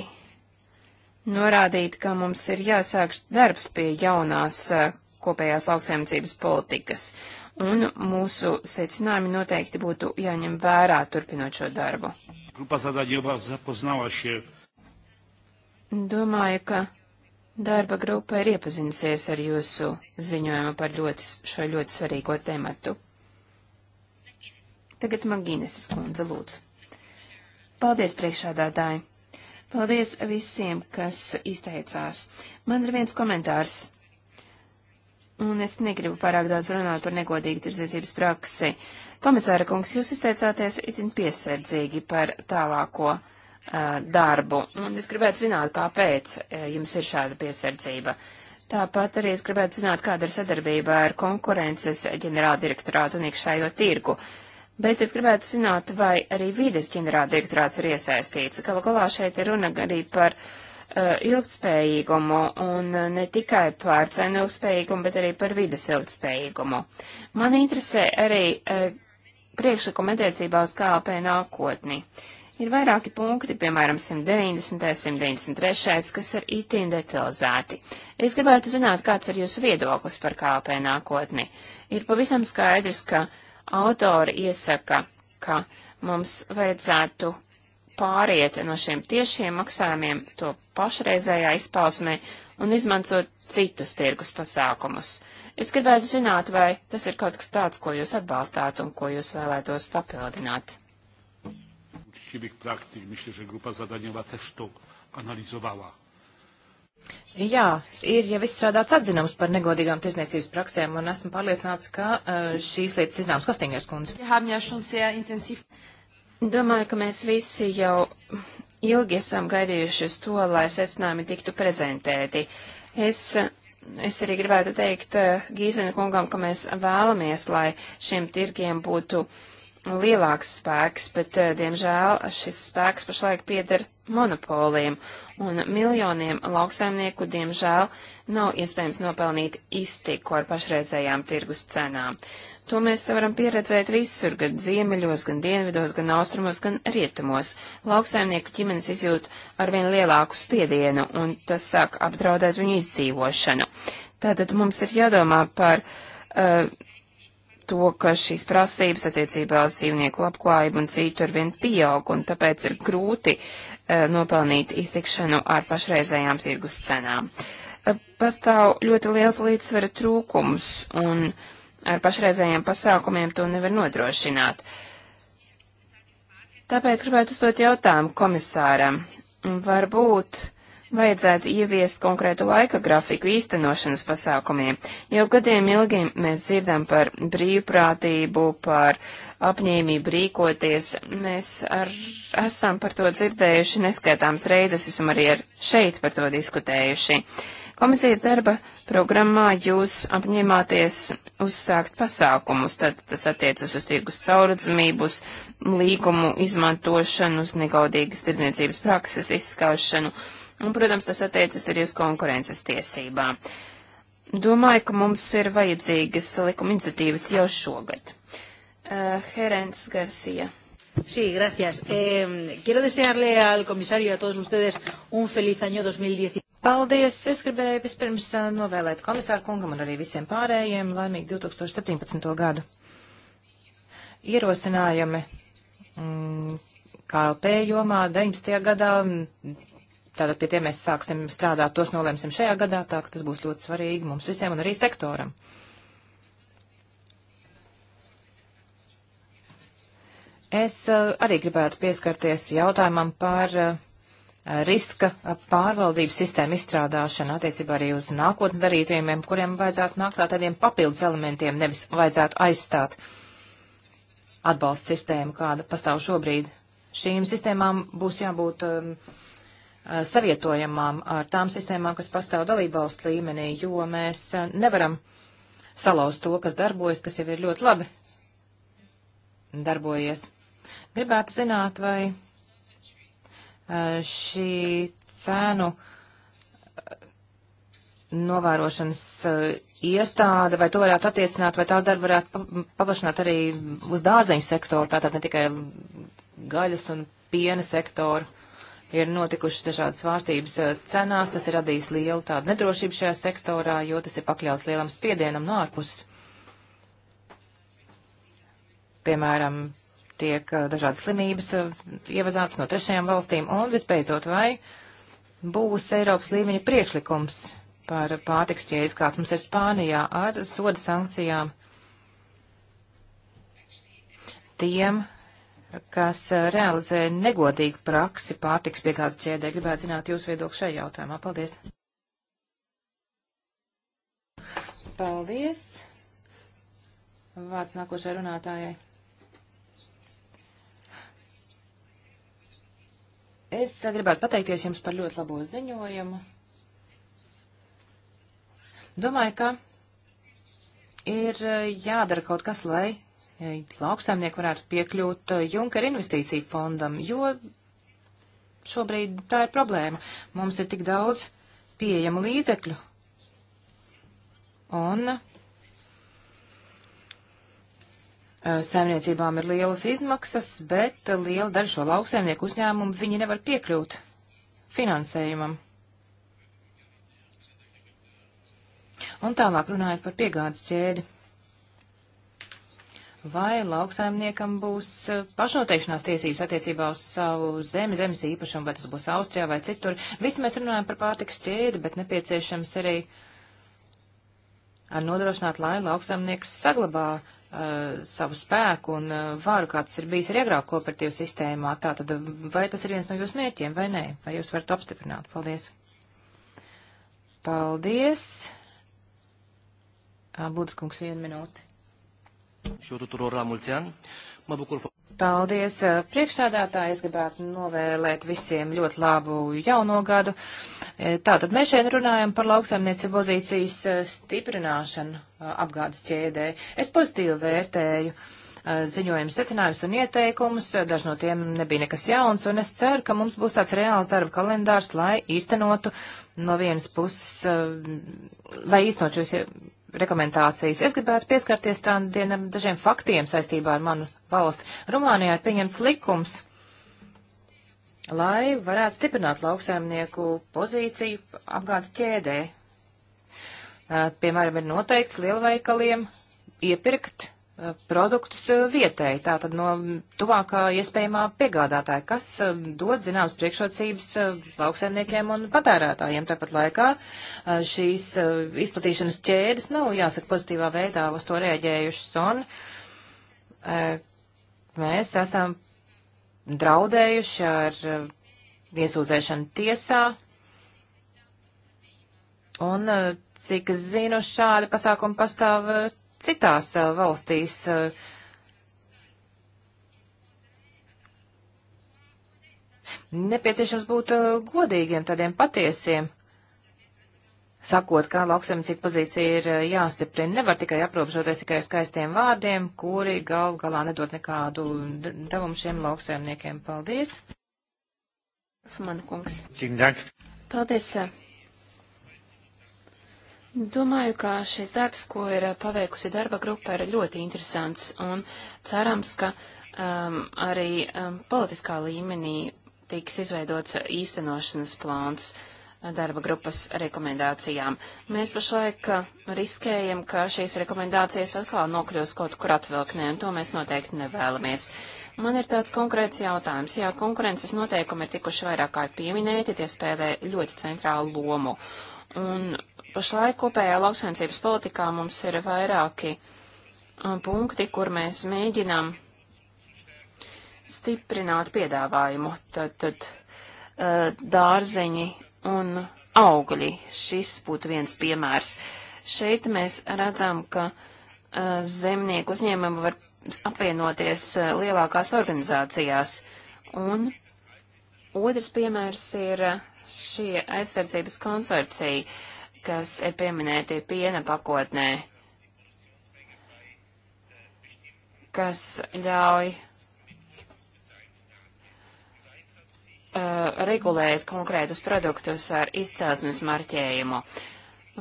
norādīt, ka mums ir jāsāk darbs pie jaunās e, kopējās lauksaimniecības politikas, un mūsu secinājumi noteikti būtu jāņem vērā turpinot šo darbu. Grupa zadaniowa zapoznała się. Domāju, ka darba grupa ir iepazinusies ar jūsu ziņojumu par ļoti, šo ļoti svarīgo tematu. Tagad Magīnes skundze lūdzu. Paldies priekšādātāji. Paldies visiem, kas izteicās. Man ir viens komentārs. Un es negribu pārāk daudz runāt par negodīgu tirdzniecības praksi. Uh, Komisāra kungs, jūs izteicāties itin piesardzīgi par tālāko uh, darbu, un es gribētu zināt, kāpēc uh, jums ir šāda piesardzība. Tāpat arī es gribētu zināt, kāda ir sadarbība ar konkurences ģenerāldirektorātu un iekšējo tirgu. Bet es gribētu zināt, vai arī vides ģenerāldirektorāts ir iesaistīts. Galu galā šeit ir runa arī par uh, ilgspējīgumu un ne tikai par cenu ilgspējīgumu, bet arī par vides ilgspējīgumu. Man interesē arī, uh, priekšlikumu attiecībā uz KLP nākotni. Ir vairāki punkti, piemēram, 190, 193, kas ir itin detalizēti. Es gribētu zināt, kāds ir jūsu viedoklis par KLP nākotni. Ir pavisam skaidrs, ka autori iesaka, ka mums vajadzētu pāriet no šiem tiešiem maksājumiem to pašreizējā izpausmē un izmantot citus tirgus pasākumus. Es gribētu zināt, vai tas ir kaut kas tāds, ko jūs atbalstāt un ko jūs vēlētos papildināt. Jā, ir jau izstrādāts atzinums par negodīgām tiesniecības praksēm, un esmu pārliecināts, ka eh, šīs lietas iznāms Kostingers kundze. Domāju, ka mēs visi jau ilgi esam gaidījuši uz to, lai secinājumi tiktu prezentēti. Es es arī gribētu teikt eh, Gīzena kungam, ka mēs vēlamies, lai šiem tirgiem būtu lielāks spēks, bet, eh, diemžēl, šis spēks pašlaik pieder monopoliem, un miljoniem lauksaimnieku, diemžēl, nav iespējams nopelnīt iztiku ar pašreizējām tirgus cenām. Uh, To mēs varam pieredzēt visur, gan ziemeļos, gan dienvidos, gan austrumos, gan rietumos. Lauksaimnieku ģimenes izjūt arvien lielāku spiedienu, un tas sāk apdraudēt viņu izdzīvošanu. Tātad mums ir jādomā par uh, to, ka šīs prasības attiecībā uz dzīvnieku labklājību un citu arvien pieaug, un tāpēc ir grūti uh, nopelnīt iztikšanu ar pašreizējām tirgus cenām. Uh, pastāv ļoti liels līdzsvera trūkums, un uh, Ar pašreizējiem pasākumiem to nevar nodrošināt. Tāpēc gribētu uzdot jautājumu komisāram. Varbūt vajadzētu ieviest konkrētu laika grafiku īstenošanas pasākumiem. Jau gadiem ilgi mēs dzirdam par brīvprātību, par apņēmību rīkoties. Mēs ar, esam par to dzirdējuši neskaitāms reizes, esam arī ar šeit par to diskutējuši. Komisijas darba programmā jūs apņēmāties uzsākt pasākumus, tad tas attiecas uz tirgus caurredzamības, līgumu izmantošanu, uz negaudīgas tirdzniecības prakses izskaušanu, un, protams, tas attiecas arī uz konkurences tiesībām. Domāju, ka mums ir vajadzīgas likuma iniciatīvas jau šogad. Uh, Herents Garcia. Sí, gracias. Eh, quiero desearle al comisario y a todos ustedes un feliz año 2010. Paldies! Es gribēju vispirms novēlēt komisāru kungam un arī visiem pārējiem laimīgu 2017. gadu. Ierosinājumi mm, KLP jomā 19. gadā, mm, tātad pie tiem mēs sāksim strādāt, tos nolēmsim šajā gadā, tā ka tas būs ļoti svarīgi mums visiem un arī sektoram. Es arī gribētu pieskarties jautājumam par uh, Eh, riska pārvaldības sistēma izstrādāšana attiecībā arī uz nākotnes darītījumiem, kuriem vajadzētu nākt tā tādiem papildus elementiem, nevis vajadzētu aizstāt atbalsta sistēmu, kāda pastāv šobrīd. Šīm sistēmām būs jābūt um, eh, savietojamām ar tām sistēmām, kas pastāv dalībvalstu līmenī, jo mēs eh, nevaram salauzt to, kas darbojas, kas jau ir ļoti labi darbojies. Gribētu zināt, vai Eh, šī cēnu eh, novērošanas eh, iestāde, vai to varētu attiecināt, vai tās darba varētu paplašināt arī uz dārzeņu sektoru, tātad ne tikai gaļas un piena sektoru. Ir notikušas dažādas svārstības cenās, tas ir radījis lielu tādu nedrošību šajā sektorā, jo tas ir pakļauts lielam spiedienam no ārpuses. Piemēram, tiek dažādas slimības ievazātas no trešajām valstīm, un visbeidzot, vai būs Eiropas līmeņa priekšlikums par pārtiks ķēdi, kāds mums ir Spānijā, ar soda sankcijām tiem, kas realizē negodīgu praksi pārtiks piegādes ķēdē. Gribētu zināt jūsu viedokli šajā jautājumā. Paldies! Paldies! Vārds nākošai runātājai. Es gribētu pateikties jums par ļoti labo ziņojumu. Domāju, ka ir e, jādara kaut kas, lai e, lauksaimnieki varētu piekļūt e, Junker investīciju fondam, jo šobrīd tā ir problēma. Mums ir tik daudz pieejamu līdzekļu. Un Eh, saimniecībām ir lielas izmaksas, bet eh, liela daļa šo lauksaimnieku uzņēmumu viņi nevar piekļūt finansējumam. Un tālāk runājot par piegādes ķēdi. Vai lauksaimniekam būs eh, pašnoteikšanās tiesības attiecībā uz savu zemi, zemes īpašumu, vai tas būs Austrijā vai citur? Visi mēs runājam par pārtikas ķēdi, bet nepieciešams arī ar nodrošināt, lai lauksaimnieks saglabā uh, Eh, savu spēku un eh, varu, kāds ir bijis arī agrāk kooperatīvu sistēmā. Tātad, vai tas ir viens no jūsu mērķiem vai nē? Vai jūs varat apstiprināt? Paldies! Paldies! Eh, Būdas kungs, vienu minūti. Šo tuturorā mulciānu. Mă bucur. Paldies, eh, priekšsādātāji. Es gribētu novēlēt visiem ļoti labu jauno gadu. Eh, Tātad mēs šeit runājam par lauksaimniecību pozīcijas eh, stiprināšanu apgādes ķēdē. Es pozitīvi vērtēju ziņojumu secinājumus un ieteikumus. Daži no tiem nebija nekas jauns, un es ceru, ka mums būs tāds reāls darba kalendārs, lai īstenotu no vienas puses, lai īstenot šos rekomendācijas. Es gribētu pieskarties tādiem dažiem faktiem saistībā ar manu valsti. Rumānijā ir pieņemts likums, lai varētu stiprināt lauksaimnieku pozīciju apgādes ķēdē. Piemēram, ir noteikts lielveikaliem iepirkt produktus eh, vietēji, tātad no tuvākā iespējamā piegādātāja, kas eh, dod zināmas priekšrocības eh, lauksaimniekiem un patērētājiem. Tāpat laikā šīs izplatīšanas ķēdes nav, jāsaka, pozitīvā veidā uz to rēģējušas, un mēs esam draudējuši ar iesūdzēšanu tiesā, un cik es zinu, šādi pasākumi pastāv citās uh, valstīs. Uh, nepieciešams būt uh, godīgiem, tādiem patiesiem. Sakot, kā lauksemniecība pozīcija ir jāstiprina, nevar tikai aprobežoties tikai skaistiem vārdiem, kuri gal galā nedod nekādu devumu šiem lauksemniekiem. Paldies! Fumana kungs. Cik dank. Paldies. Domāju, ka šis darbs, ko ir paveikusi darba grupa, ir ļoti interesants un cerams, ka um, arī um, politiskā līmenī tiks izveidots īstenošanas plāns darba grupas rekomendācijām. Mēs pašlaik uh, riskējam, ka šīs rekomendācijas atkal nokļūs kaut kur atvilknē, un to mēs noteikti nevēlamies. Man ir tāds konkrēts jautājums. Jā, konkurences noteikumi ir tikuši vairāk kārt pieminēti, tie spēlē ļoti centrālu lomu. Un Pašlaik kopējā lauksaimniecības politikā mums ir vairāki uh, punkti, kur mēs mēģinām stiprināt piedāvājumu. Tad, tad uh, dārzeņi un augļi. Šis būtu viens piemērs. Šeit mēs redzam, ka uh, zemnieku uzņēmumi var apvienoties lielākās organizācijās. Un otrs piemērs ir šie aizsardzības konsorcija. Uh, kas ir pieminēti piena pakotnē, kas ļauj uh, regulēt konkrētus produktus ar izcelsmes marķējumu.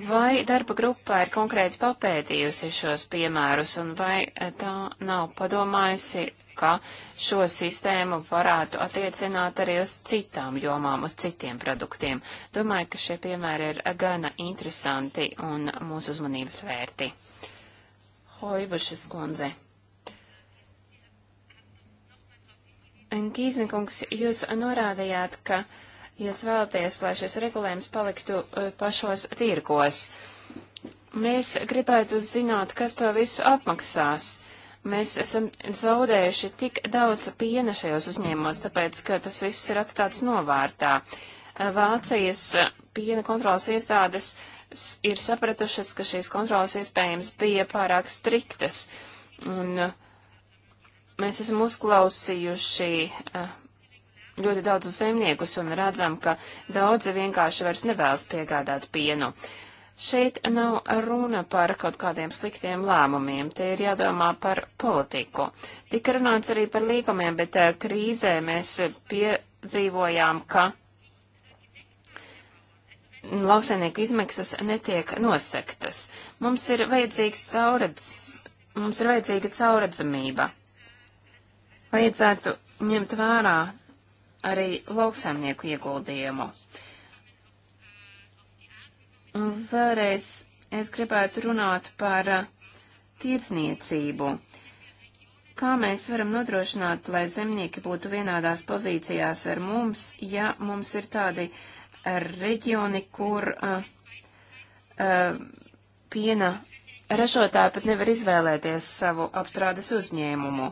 Vai darba grupā ir konkrēti papētījusi šos piemērus, un vai uh, tā nav padomājusi ka šo sistēmu varētu attiecināt arī uz citām jomām, uz citiem produktiem. Domāju, ka šie piemēri ir gana interesanti un mūsu uzmanības vērti. Hoibušas kundze. Kīznikungs, jūs norādījāt, ka jūs vēlaties, lai šis regulējums paliktu e, pašos tirgos. Mēs gribētu zināt, kas to visu apmaksās. Mēs esam zaudējuši tik daudz piena šajos uzņēmumos, tāpēc, ka tas viss ir atstāts novārtā. Vācijas piena kontrolas iestādes ir sapratušas, ka šīs kontrolas iespējams bija pārāk striktas, un uh, mēs esam uzklausījuši uh, ļoti daudzus zemniekus un redzam, ka daudzi vienkārši vairs nevēlas piegādāt pienu. Uh, Šeit nav runa par kaut kādiem sliktiem lēmumiem, te ir jādomā par politiku. Tika runāts arī par līgumiem, bet eh, krīzē mēs piedzīvojām, ka lauksaimnieku izmaksas netiek nosektas. Mums ir, cauredz, mums ir vajadzīga cauredzamība. Vajadzētu ņemt vērā arī lauksaimnieku ieguldījumu. Vēlreiz es gribētu runāt par uh, tirdzniecību. Kā mēs varam nodrošināt, lai zemnieki būtu vienādās pozīcijās ar mums, ja mums ir tādi uh, reģioni, kur uh, uh, piena ražotāji pat nevar izvēlēties savu apstrādes uzņēmumu?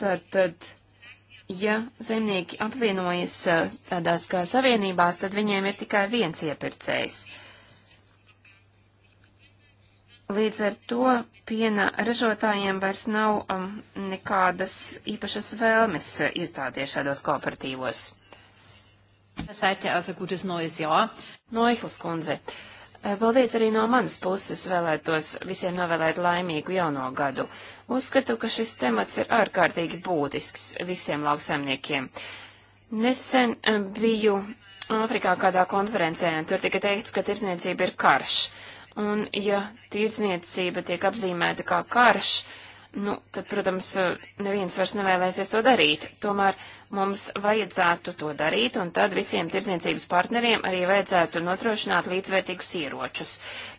Tad, tad ja zemnieki apvienojas eh, tādās kā savienībās, tad viņiem ir tikai viens iepirkējs. Līdz ar to piena ražotājiem vairs nav um, nekādas īpašas vēlmes iestāties šādos kooperatīvos. Noihlas kundze, Eh, paldies arī no manas puses vēlētos visiem novēlēt laimīgu jauno gadu. Uzskatu, ka šis temats ir ārkārtīgi būtisks visiem lauksaimniekiem. Nesen eh, biju Āfrikā kādā konferencē, un tur tika teikts, ka tirsniecība ir karš. Un ja tirsniecība tiek apzīmēta kā karš, nu, tad, protams, neviens vairs nevēlēsies to darīt. Tomēr mums vajadzētu to darīt, un tad visiem tirdzniecības partneriem arī vajadzētu notrošināt līdzvērtīgus ieročus.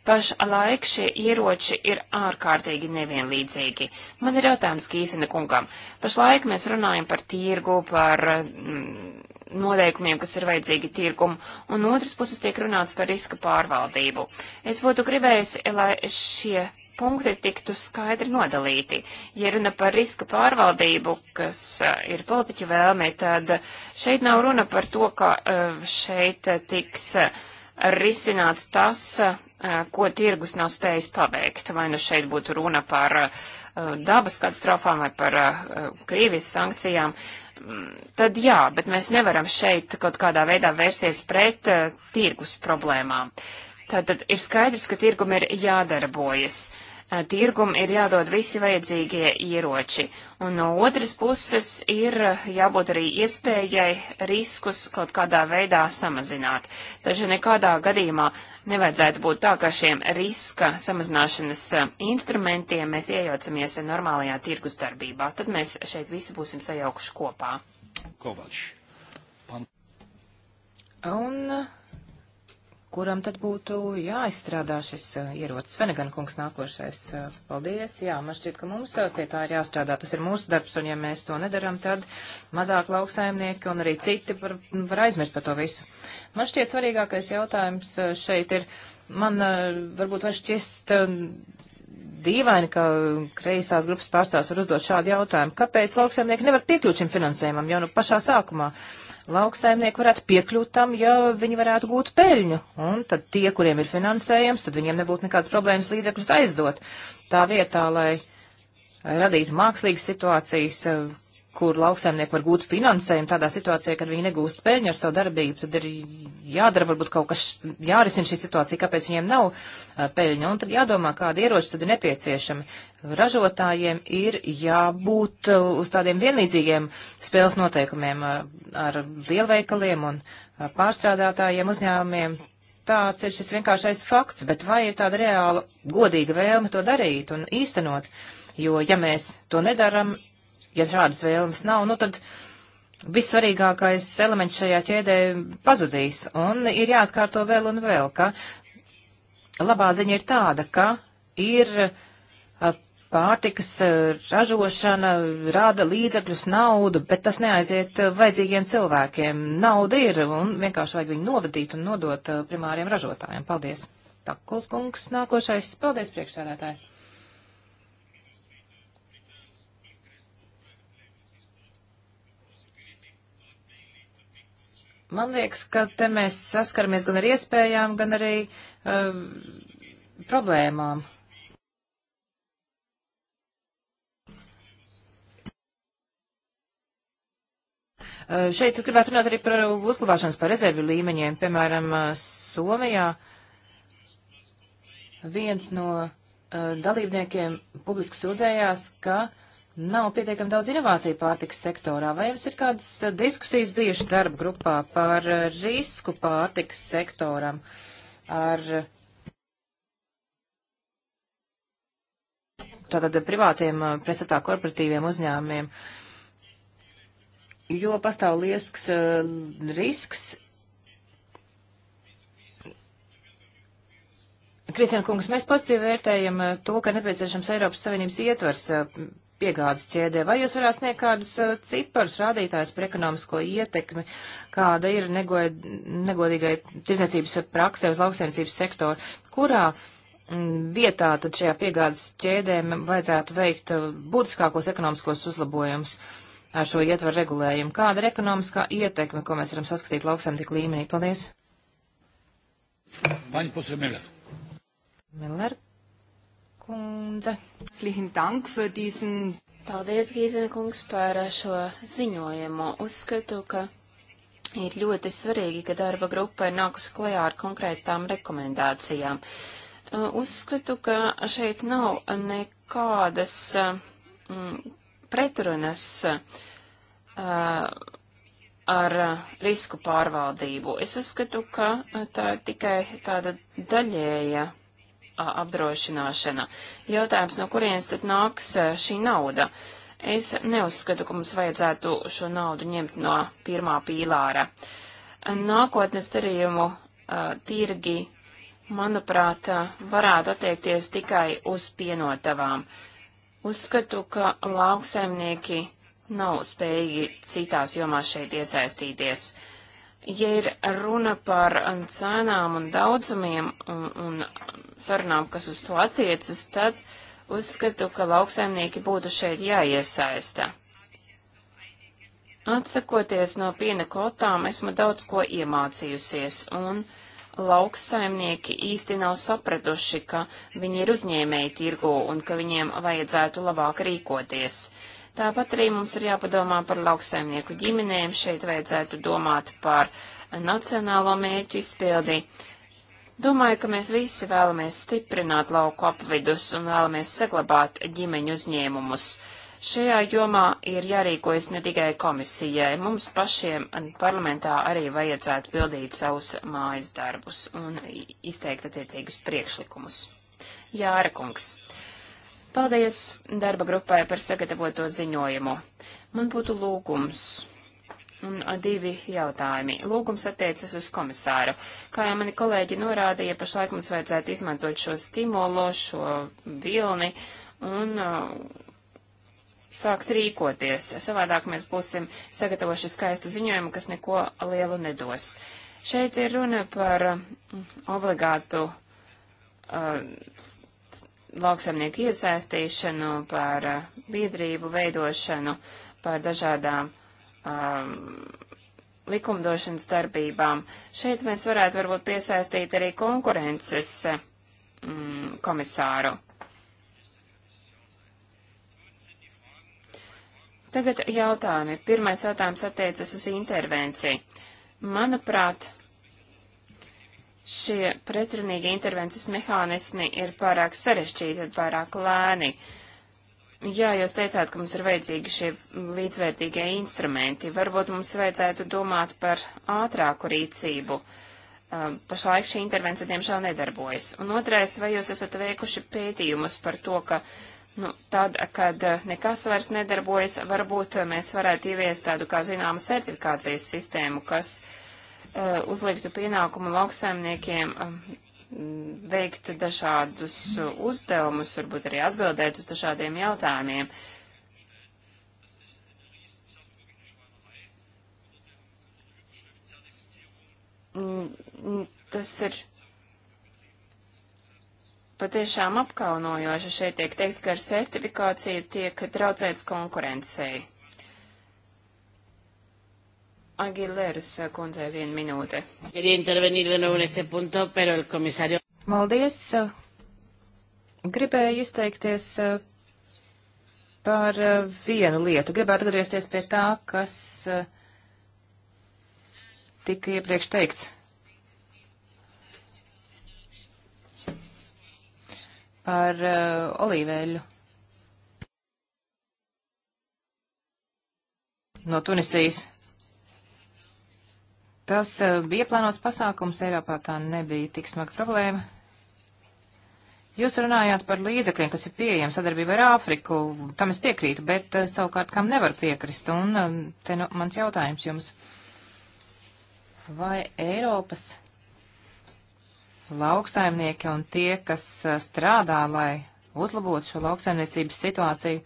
Pašlaik šie ieroči ir ārkārtīgi nevienlīdzīgi. Man ir jautājums Kīsina kungam. Pašlaik mēs runājam par tirgu, par mm, noteikumiem, kas ir vajadzīgi tirgumu, un otras puses tiek runāts par riska pārvaldību. Es būtu gribējusi, lai šie punkti tiktu skaidri nodalīti. Ja runa par riska pārvaldību, kas eh, ir politiķu vēlme, tad šeit nav runa par to, ka eh, šeit tiks eh, risināts tas, ko tirgus nav spējis paveikt. Vai nu šeit būtu runa par dabas katastrofām vai par Krievijas sankcijām mm, tad jā, bet mēs nevaram šeit kaut kādā veidā vērsties pret uh, tirgus problēmām. Tātad ir skaidrs, ka tirgum ir jādarbojas. Eh, tirgum ir jādod visi vajadzīgie ieroči, un no otras puses ir eh, jābūt arī iespējai riskus kaut kādā veidā samazināt. Taču nekādā gadījumā nevajadzētu būt tā, ka šiem riska samazināšanas eh, instrumentiem mēs iejaucamies normālajā tirgus darbībā. Tad mēs šeit visi būsim sajaukuši kopā. Kovač. Pan... Un kuram tad būtu jāizstrādā šis uh, ierocis. Venegan kungs nākošais. Uh, paldies. Jā, man šķiet, ka mums uh, pie tā ir jāstrādā. Tas ir mūsu darbs, un ja mēs to nedaram, tad mazāk lauksaimnieki un arī citi var, var aizmirst par to visu. Man šķiet svarīgākais jautājums šeit ir, man varbūt var šķist dīvaini, ka kreisās grupas pārstāvs var uzdot šādu jautājumu. Kāpēc lauksaimnieki nevar piekļūt šim finansējumam jau nu pašā sākumā? Uh, lauksaimnieki varētu piekļūt tam, ja viņi varētu gūt peļņu. Un tad tie, kuriem ir finansējums, tad viņiem nebūtu nekādas problēmas līdzekļus aizdot. Tā vietā, lai radītu mākslīgas situācijas, kur lauksaimnieki var gūt finansējumu tādā situācijā, kad viņi negūst peļņu ar savu darbību, tad ir jādara varbūt kaut kas, jārisina šī situācija, kāpēc viņiem nav uh, peļņa, un tad jādomā, kāda ieroči tad ir nepieciešami. Ražotājiem ir jābūt uh, uz tādiem vienlīdzīgiem spēles noteikumiem uh, ar lielveikaliem un pārstrādātājiem uzņēmumiem. Tāds ir šis vienkāršais fakts, bet vai ir tāda reāla godīga vēlme to darīt un īstenot? Jo, ja mēs to nedaram, Ja šādas vēlmes nav, nu tad vissvarīgākais elements šajā ķēdē pazudīs. Un ir jāatkārto vēl un vēl, ka labā ziņa ir tāda, ka ir pārtikas ražošana rāda līdzekļus naudu, bet tas neaiziet vajadzīgiem cilvēkiem. Nauda ir un vienkārši vajag viņu novadīt un nodot primāriem ražotājiem. Paldies. Takuls kungs nākošais. Paldies priekšsēdētāji. Man liekas, ka te mēs saskaramies gan ar iespējām, gan arī uh, problēmām. Uh, šeit gribētu runāt arī par uzglabāšanas par rezervi līmeņiem. Piemēram, uh, Somijā viens no uh, dalībniekiem publiski sūdzējās, ka uh, nav pietiekami daudz inovāciju pārtikas sektorā. Vai jums ir kādas eh, diskusijas bijušas darba grupā par eh, risku pārtikas sektoram ar eh, tātad privātiem pretstatā korporatīviem uzņēmumiem? Jo pastāv liesks risks Kristian kungs, mēs pozitīvi vērtējam to, ka nepieciešams Eiropas Savienības ietvers piegādes ķēdē. Vai jūs varētu sniegt kādus uh, ciparus rādītājus par ekonomisko ietekmi, kāda ir negod, negodīgai tirdzniecības praksē uz lauksainicības sektoru, kurā mm, vietā tad šajā piegādes ķēdē vajadzētu veikt uh, būtiskākos ekonomiskos uzlabojumus ar šo ietvaru regulējumu? Kāda ir ekonomiskā ietekme, ko mēs varam saskatīt lauksaimnieku līmenī? Paldies! Maņa puse Miller. Miller kundze. Paldies, Gīzena kungs, par šo ziņojumu. Uzskatu, ka ir ļoti svarīgi, ka darba grupa ir nākus klajā ar konkrētām rekomendācijām. Uh, uzskatu, ka šeit nav nekādas uh, mm, pretrunas uh, ar risku pārvaldību. Es uzskatu, ka tā ir tikai tāda daļēja apdrošināšana. Jautājums, no kurienes tad nāks šī nauda? Es neuzskatu, ka mums vajadzētu šo naudu ņemt no pirmā pīlāra. Nākotnes darījumu tirgi, manuprāt, varētu attiekties tikai uz pienotavām. Uzskatu, ka lauksaimnieki nav spējīgi citās jomās šeit iesaistīties. Uh, Ja ir runa par cenām un daudzumiem un, un sarunām, kas uz to attiecas, tad uzskatu, ka lauksaimnieki būtu šeit jāiesaista. Atsakoties no piena kvotām, esmu daudz ko iemācījusies, un lauksaimnieki īsti nav sapratuši, ka viņi ir uzņēmēji tirgu un ka viņiem vajadzētu labāk rīkoties. Uh, Tāpat arī mums ir jāpadomā par lauksaimnieku ģimenēm. Šeit vajadzētu domāt par nacionālo mērķu izpildi. Domāju, ka mēs visi vēlamies stiprināt lauku apvidus un vēlamies saglabāt ģimeņu uzņēmumus. Šajā jomā ir jārīkojas ne tikai komisijai, mums pašiem parlamentā arī vajadzētu pildīt savus mājas darbus un izteikt attiecīgus priekšlikumus. Jāra kungs, Paldies darba grupai par sagatavoto ziņojumu. Man būtu lūgums. Un divi jautājumi. Lūgums attiecas uz komisāru. Kā jau mani kolēģi norādīja, pašlaik mums vajadzētu izmantot šo stimulu, šo vilni un uh, sākt rīkoties. Savādāk mēs būsim sagatavojuši skaistu ziņojumu, kas neko lielu nedos. Šeit ir runa par obligātu uh, lauksamnieku iesaistīšanu, par uh, biedrību veidošanu, par dažādām um, likumdošanas darbībām. Šeit mēs varētu varbūt piesaistīt arī konkurences mm, komisāru. Tagad jautājumi. Pirmais jautājums attiecas uz intervenciju. Manuprāt, šie pretrunīgi intervences mehānismi ir pārāk sarežģīti un pārāk lēni. Jā, jūs teicāt, ka mums ir vajadzīgi šie līdzvērtīgie instrumenti. Varbūt mums vajadzētu domāt par ātrāku rīcību. Um, pašlaik šī intervence, diemžēl, nedarbojas. Un otrais, vai jūs esat veikuši pētījumus par to, ka Nu, tad, kad uh, nekas vairs nedarbojas, varbūt uh, mēs varētu ieviest tādu, kā zināmu, certifikācijas sistēmu, kas uh, Eh, uzliktu pienākumu lauksaimniekiem eh, veikt dažādus uzdevumus, varbūt arī atbildēt uz dažādiem jautājumiem. Tas ir patiešām apkaunojoši. Šeit tiek teikts, ka ar certifikāciju tiek traucēts konkurencei. Aguilēras eh, kundzei viena minūte. Maldies! Gribēju izteikties eh, par eh, vienu lietu. Gribētu atgriezties pie tā, kas tika iepriekš teikts. Par olīveļu. No Tunisijas. Tas eh, bija plānots pasākums, Eiropā tā nebija tik smaga problēma. Jūs runājāt par līdzekļiem, kas ir pieejami sadarbībā ar Āfriku, tam es piekrītu, bet eh, savukārt kam nevar piekrist. Un eh, te nu, mans jautājums jums, vai Eiropas lauksaimnieki un tie, kas strādā, lai uzlabotu šo lauksaimniecības situāciju,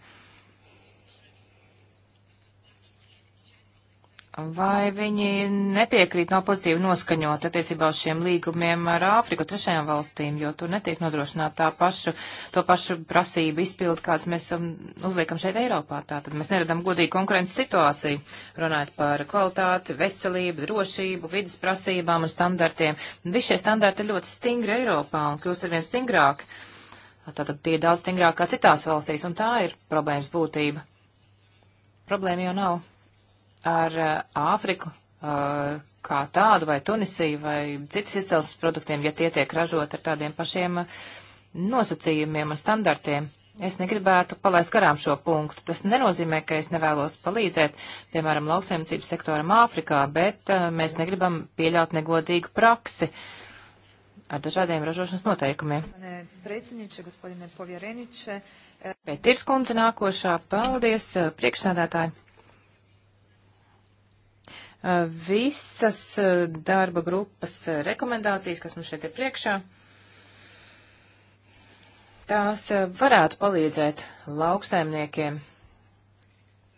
Vai viņi nepiekrīt nav pozitīvi noskaņot attiecībā uz šiem līgumiem ar Āfriku trešajām valstīm, jo tur netiek nodrošināt tā pašu, to pašu prasību izpildu, kāds mēs um, uzliekam šeit Eiropā. Tātad mēs neredam godīgi konkurences situāciju, runājot par kvalitāti, veselību, drošību, vidas prasībām un standartiem. Visi šie standarti ir ļoti stingri Eiropā un kļūst arvien stingrāki. Tātad tie ir daudz stingrāk kā citās valstīs, un tā ir problēmas būtība. Problēma jau nav ar eh, Āfriku eh, kā tādu vai Tunisiju vai citas izcelsmes produktiem, ja tie tiek ražot ar tādiem pašiem eh, nosacījumiem un standartiem. Es negribētu palaist garām šo punktu. Tas nenozīmē, ka es nevēlos palīdzēt, piemēram, lauksaimniecības sektoram Āfrikā, bet uh, mēs negribam pieļaut negodīgu praksi ar dažādiem ražošanas noteikumiem. Pētīrs kundze nākošā. Paldies, priekšsādātāji visas eh, darba grupas eh, rekomendācijas, kas mums šeit ir priekšā. Tās eh, varētu palīdzēt lauksaimniekiem.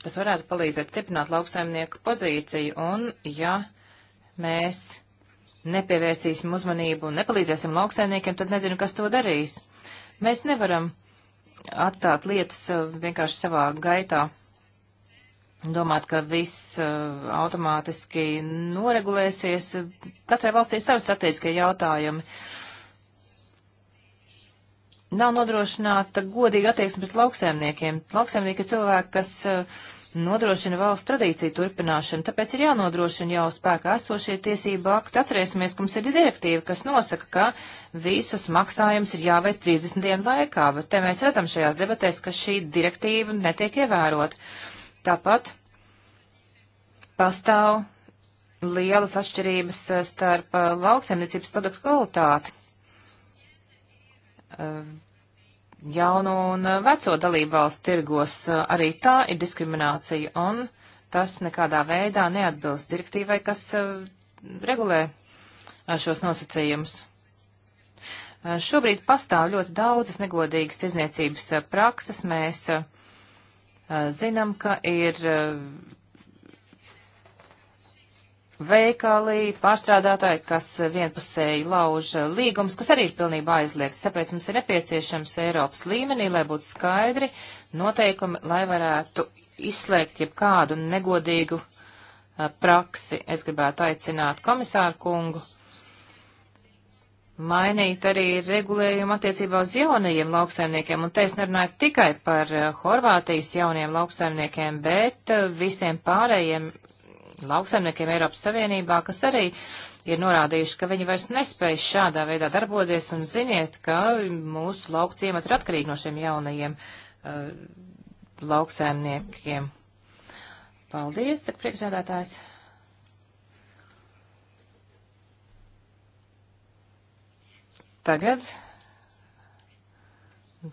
Tas varētu palīdzēt stiprināt lauksaimnieku pozīciju, un ja mēs nepievērsīsim uzmanību un nepalīdzēsim lauksaimniekiem, tad nezinu, kas to darīs. Mēs nevaram atstāt lietas vienkārši savā gaitā domāt, ka viss uh, automātiski noregulēsies. Katrai valstī ir savi strateģiskie jautājumi. Nav nodrošināta godīga attieksme pret lauksēmniekiem. Lauksēmnieki ir cilvēki, kas uh, nodrošina valsts tradīciju turpināšanu, tāpēc ir jānodrošina jau spēkā esošie tiesību akti. Atcerēsimies, ka mums ir direktīva, kas nosaka, ka visus maksājumus ir jāveic 30 dienu laikā, bet te mēs redzam šajās debatēs, ka šī direktīva netiek ievērota. Tāpat pastāv lielas atšķirības eh, starp eh, lauksaimniecības produktu kvalitāti eh, jaunu un veco dalību valstu tirgos. Arī tā ir diskriminācija, un tas nekādā veidā neatbilst direktīvai, kas regulē šos nosacījumus. Šobrīd pastāv ļoti daudzas negodīgas tirzniecības prakses. Mēs uh, Eh, zinām, ka ir eh, veikali, pārstrādātāji, kas vienpusēji lauž līgumus, kas arī ir pilnībā aizliegts. Tāpēc mums ir nepieciešams Eiropas līmenī, lai būtu skaidri noteikumi, lai varētu izslēgt jebkādu negodīgu a, eh, praksi. Es gribētu aicināt komisāru kungu mainīt arī regulējumu attiecībā uz jaunajiem lauksaimniekiem, un te es nerunāju tikai par eh, Horvātijas jauniem lauksaimniekiem, bet eh, visiem pārējiem lauksaimniekiem Eiropas Savienībā, kas arī ir norādījuši, ka viņi vairs nespēj šādā veidā darboties, un ziniet, ka mūsu laukciemat ir atkarīgi no šiem jaunajiem uh, lauksaimniekiem. Paldies, saka priekšsēdētājs. Tagad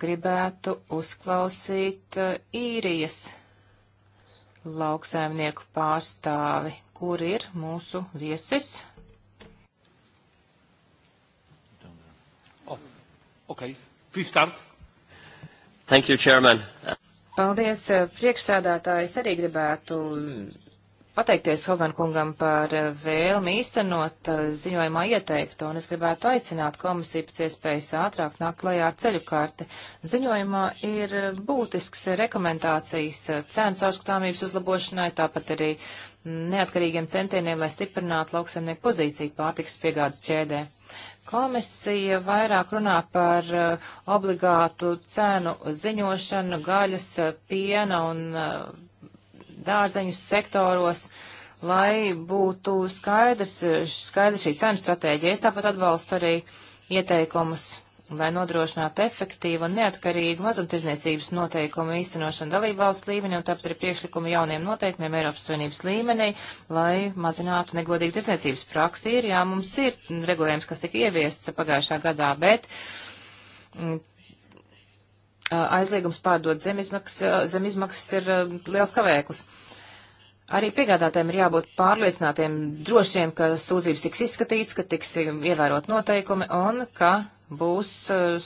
gribētu uzklausīt eh, īrijas lauksaimnieku pārstāvi, kur ir mūsu viesis. Oh, okay. Please start. Thank you, Chairman. Paldies, eh, priekšsādātājs. Arī gribētu pateikties Hogan kungam par eh, vēlmi īstenot eh, ziņojumā ieteikto, un es gribētu aicināt komisiju pēc iespējas ātrāk nākt klajā ar ceļu karti. Ziņojumā ir eh, būtisks rekomendācijas cenu caurskatāmības uzlabošanai, tāpat arī neatkarīgiem centieniem, lai stiprinātu lauksaimnieku pozīciju pārtikas piegādes ķēdē. Komisija vairāk runā par uh, obligātu cenu ziņošanu gaļas, piena un uh, dārzeņu sektoros, lai būtu skaidrs, skaidrs šī cenu stratēģija. Es tāpat atbalstu arī ieteikumus, lai nodrošinātu efektīvu un neatkarīgu mazumtirdzniecības noteikumu īstenošanu dalību valstu līmenī, un tāpat arī priekšlikumi jauniem noteikumiem Eiropas Savienības līmenī, lai mazinātu negodīgu tirdzniecības praksi. Ir, jā, mums ir regulējums, kas tika ieviests pagājušā gadā, bet mm, aizliegums pārdot zemizmaksas zem ir liels kavēklis. Arī piegādātājiem ir jābūt pārliecinātiem, drošiem, ka sūdzības tiks izskatīts, ka tiks ievērot noteikumi un ka būs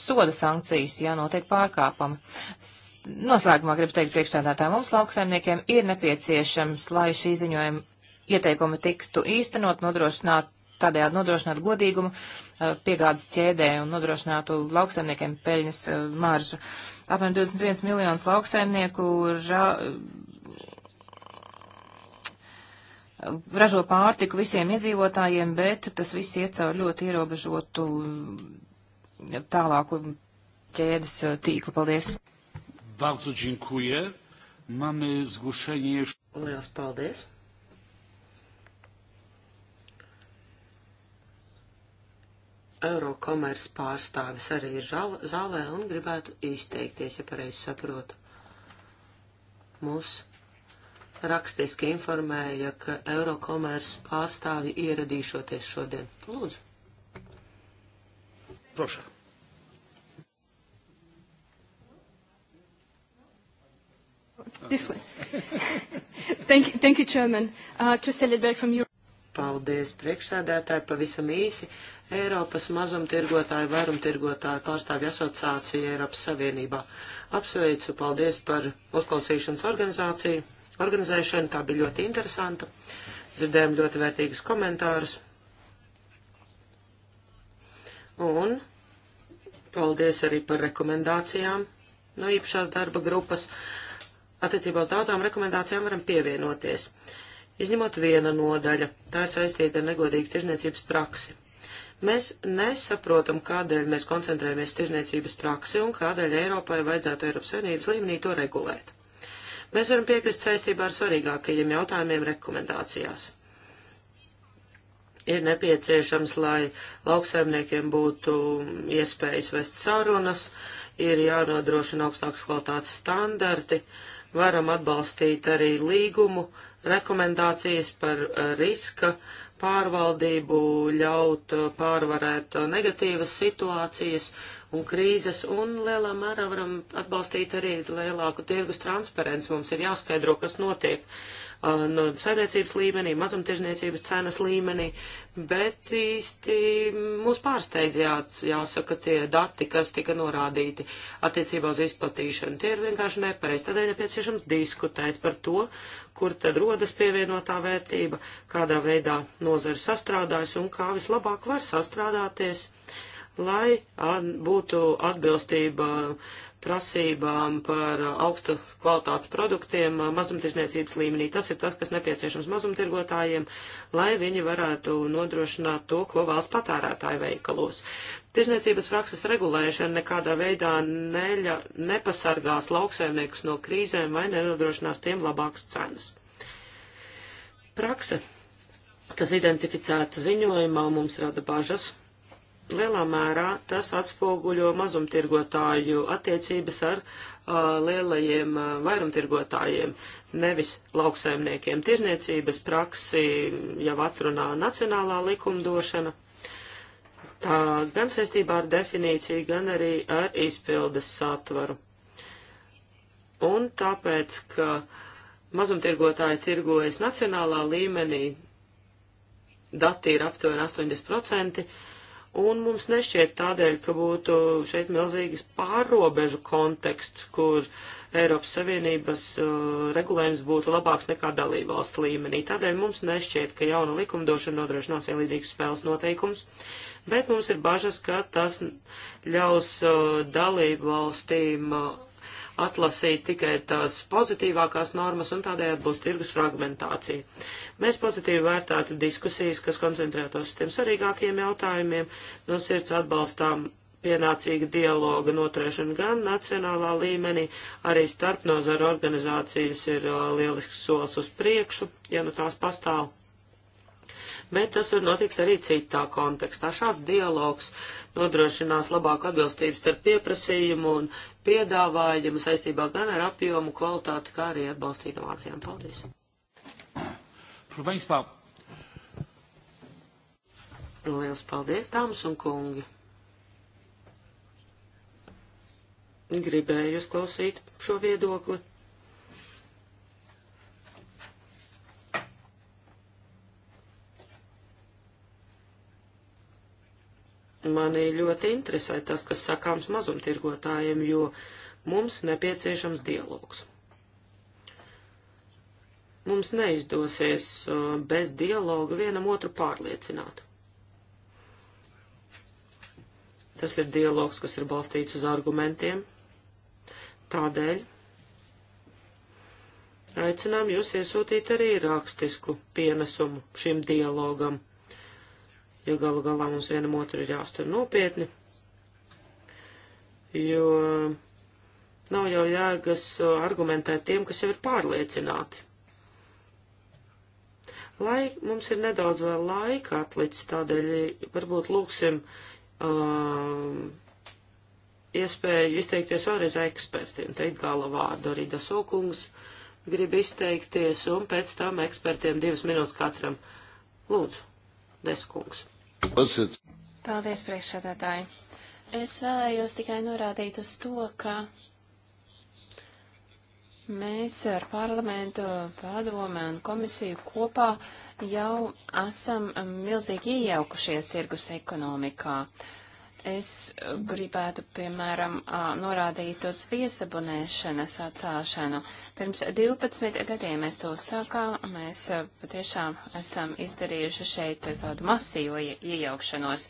soda sankcijas, ja notiek pārkāpumi. Noslēgumā gribu teikt priekšsēdētājiem, mums lauksaimniekiem ir nepieciešams, lai šī ziņojuma ieteikumi tiktu īstenot, nodrošināt tādējādi nodrošinātu godīgumu eh, piegādes ķēdē un nodrošinātu lauksaimniekiem peļņas eh, maržu. Apmēram 21 miljonus lauksaimnieku ra ražo pārtiku visiem iedzīvotājiem, bet tas viss iet caur ļoti ierobežotu eh, tālāku ķēdes tīklu. Paldies! Bardzo dziękuję. Mamy zgłoszenie. Liels paldies! Eurokomers pārstāvis arī ir žala, zālē un gribētu izteikties, ja pareizi saprotu. Mūs rakstiski informēja, ka Eurokomers pārstāvi ieradīšoties šodien. Lūdzu. Prošā. This way. thank, you, thank you, Chairman. Uh, Christel Lidberg from Europe. Paldies, priekšsēdētāji, pavisam īsi. Eiropas mazumtirgotāju, vairumtirgotāju pārstāvju asociācija Eiropas Savienībā. Apsveicu, paldies par uzklausīšanas organizāciju. Organizēšana tā bija ļoti interesanta. Dzirdējām ļoti vērtīgus komentārus. Un paldies arī par rekomendācijām no īpašās darba grupas. Attiecībā uz daudzām rekomendācijām varam pievienoties. Uh, izņemot viena nodaļa. Tā ir saistīta ar negodīgu tirzniecības praksi. Mēs nesaprotam, kādēļ mēs koncentrējamies tirzniecības praksi un kādēļ Eiropai vajadzētu Eiropas Savienības līmenī to regulēt. Mēs varam piekrist saistībā ar svarīgākajiem jautājumiem rekomendācijās. Ir nepieciešams, lai lauksaimniekiem būtu iespējas vest sarunas, ir jānodrošina augstākas kvalitātes standarti, varam atbalstīt arī līgumu uh, rekomendācijas par eh, riska pārvaldību, ļaut eh, pārvarēt eh, negatīvas situācijas un krīzes, un lielā mērā varam atbalstīt arī lielāku tirgus transparenci. Mums ir jāskaidro, kas notiek no nu, saimniecības līmenī, mazumtirzniecības cenas līmenī, bet īsti mūs pārsteidz jā, jāsaka tie dati, kas tika norādīti attiecībā uz izplatīšanu. Tie ir vienkārši nepareizi. Tādēļ nepieciešams diskutēt par to, kur tad rodas pievienotā vērtība, kādā veidā nozara sastrādājas un kā vislabāk var sastrādāties lai būtu atbilstība uh, prasībām par uh, augstu kvalitātes produktiem uh, mazumtirdzniecības līmenī. Tas ir tas, kas nepieciešams mazumtirgotājiem, lai viņi varētu nodrošināt to, ko vēlas patērētāji veikalos. Tirzniecības prakses regulēšana nekādā veidā neļa, nepasargās lauksaimniekus no krīzēm vai nenodrošinās tiem labākas cenas. Prakse, kas identificēta ziņojumā, mums rada bažas Lielā mērā tas atspoguļo mazumtirgotāju attiecības ar uh, lielajiem uh, vairumtirgotājiem, nevis lauksaimniekiem. Tirzniecības praksi jau atrunā nacionālā likumdošana, tā gan saistībā ar definīciju, gan arī ar izpildes satvaru. Un tāpēc, ka mazumtirgotāji tirgojas nacionālā līmenī, dati ir aptuveni 80%, Un mums nešķiet tādēļ, ka būtu šeit milzīgas pārobežu konteksts, kur Eiropas Savienības uh, regulējums būtu labāks nekā dalībvalsts līmenī. Tādēļ mums nešķiet, ka jauna likumdošana nodrošinās vienlīdzīgus spēles noteikumus, bet mums ir bažas, ka tas ļaus uh, dalībvalstīm uh, atlasīt tikai tās pozitīvākās normas un tādējādi būs tirgus fragmentācija. Mēs pozitīvi vērtātu diskusijas, kas koncentrētos uz tiem svarīgākiem jautājumiem, no sirds atbalstām pienācīga dialoga noturēšana gan nacionālā līmenī, arī starp nozaru organizācijas ir uh, lielisks solis uz priekšu, ja nu tās pastāv. Bet tas var notikt arī citā kontekstā. Šāds dialogs uh, nodrošinās labāku atbilstību starp pieprasījumu un piedāvājumu saistībā gan ar apjomu, kvalitāti, kā arī atbalstu inovācijām. Paldies! Liels paldies, dāmas un kungi! Gribēju uzklausīt šo viedokli. Mani ļoti interesē tas, kas sakāms mazumtirgotājiem, jo mums nepieciešams dialogs. Mums neizdosies uh, bez dialoga vienam otru pārliecināt. Tas ir dialogs, kas ir balstīts uz argumentiem. Tādēļ aicinām jūs iesūtīt arī rakstisku pienesumu šim dialogam jo galu galā mums vienam otru ir jāuztur nopietni, jo nav jau jēgas argumentēt tiem, kas jau ir pārliecināti. Lai mums ir nedaudz vēl laika atlicis, tādēļ varbūt lūksim um, iespēju izteikties vēlreiz ekspertiem, teikt gala vārdu arī Dasokungs grib izteikties, un pēc tam ekspertiem divas minūtes katram. Lūdzu. Deskungs. Paldies, priekšsēdētāji. Es vēlējos tikai norādīt uz to, ka mēs ar parlamentu padomē un komisiju kopā jau esam milzīgi iejaukušies tirgus ekonomikā. Uh, Es gribētu, piemēram, norādīt uz viesabunēšanas atcelšanu. Pirms 12 gadiem mēs to sākām, mēs patiešām esam izdarījuši šeit tādu masīvu iejaukšanos.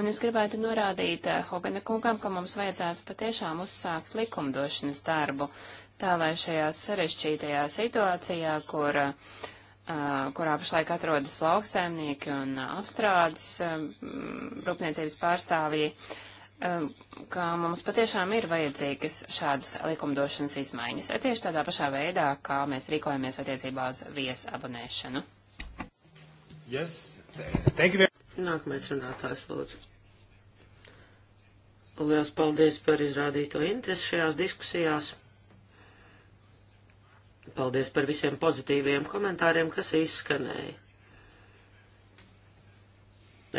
Un es gribētu norādīt Hogana kungam, ka mums vajadzētu patiešām uzsākt likumdošanas darbu, tā lai šajā sarežģītajā situācijā, kur uh, kurā pašlaik atrodas lauksaimnieki un apstrādes rūpniecības pārstāvji, ka mums patiešām ir vajadzīgas šādas likumdošanas izmaiņas, tieši tādā pašā veidā, kā mēs rīkojamies attiecībā uz viesabonēšanu. Yes. Thank you very much. Nākamais runātājs lūdzu. Lielas paldies par izrādīto interesi šajās diskusijās. Paldies par visiem pozitīviem komentāriem, kas izskanēja.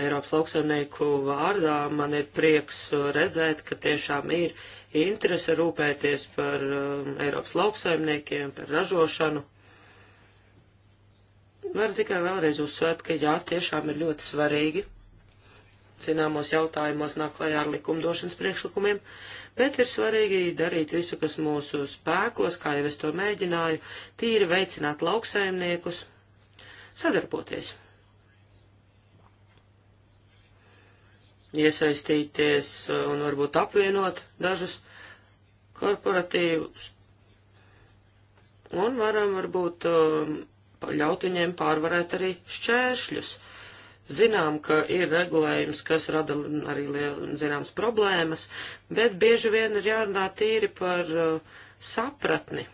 Eiropas lauksaimnieku vārdā man ir prieks redzēt, ka tiešām ir interese rūpēties par um, Eiropas lauksaimniekiem, par ražošanu. Varu tikai vēlreiz uzsvērt, ka jā, tiešām ir ļoti svarīgi zināmos jautājumos nāk klajā ar likumdošanas priekšlikumiem, bet ir svarīgi darīt visu, kas mūsu spēkos, kā jau es to mēģināju, tīri veicināt lauksaimniekus, sadarboties. Iesaistīties un varbūt apvienot dažus korporatīvus un varam varbūt um, ļaut viņiem pārvarēt arī šķēršļus. Uh, Zinām, ka ir regulējums, kas rada arī liel, zināmas problēmas, bet bieži vien ir jārunā tīri par uh, sapratni.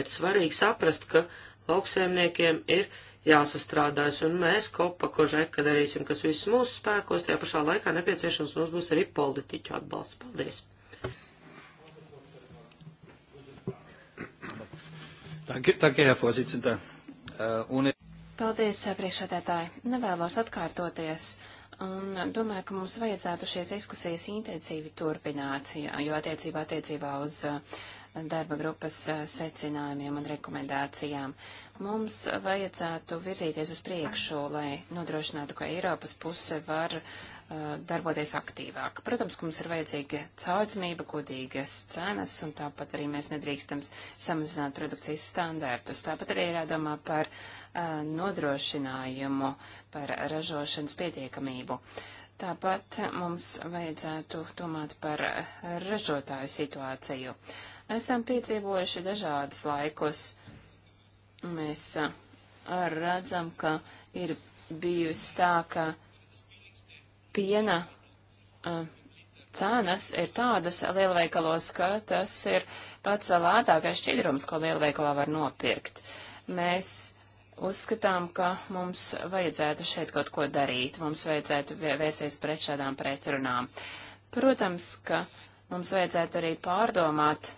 Ir svarīgi saprast, ka lauksēmniekiem ir jāsastrādājas, un mēs kopa kožeka darīsim, kas viss mūsu spēkos, tajā pašā laikā nepieciešams mums būs arī politiķu atbalsts. Paldies! Danke, danke Herr Vorsitzender. Uh, ohne Paldies, eh, priekšsēdētāji. Nevēlos atkārtoties. Un domāju, ka mums vajadzētu šīs diskusijas intensīvi turpināt, jā, jo attiecībā attiecībā uz uh, darba grupas eh, secinājumiem un rekomendācijām. Mums vajadzētu virzīties uz priekšu, lai nodrošinātu, ka Eiropas puse var uh, darboties aktīvāk. Protams, ka mums ir vajadzīga caudzmība, godīgas cenas, un tāpat arī mēs nedrīkstam samazināt produkcijas standārtus. Tāpat arī ir jādomā par uh, nodrošinājumu, par ražošanas pietiekamību. Uh, Tāpat mums vajadzētu domāt par ražotāju situāciju. Esam piedzīvojuši dažādus laikus. Mēs redzam, ka ir bijusi tā, ka piena cenas ir tādas lielveikalos, ka tas ir pats lētākais šķidrums, ko lielveikalā var nopirkt. Mēs uzskatām, ka mums vajadzētu šeit kaut ko darīt, mums vajadzētu vērsties pret šādām pretrunām. Protams, ka mums vajadzētu arī pārdomāt,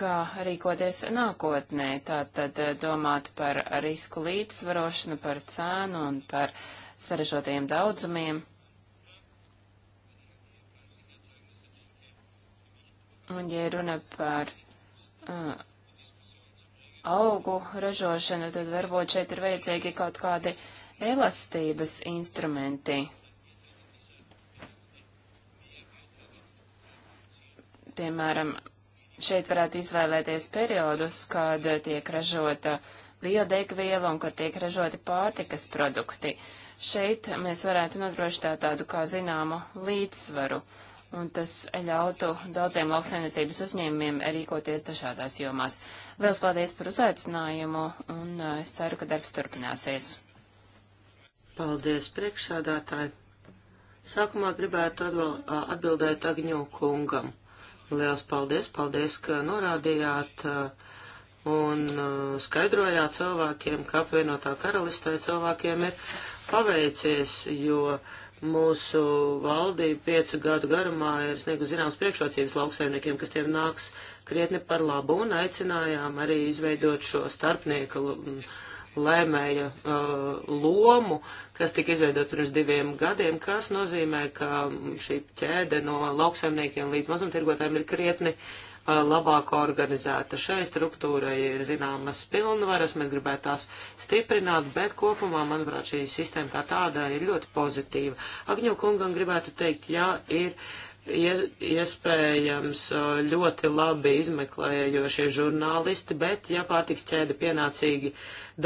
kā rīkoties nākotnē, tātad eh, domāt par risku līdzsvarošanu, par cēnu un par sarežotajiem daudzumiem. Un, ja runa par uh, augu ražošanu, tad varbūt šeit ir vajadzīgi kaut kādi elastības instrumenti. Piemēram, šeit varētu izvēlēties periodus, kad tiek ražota biodegviela un kad tiek ražoti pārtikas produkti. Šeit mēs varētu nodrošināt tādu kā zināmu līdzsvaru. Uh, un tas ļautu daudziem lauksainiecības uzņēmumiem rīkoties dažādās jomās. Liels paldies par uzaicinājumu, un uh, es ceru, ka darbs turpināsies. Paldies, priekšsādātāji. Sākumā gribētu atbildēt Agņo kungam. Liels paldies, paldies, ka norādījāt un skaidrojāt cilvēkiem, ka apvienotā karalistē cilvēkiem ir paveicies, jo uh, mūsu valdība piecu gadu garumā ir sniegusi zināmas priekšrocības lauksaimniekiem, kas tiem nāks krietni par labu, un aicinājām arī izveidot šo starpnieku mm, lēmēja uh, lomu, kas tika izveidot pirms diviem gadiem, kas nozīmē, ka mm, šī ķēde no lauksaimniekiem līdz mazumtirgotājiem ir krietni uh, Uh, labāk organizēta. Šai struktūrai ir zināmas pilnvaras, mēs gribētu tās stiprināt, bet kopumā, manuprāt, šī sistēma kā tāda ir ļoti pozitīva. Agņo kungam gribētu teikt, jā, ir iespējams ļoti labi izmeklējošie žurnālisti, bet ja pārtiks ķēde pienācīgi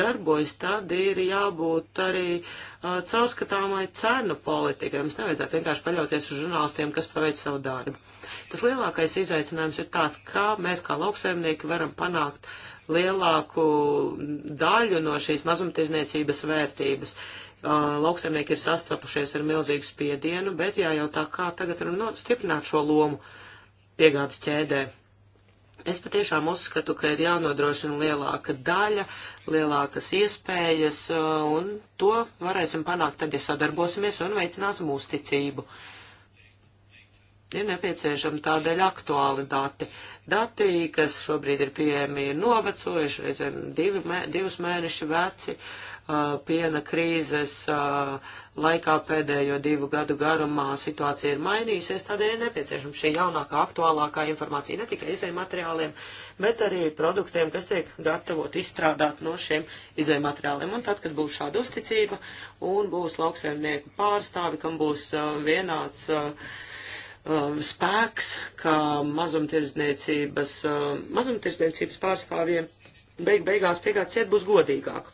darbojas, tad ir jābūt arī uh, caurskatāmai cenu politikai. Mums nevajadzētu vienkārši paļauties uz žurnālistiem, kas paveic savu darbu. Tas lielākais izaicinājums ir tāds, kā mēs kā lauksaimnieki varam panākt lielāku daļu no šīs mazumtirdzniecības vērtības. Uh, lauksaimnieki ir sastapušies ar milzīgu spiedienu, bet jājautā, kā tagad varam nu, stiprināt šo lomu piegādes ķēdē. Es patiešām uzskatu, ka ir jānodrošina lielāka daļa, lielākas iespējas, un to varēsim panākt tad, ja sadarbosimies un veicināsim uzticību. Uh, ir nepieciešama tādēļ aktuāli dati, kas šobrīd ir pieejami, ir novecojuši, reizēm divi, mē, divus mēneši veci. Uh, piena krīzes uh, laikā pēdējo divu gadu garumā situācija ir mainījusies, tādēļ ir nepieciešama šī jaunākā, aktuālākā informācija ne tikai izējai materiāliem, bet arī produktiem, kas tiek gatavot, izstrādāt no šiem izējai materiāliem. Un tad, kad būs šāda uzticība un būs lauksaimnieku pārstāvi, kam būs uh, vienāds uh, um, spēks, ka mazumtirdzniecības, um, mazumtirdzniecības pārstāvjiem beig beigās piegāds šeit būs godīgāk.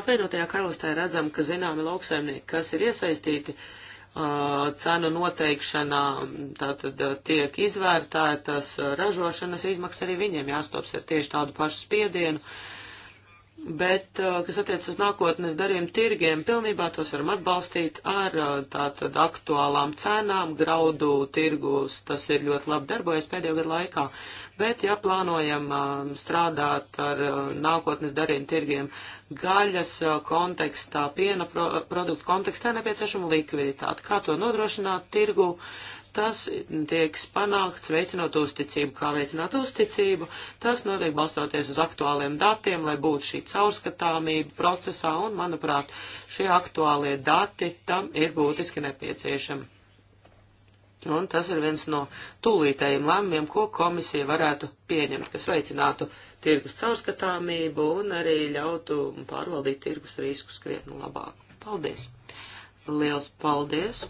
Apvienotajā karalistē redzam, ka zināmi lauksaimnieki, kas ir iesaistīti uh, cenu noteikšanā, tātad uh, tiek izvērtētas uh, ražošanas izmaksas, arī viņiem jāstops ar tieši tādu pašu spiedienu. Uh, Bet, uh, kas attiecas uz nākotnes dariem tirgiem, pilnībā tos varam atbalstīt ar uh, tātad aktuālām cenām, graudu tirgus, tas ir ļoti labi darbojas pēdējo gadu laikā. Bet, ja plānojam um, strādāt ar uh, nākotnes dariem tirgiem gaļas kontekstā, piena produktu kontekstā, nepieciešama likviditāte. Kā to nodrošināt tirgu? Uh, Tas tiek panākts veicinot uzticību. Kā veicināt uzticību? Tas notiek balstoties uz aktuāliem datiem, lai būtu šī caurskatāmība procesā, un, manuprāt, šie aktuālie dati tam ir būtiski nepieciešami. Un tas ir viens no tūlītējiem lēmumiem, ko komisija varētu pieņemt, kas veicinātu tirgus caurskatāmību un arī ļautu pārvaldīt tirgus riskus krietni labāk. Paldies! Liels paldies!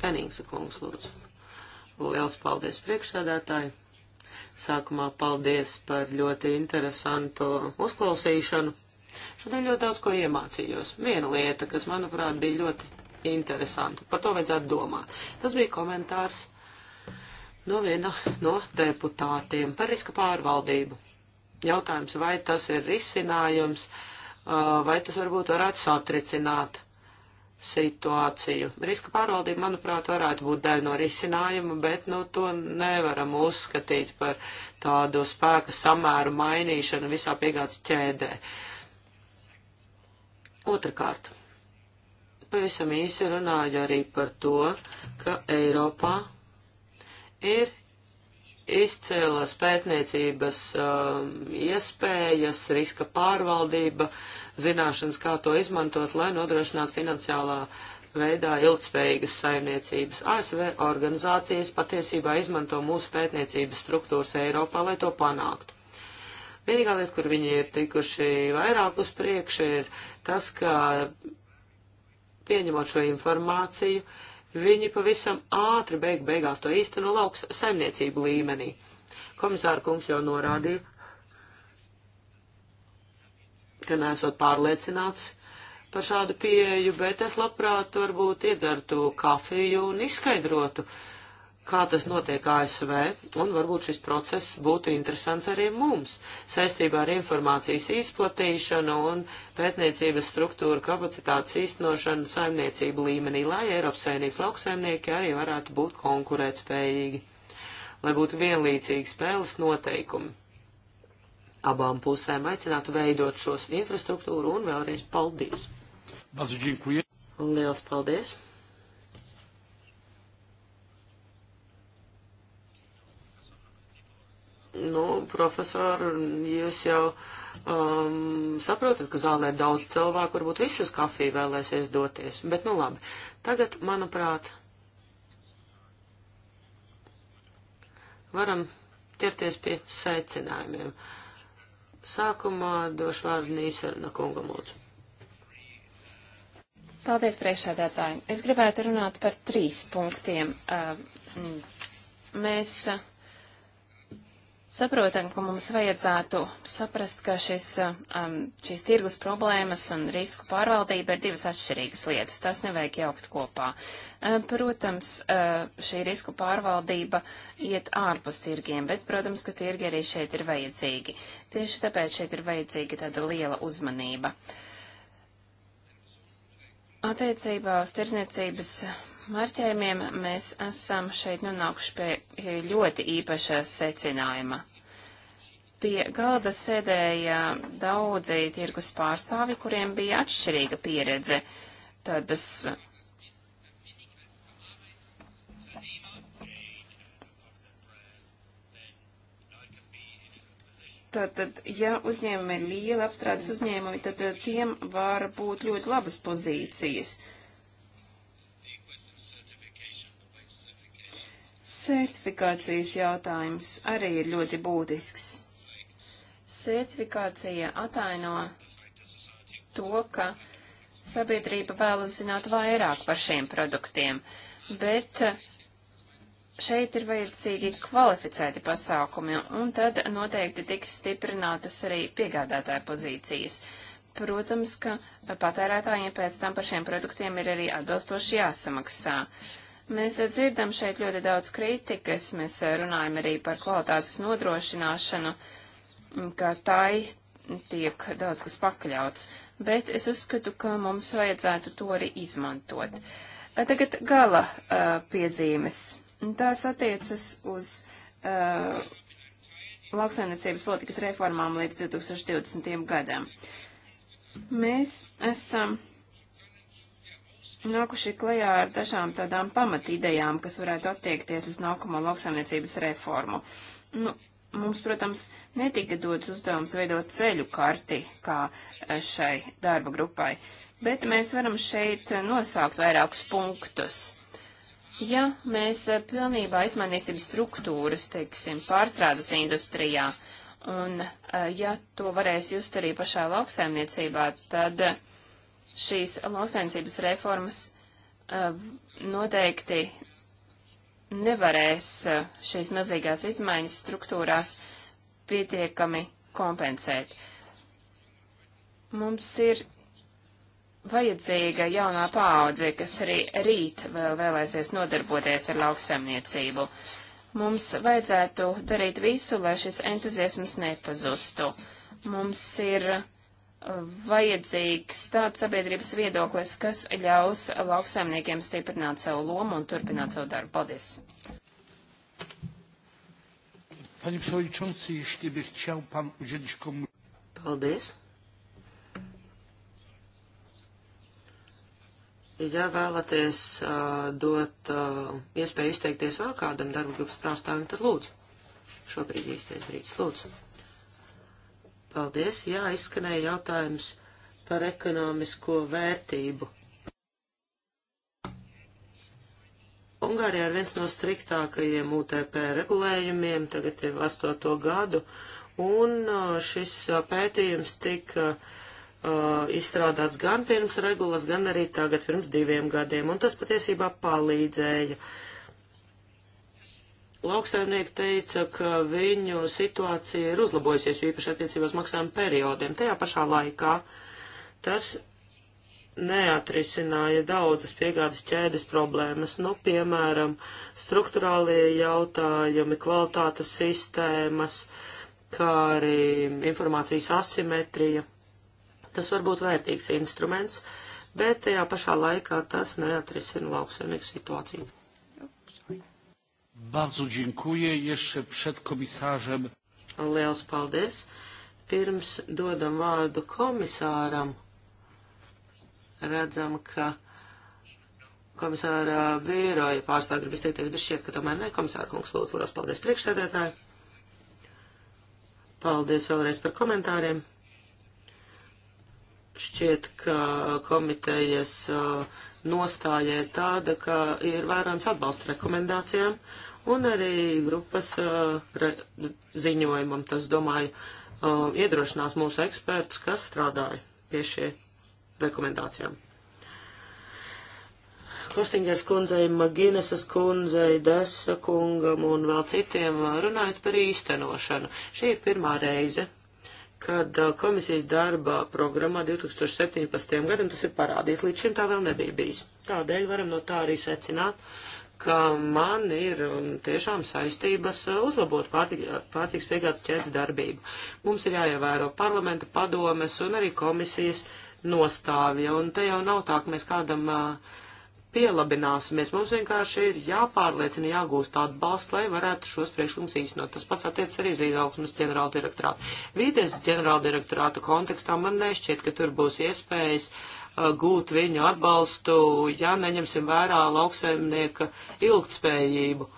Penīgsa kungs, lūdzu. Liels paldies priekšsēdētāji. Sākumā paldies par ļoti interesantu uzklausīšanu. Šodien ļoti daudz ko iemācījos. Viena lieta, kas, manuprāt, bija ļoti interesanta, par to vajadzētu domāt. Tas bija komentārs no viena no deputātiem par riska pārvaldību. Jautājums, vai tas ir risinājums, vai tas varbūt varētu satricināt situāciju. Riska pārvaldība, manuprāt, varētu būt daļa no risinājuma, bet nu, to nevaram uzskatīt par tādu spēka samēru mainīšanu visā piegādes ķēdē. Otrakārt, pavisam īsi runāju arī par to, ka Eiropā ir izcēlas pētniecības um, iespējas, riska pārvaldība, zināšanas, kā to izmantot, lai nodrošinātu finansiālā veidā ilgspējīgas saimniecības. ASV organizācijas patiesībā izmanto mūsu pētniecības struktūras Eiropā, lai to panāktu. Vienīgā lieta, kur viņi ir tikuši vairāk uz priekšu, ir tas, ka pieņemot šo informāciju, uh, Viņi pavisam ātri beig beigās to īsteno lauks saimniecību līmenī. Komisāra kungs jau norādīja, ka nesot pārliecināts par šādu pieeju, bet es labprāt varbūt iedzertu kafiju un izskaidrotu, uh, kā tas notiek ASV, un varbūt šis process būtu interesants arī mums, saistībā ar informācijas izplatīšanu un pētniecības struktūru kapacitātes īstenošanu saimniecību līmenī, lai Eiropas saimnieks lauksaimnieki arī varētu būt konkurētspējīgi, lai būtu vienlīdzīgi spēles noteikumi. Abām pusēm aicinātu veidot šos infrastruktūru un vēlreiz paldies! Liels paldies! Nu, profesori, jūs jau um, saprotat, ka zālē ir daudz cilvēku, varbūt visi uz kafiju vēlēsies doties. Bet, nu labi, tagad, manuprāt, varam ķerties pie secinājumiem. Sākumā došu vārdu Nīserna kungam lūdzu. Paldies, priekšsēdētāji. Es gribētu runāt par trīs punktiem. Uh, mēs uh, Saprotam, ka mums vajadzētu saprast, ka šis, um, šīs tirgus problēmas un risku pārvaldība ir divas atšķirīgas lietas. Tas nevajag jaukt kopā. Um, protams, uh, šī risku pārvaldība iet ārpus tirgiem, bet, protams, ka tirgi arī šeit ir vajadzīgi. Tieši tāpēc šeit ir vajadzīga tāda liela uzmanība. Attiecībā uz tirzniecības marķējumiem mēs esam šeit nonākuši pie ļoti īpaša secinājuma. Pie galda sēdēja daudzi tirgus pārstāvi, kuriem bija atšķirīga pieredze. Tādas Tātad, ja uzņēmumi ir lieli apstrādes uzņēmumi, tad eh, tiem var būt ļoti labas pozīcijas. Uh, Certifikācijas jautājums arī ir ļoti būtisks. Certifikācija ataino to, ka sabiedrība vēlas zināt vairāk par šiem produktiem, bet šeit ir vajadzīgi kvalificēti pasākumi, un tad noteikti tiks stiprinātas arī piegādātāja pozīcijas. Protams, ka patērētājiem pēc tam par šiem produktiem ir arī atbilstoši jāsamaksā. Uh, Mēs dzirdam šeit ļoti daudz kritikas, mēs runājam arī par kvalitātes nodrošināšanu, ka tai tiek daudz kas pakļauts, bet es uzskatu, ka mums vajadzētu to arī izmantot. Tagad gala uh, piezīmes. Tās attiecas uz uh, lauksaimniecības politikas reformām līdz 2020. gadam. Mēs esam nākuši klajā ar dažām tādām pamatidejām, kas varētu attiekties uz nākamo lauksaimniecības reformu. Nu, mums, protams, netika dots uzdevums veidot ceļu karti kā e, šai darba grupai, bet mēs varam šeit nosaukt vairākus punktus. Ja mēs e, pilnībā izmainīsim struktūras, teiksim, pārstrādes industrijā, un e, ja to varēs just arī pašā lauksaimniecībā, tad uh, šīs lauksaimniecības reformas uh, noteikti nevarēs uh, šīs mazīgās izmaiņas struktūrās pietiekami kompensēt. Mums ir vajadzīga jaunā paudze, kas arī rīt vēl vēlēsies nodarboties ar lauksaimniecību. Mums vajadzētu darīt visu, lai šis entuziasms nepazustu. Mums ir uh, vajadzīgs tāds sabiedrības viedoklis, kas ļaus lauksaimniekiem stiprināt savu lomu un turpināt savu darbu. Paldies! Paldies! Ja vēlaties uh, dot uh, iespēju izteikties vēl kādam darba grupas prāstāvim, tad lūdzu. Šobrīd īstais brīdis, lūdzu. Paldies, jā, izskanēja jautājums par ekonomisko vērtību. Ungārijā ir viens no striktākajiem UTP regulējumiem, tagad jau astoto gadu, un šis pētījums tika uh, izstrādāts gan pirms regulas, gan arī tagad pirms diviem gadiem, un tas patiesībā palīdzēja uh, Lauksaimnieki teica, ka viņu situācija ir uzlabojusies, jo īpaši attiecībās maksājuma periodiem. Tajā pašā laikā tas neatrisināja daudzas piegādes ķēdes problēmas, nu, piemēram, struktūrālie jautājumi, kvalitātes sistēmas, kā arī informācijas asimetrija. Tas var būt vērtīgs instruments, bet tajā pašā laikā tas neatrisina lauksaimnieku situāciju. Bardzo dziękuję jeszcze przed komisarzem. Liels paldies. Pirms dodam vārdu komisāram, redzam, ka komisāra biroja pārstāvja grib izteikties, bet šķiet, ka tomēr ne komisāra kungs lūdzu. Liels paldies priekšsēdētāji. Paldies vēlreiz par komentāriem. Šķiet, ka komitejas uh, nostāja ir tāda, ka ir vērojams atbalsts rekomendācijām. Uh, un arī grupas uh, re, ziņojumam. Tas, domāju, uh, iedrošinās mūsu ekspertus, kas strādāja pie šie rekomendācijām. Kostingers kundzei, Maginesas kundzei, Desa kungam un vēl citiem runājot par īstenošanu. Šī ir pirmā reize, kad uh, komisijas darba programmā 2017. gadam tas ir parādīts. Līdz šim tā vēl nebija bijis. Tādēļ varam no tā arī secināt, ka man ir tiešām saistības uh, uzlabot uh, pārtiks piegādes ķēdes darbību. Mums ir jāievēro parlamenta padomes un arī komisijas nostāvja, un te jau nav tā, ka mēs kādam uh, pielabināsimies. Mums vienkārši ir jāpārliecina, jāgūst atbalsts, lai varētu šos priekšlikumus īstenot. Tas pats attiec arī uz izaugsmas ģenerāldirektorātu. Vīdes ģenerāldirektorāta kontekstā man nešķiet, ka tur būs iespējas uh, Uh, gūt viņu atbalstu, ja neņemsim vērā lauksaimnieka ilgtspējību.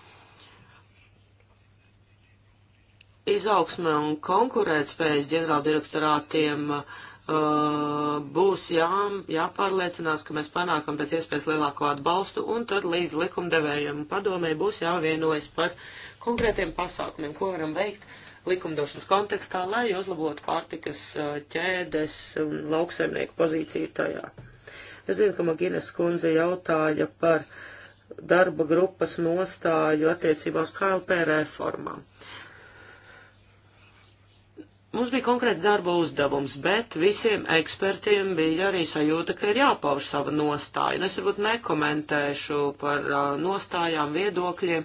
Izaugsme un konkurētspējas ģenerāldirektorātiem uh, būs jā, jāpārliecinās, ka mēs panākam pēc iespējas lielāko atbalstu, un tad līdz likumdevējiem un padomē būs jāvienojas par konkrētiem pasākumiem, ko varam veikt, uh, likumdošanas kontekstā, lai uzlabotu pārtikas ķēdes un lauksaimnieku pozīciju tajā. Es zinu, ka Magines kundze jautāja par darba grupas nostāju attiecībā uz KLP reformām. Mums bija konkrēts darba uzdevums, bet visiem ekspertiem bija arī sajūta, ka ir jāpauž sava nostāja. Un nu, es varbūt nekomentēšu par uh, nostājām, viedokļiem,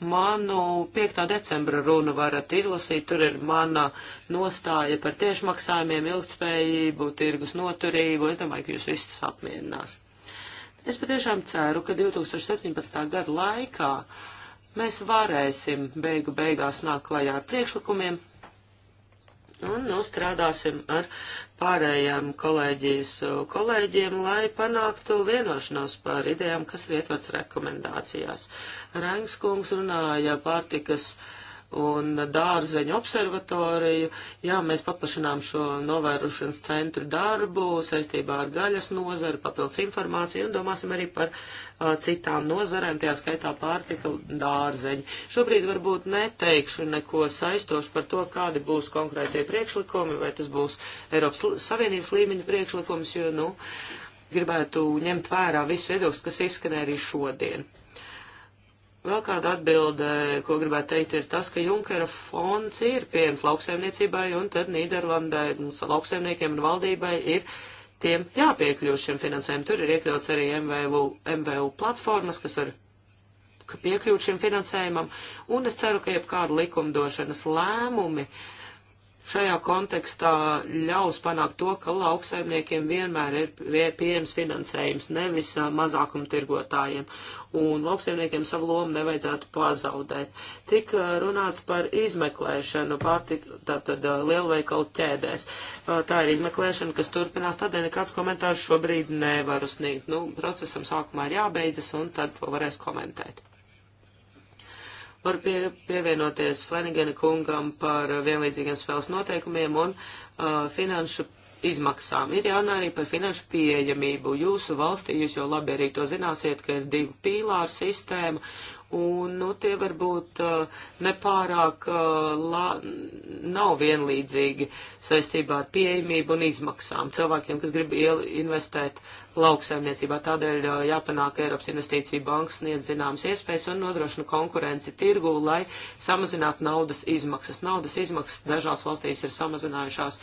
Manu 5. decembra runu varat izlasīt, tur ir mana nostāja par tiešmaksājumiem, ilgtspējību, tirgus noturību. Es domāju, ka jūs visus apmierinās. Es patiešām ceru, ka 2017. gada laikā mēs varēsim beigu beigās nākt klajā ar priekšlikumiem un nu, strādāsim ar pārējām kolēģijas eh, kolēģiem, lai panāktu vienošanos par idejām, kas ir ietverts rekomendācijās. Rengs kungs runāja pārtikas uh, un dārzeņu observatoriju. Jā, mēs paplašinām šo novērošanas centru darbu saistībā ar gaļas nozaru, papildus informāciju un domāsim arī par a, citām nozarēm, tajā skaitā pārtika dārzeņi. Šobrīd varbūt neteikšu neko saistošu par to, kādi būs konkrētie priekšlikumi, vai tas būs Eiropas Savienības līmeņa priekšlikums, jo, nu, gribētu ņemt vērā visu viedokli, kas izskanē arī šodien. Vēl kāda atbilde, ko gribētu teikt, ir tas, ka Junkera fonds ir pieejams lauksaimniecībai, un tad Nīderlandē mums nu, lauksaimniekiem un valdībai ir tiem jāpiekļūst šiem finansējumiem. Tur ir iekļauts arī MVU, MVU platformas, kas var piekļūt šim finansējumam, un es ceru, ka jebkāda likumdošanas lēmumi uh, šajā kontekstā ļaus panākt to, ka lauksaimniekiem vienmēr ir pieejams finansējums, nevis mazākumtirgotājiem, un lauksaimniekiem savu lomu nevajadzētu pazaudēt. Tik runāts par izmeklēšanu pārtika, tātad lielveikalu ķēdēs. Tā ir izmeklēšana, kas turpinās, tādēļ nekāds komentārs šobrīd nevaru sniegt. Nu, procesam sākumā ir jābeidzas, un tad to varēs komentēt. Var pie, pievienoties Flanagana kungam par vienlīdzīgiem spēles noteikumiem un uh, finanšu izmaksām. Ir jārunā arī par finanšu pieejamību. Jūsu valstī, jūs jau labi arī to zināsiet, ka ir divu pīlāru sistēma, un nu, tie varbūt uh, nepārāk uh, la, nav vienlīdzīgi saistībā ar pieejamību un izmaksām cilvēkiem, kas grib investēt lauksaimniecībā. Tādēļ uh, jāpanāk Eiropas investīcija bankas sniedz zināmas iespējas un nodrošina konkurenci tirgu, lai samazinātu naudas izmaksas. Naudas izmaksas dažās valstīs ir samazinājušās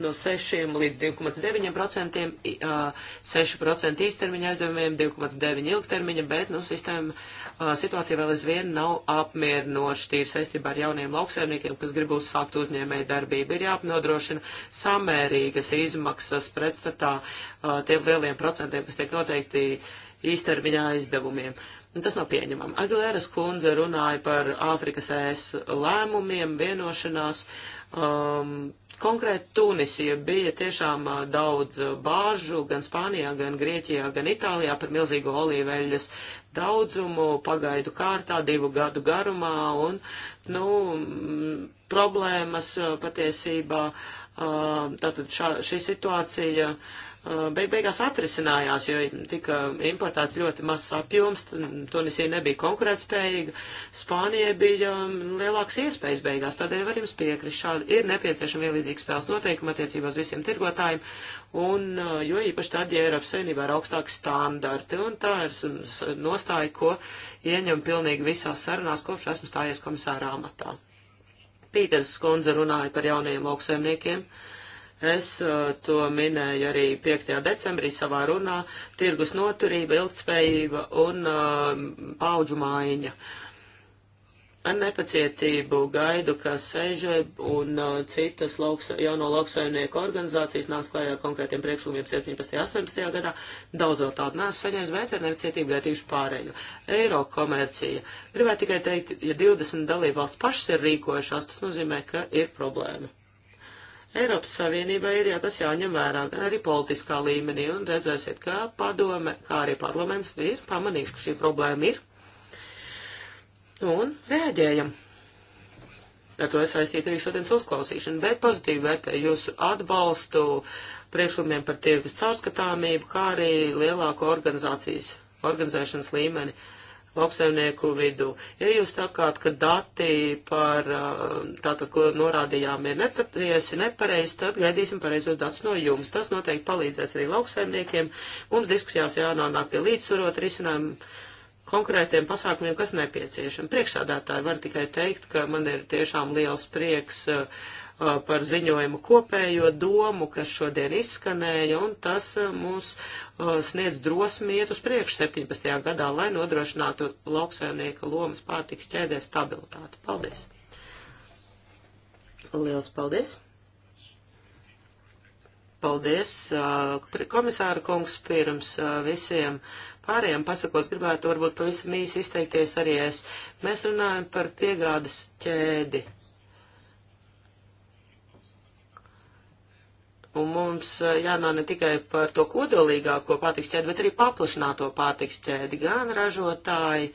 no 6 līdz 2,9%, 6% īstermiņa aizdevumiem, 2,9% ilgtermiņa, bet nu, sistēma situācija vēl aizvien nav apmierinoša tīri saistībā ar jauniem lauksaimniekiem, kas grib uzsākt uzņēmēju darbību. Ir jāapnodrošina samērīgas izmaksas pretstatā tiem lieliem procentiem, kas tiek noteikti īstermiņā aizdevumiem. Un tas nav pieņemami. Agilēras kundze runāja par Āfrikas ES lēmumiem, vienošanās. Um, Konkrēti Tunisija bija tiešām daudz bāžu gan Spānijā, gan Grieķijā, gan Itālijā par milzīgo olīveļas daudzumu pagaidu kārtā divu gadu garumā un, nu, problēmas patiesībā, tātad šā, šī situācija. Uh, Eh, beig beigās atrisinājās, jo tika importēts ļoti mazs apjoms, Tunisija nebija konkurētspējīga, Spānijai bija um, lielāks iespējas beigās, tādēļ var jums piekrist, šādi ir nepieciešami vienlīdzīgi spēles noteikumi attiecībā uz visiem tirgotājiem, un eh, jo īpaši tad, ja Eiropas Savienībā ir augstāki standarti, un tā ir nostāja, ko ieņem pilnīgi visās sarunās, kopš esmu stājies komisārā amatā. Pīters Skundze runāja par jaunajiem lauksaimniekiem. Uh, Es uh, to minēju arī 5. decembrī savā runā - tirgus noturība, ilgtspējība un uh, paudžu mājiņa. Ar nepacietību gaidu, ka Seže un uh, citas lauks, jauno lauksaimnieku organizācijas nāks klājā konkrētiem priekšlikumiem 17. un 18. gadā. Daudz vēl tādu nesu saņēmis, bet ar nepacietību gaidījuši pārējo. Eiro komercija. Gribētu tikai teikt, ja 20 dalībvalsts pašas ir rīkojušās, tas nozīmē, ka ir problēma. Eiropas Savienībai ir jā, tas jāņem vērā gan arī politiskā līmenī, un redzēsiet, kā padome, kā arī parlaments ir pamanījuši, ka šī problēma ir, un reaģējam. Ar to es saistītu arī šodienas uzklausīšanu, bet pozitīvi vērtēju jūsu atbalstu priekšlikumiem par tirgus caurskatāmību, kā arī lielāko organizācijas, organizēšanas līmeni. Uh, lauksaimnieku vidū. Ja jūs sakāt, ka dati par uh, tātad, ko norādījām, ir nepatiesi, nepareizi, tad gaidīsim pareizos datus no jums. Tas noteikti palīdzēs arī lauksaimniekiem. Mums diskusijās jānonāk pie līdzsvarot risinājumu konkrētiem pasākumiem, kas nepieciešami. Priekšsādātāji var tikai teikt, ka man ir tiešām liels prieks uh, par ziņojumu kopējo domu, kas šodien izskanēja, un tas mūs sniedz drosmi iet uz priekšu 17. gadā, lai nodrošinātu lauksaimnieka lomas pārtiks ķēdē stabilitāti. Paldies! Liels paldies! Paldies, komisāra kungs, pirms visiem pārējiem pasakos gribētu varbūt pavisam īsi izteikties arī es. Mēs runājam par piegādes ķēdi Un mums eh, jānāk ne tikai par to kodolīgāko pārtiks ķēdi, bet arī paplašināto pārtiks ķēdi, gan ražotāji,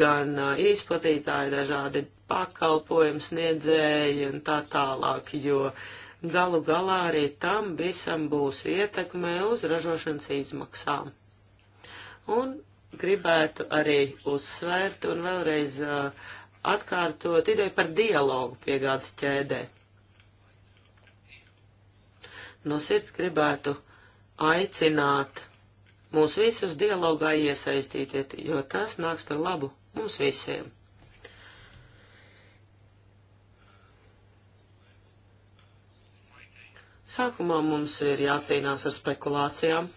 gan eh, izplatītāji, dažādi pakalpojumu sniedzēji un tā tālāk, jo galu galā arī tam visam būs ietekme uz ražošanas izmaksām. Un gribētu arī uzsvērt un vēlreiz uh, atkārtot ideju par dialogu piegādes ķēdē. No sirds gribētu aicināt mūs visus dialogā iesaistīties, jo tas nāks par labu mums visiem. Sākumā mums ir jācīnās ar spekulācijām.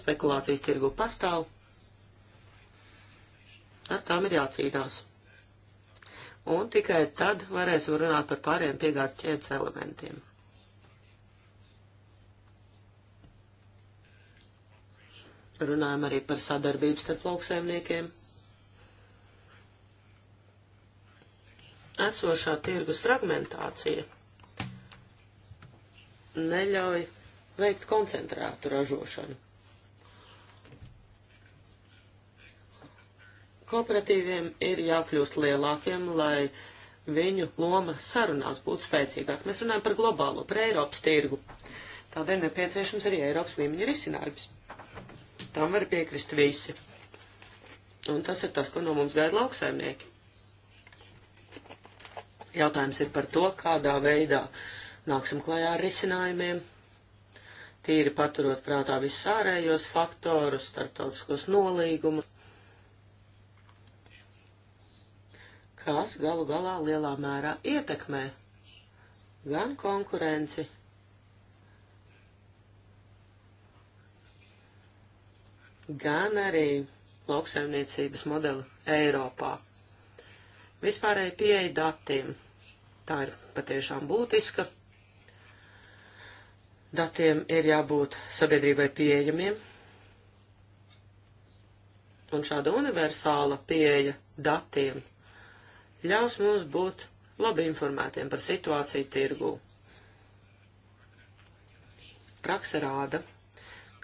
Spekulācijas tirgu pastāv. Ar tām ir jācīnās. Un tikai tad varēsim runāt par pāriem piegādes ķēdes elementiem. Runājam arī par sadarbību starp lauksaimniekiem. Esošā tirgus fragmentācija neļauj veikt koncentrētu ražošanu. Kooperatīviem ir jākļūst lielākiem, lai viņu loma sarunās būtu spēcīgāk. Mēs runājam par globālo, par Eiropas tirgu. Tādēļ nepieciešams arī Eiropas līmeņa risinājums. Tam var piekrist visi. Un tas ir tas, ko no mums gaida lauksaimnieki. Jautājums ir par to, kādā veidā nāksim klajā ar risinājumiem, tīri paturot prātā visus ārējos faktorus, starptautiskos nolīgumus, kas galu galā lielā mērā ietekmē gan konkurenci, gan arī lauksaimniecības modeli Eiropā. Vispārēji pieeja datiem. Tā ir patiešām būtiska. Datiem ir jābūt sabiedrībai pieejamiem. Un šāda universāla pieeja datiem ļaus mums būt labi informētiem par situāciju tirgū. Praksa rāda,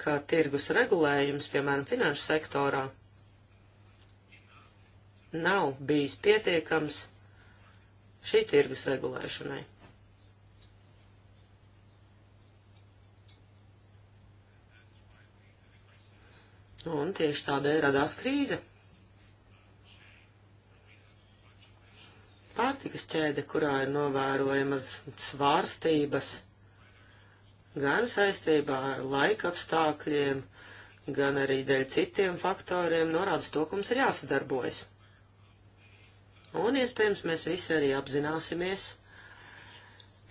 ka tirgus regulējums, piemēram, finanšu sektorā, nav bijis pietiekams šī tirgus regulēšanai. Un tieši tādēļ radās krīze. Pārtikas ķēde, kurā ir novērojamas svārstības gan saistībā ar laika apstākļiem, gan arī dēļ citiem faktoriem norāda to, ka mums ir jāsadarbojas. Un iespējams mēs visi arī apzināsimies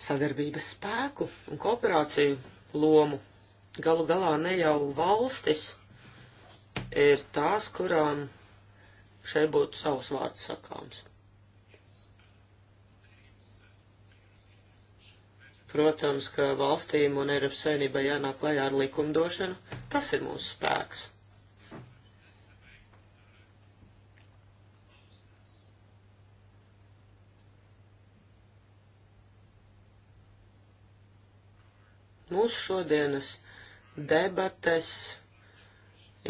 sadarbības spēku un kooperāciju lomu. Galu galā ne jau valstis ir tās, kurām šeit būtu savs vārds sakāms. Protams, ka valstīm un Eiropas saimnībai jānāk lajā ar likumdošanu. Tas ir mūsu spēks. Mūsu šodienas debates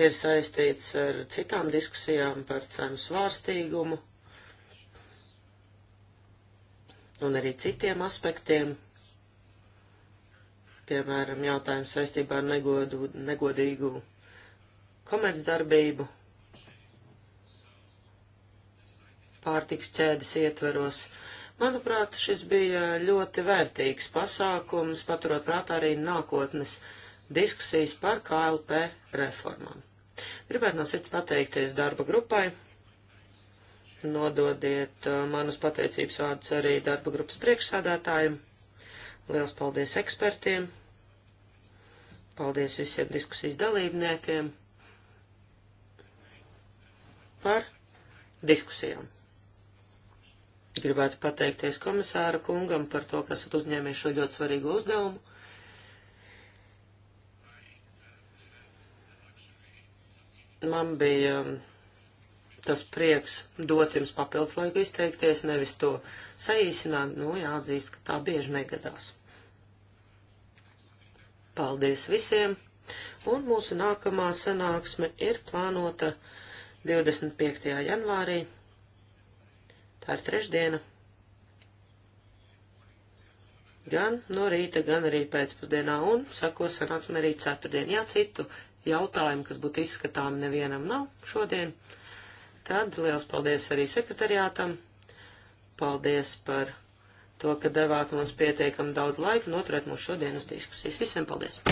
ir saistīts ar citām diskusijām par cenu svārstīgumu un arī citiem aspektiem piemēram, jautājums saistībā ar negodu, negodīgu komercdarbību pārtiks ķēdes ietveros. Manuprāt, šis bija ļoti vērtīgs pasākums, paturot prātā arī nākotnes diskusijas par KLP reformām. Gribētu no sirds pateikties darba grupai. Nododiet uh, manus pateicības vārdus arī darba grupas priekšsādātājiem. Liels paldies ekspertiem, paldies visiem diskusijas dalībniekiem par diskusijām. Gribētu pateikties komisāra kungam par to, ka esat uzņēmies šo ļoti svarīgo uzdevumu. Man bija um, tas prieks dot jums papildus laiku izteikties, nevis to saīsināt. Nu, jāatzīst, ka tā bieži negadās. Paldies visiem! Un mūsu nākamā sanāksme ir plānota 25. janvārī. Tā ir trešdiena. Gan no rīta, gan arī pēcpusdienā, un sako sanāksme arī ceturtdien. Jā, citu jautājumu, kas būtu izskatām, nevienam nav šodien. Tad liels paldies arī sekretariātam. Paldies par to, ka devāt mums pietiekam daudz laika, noturēt mūsu šodienas diskusijas. Visiem paldies!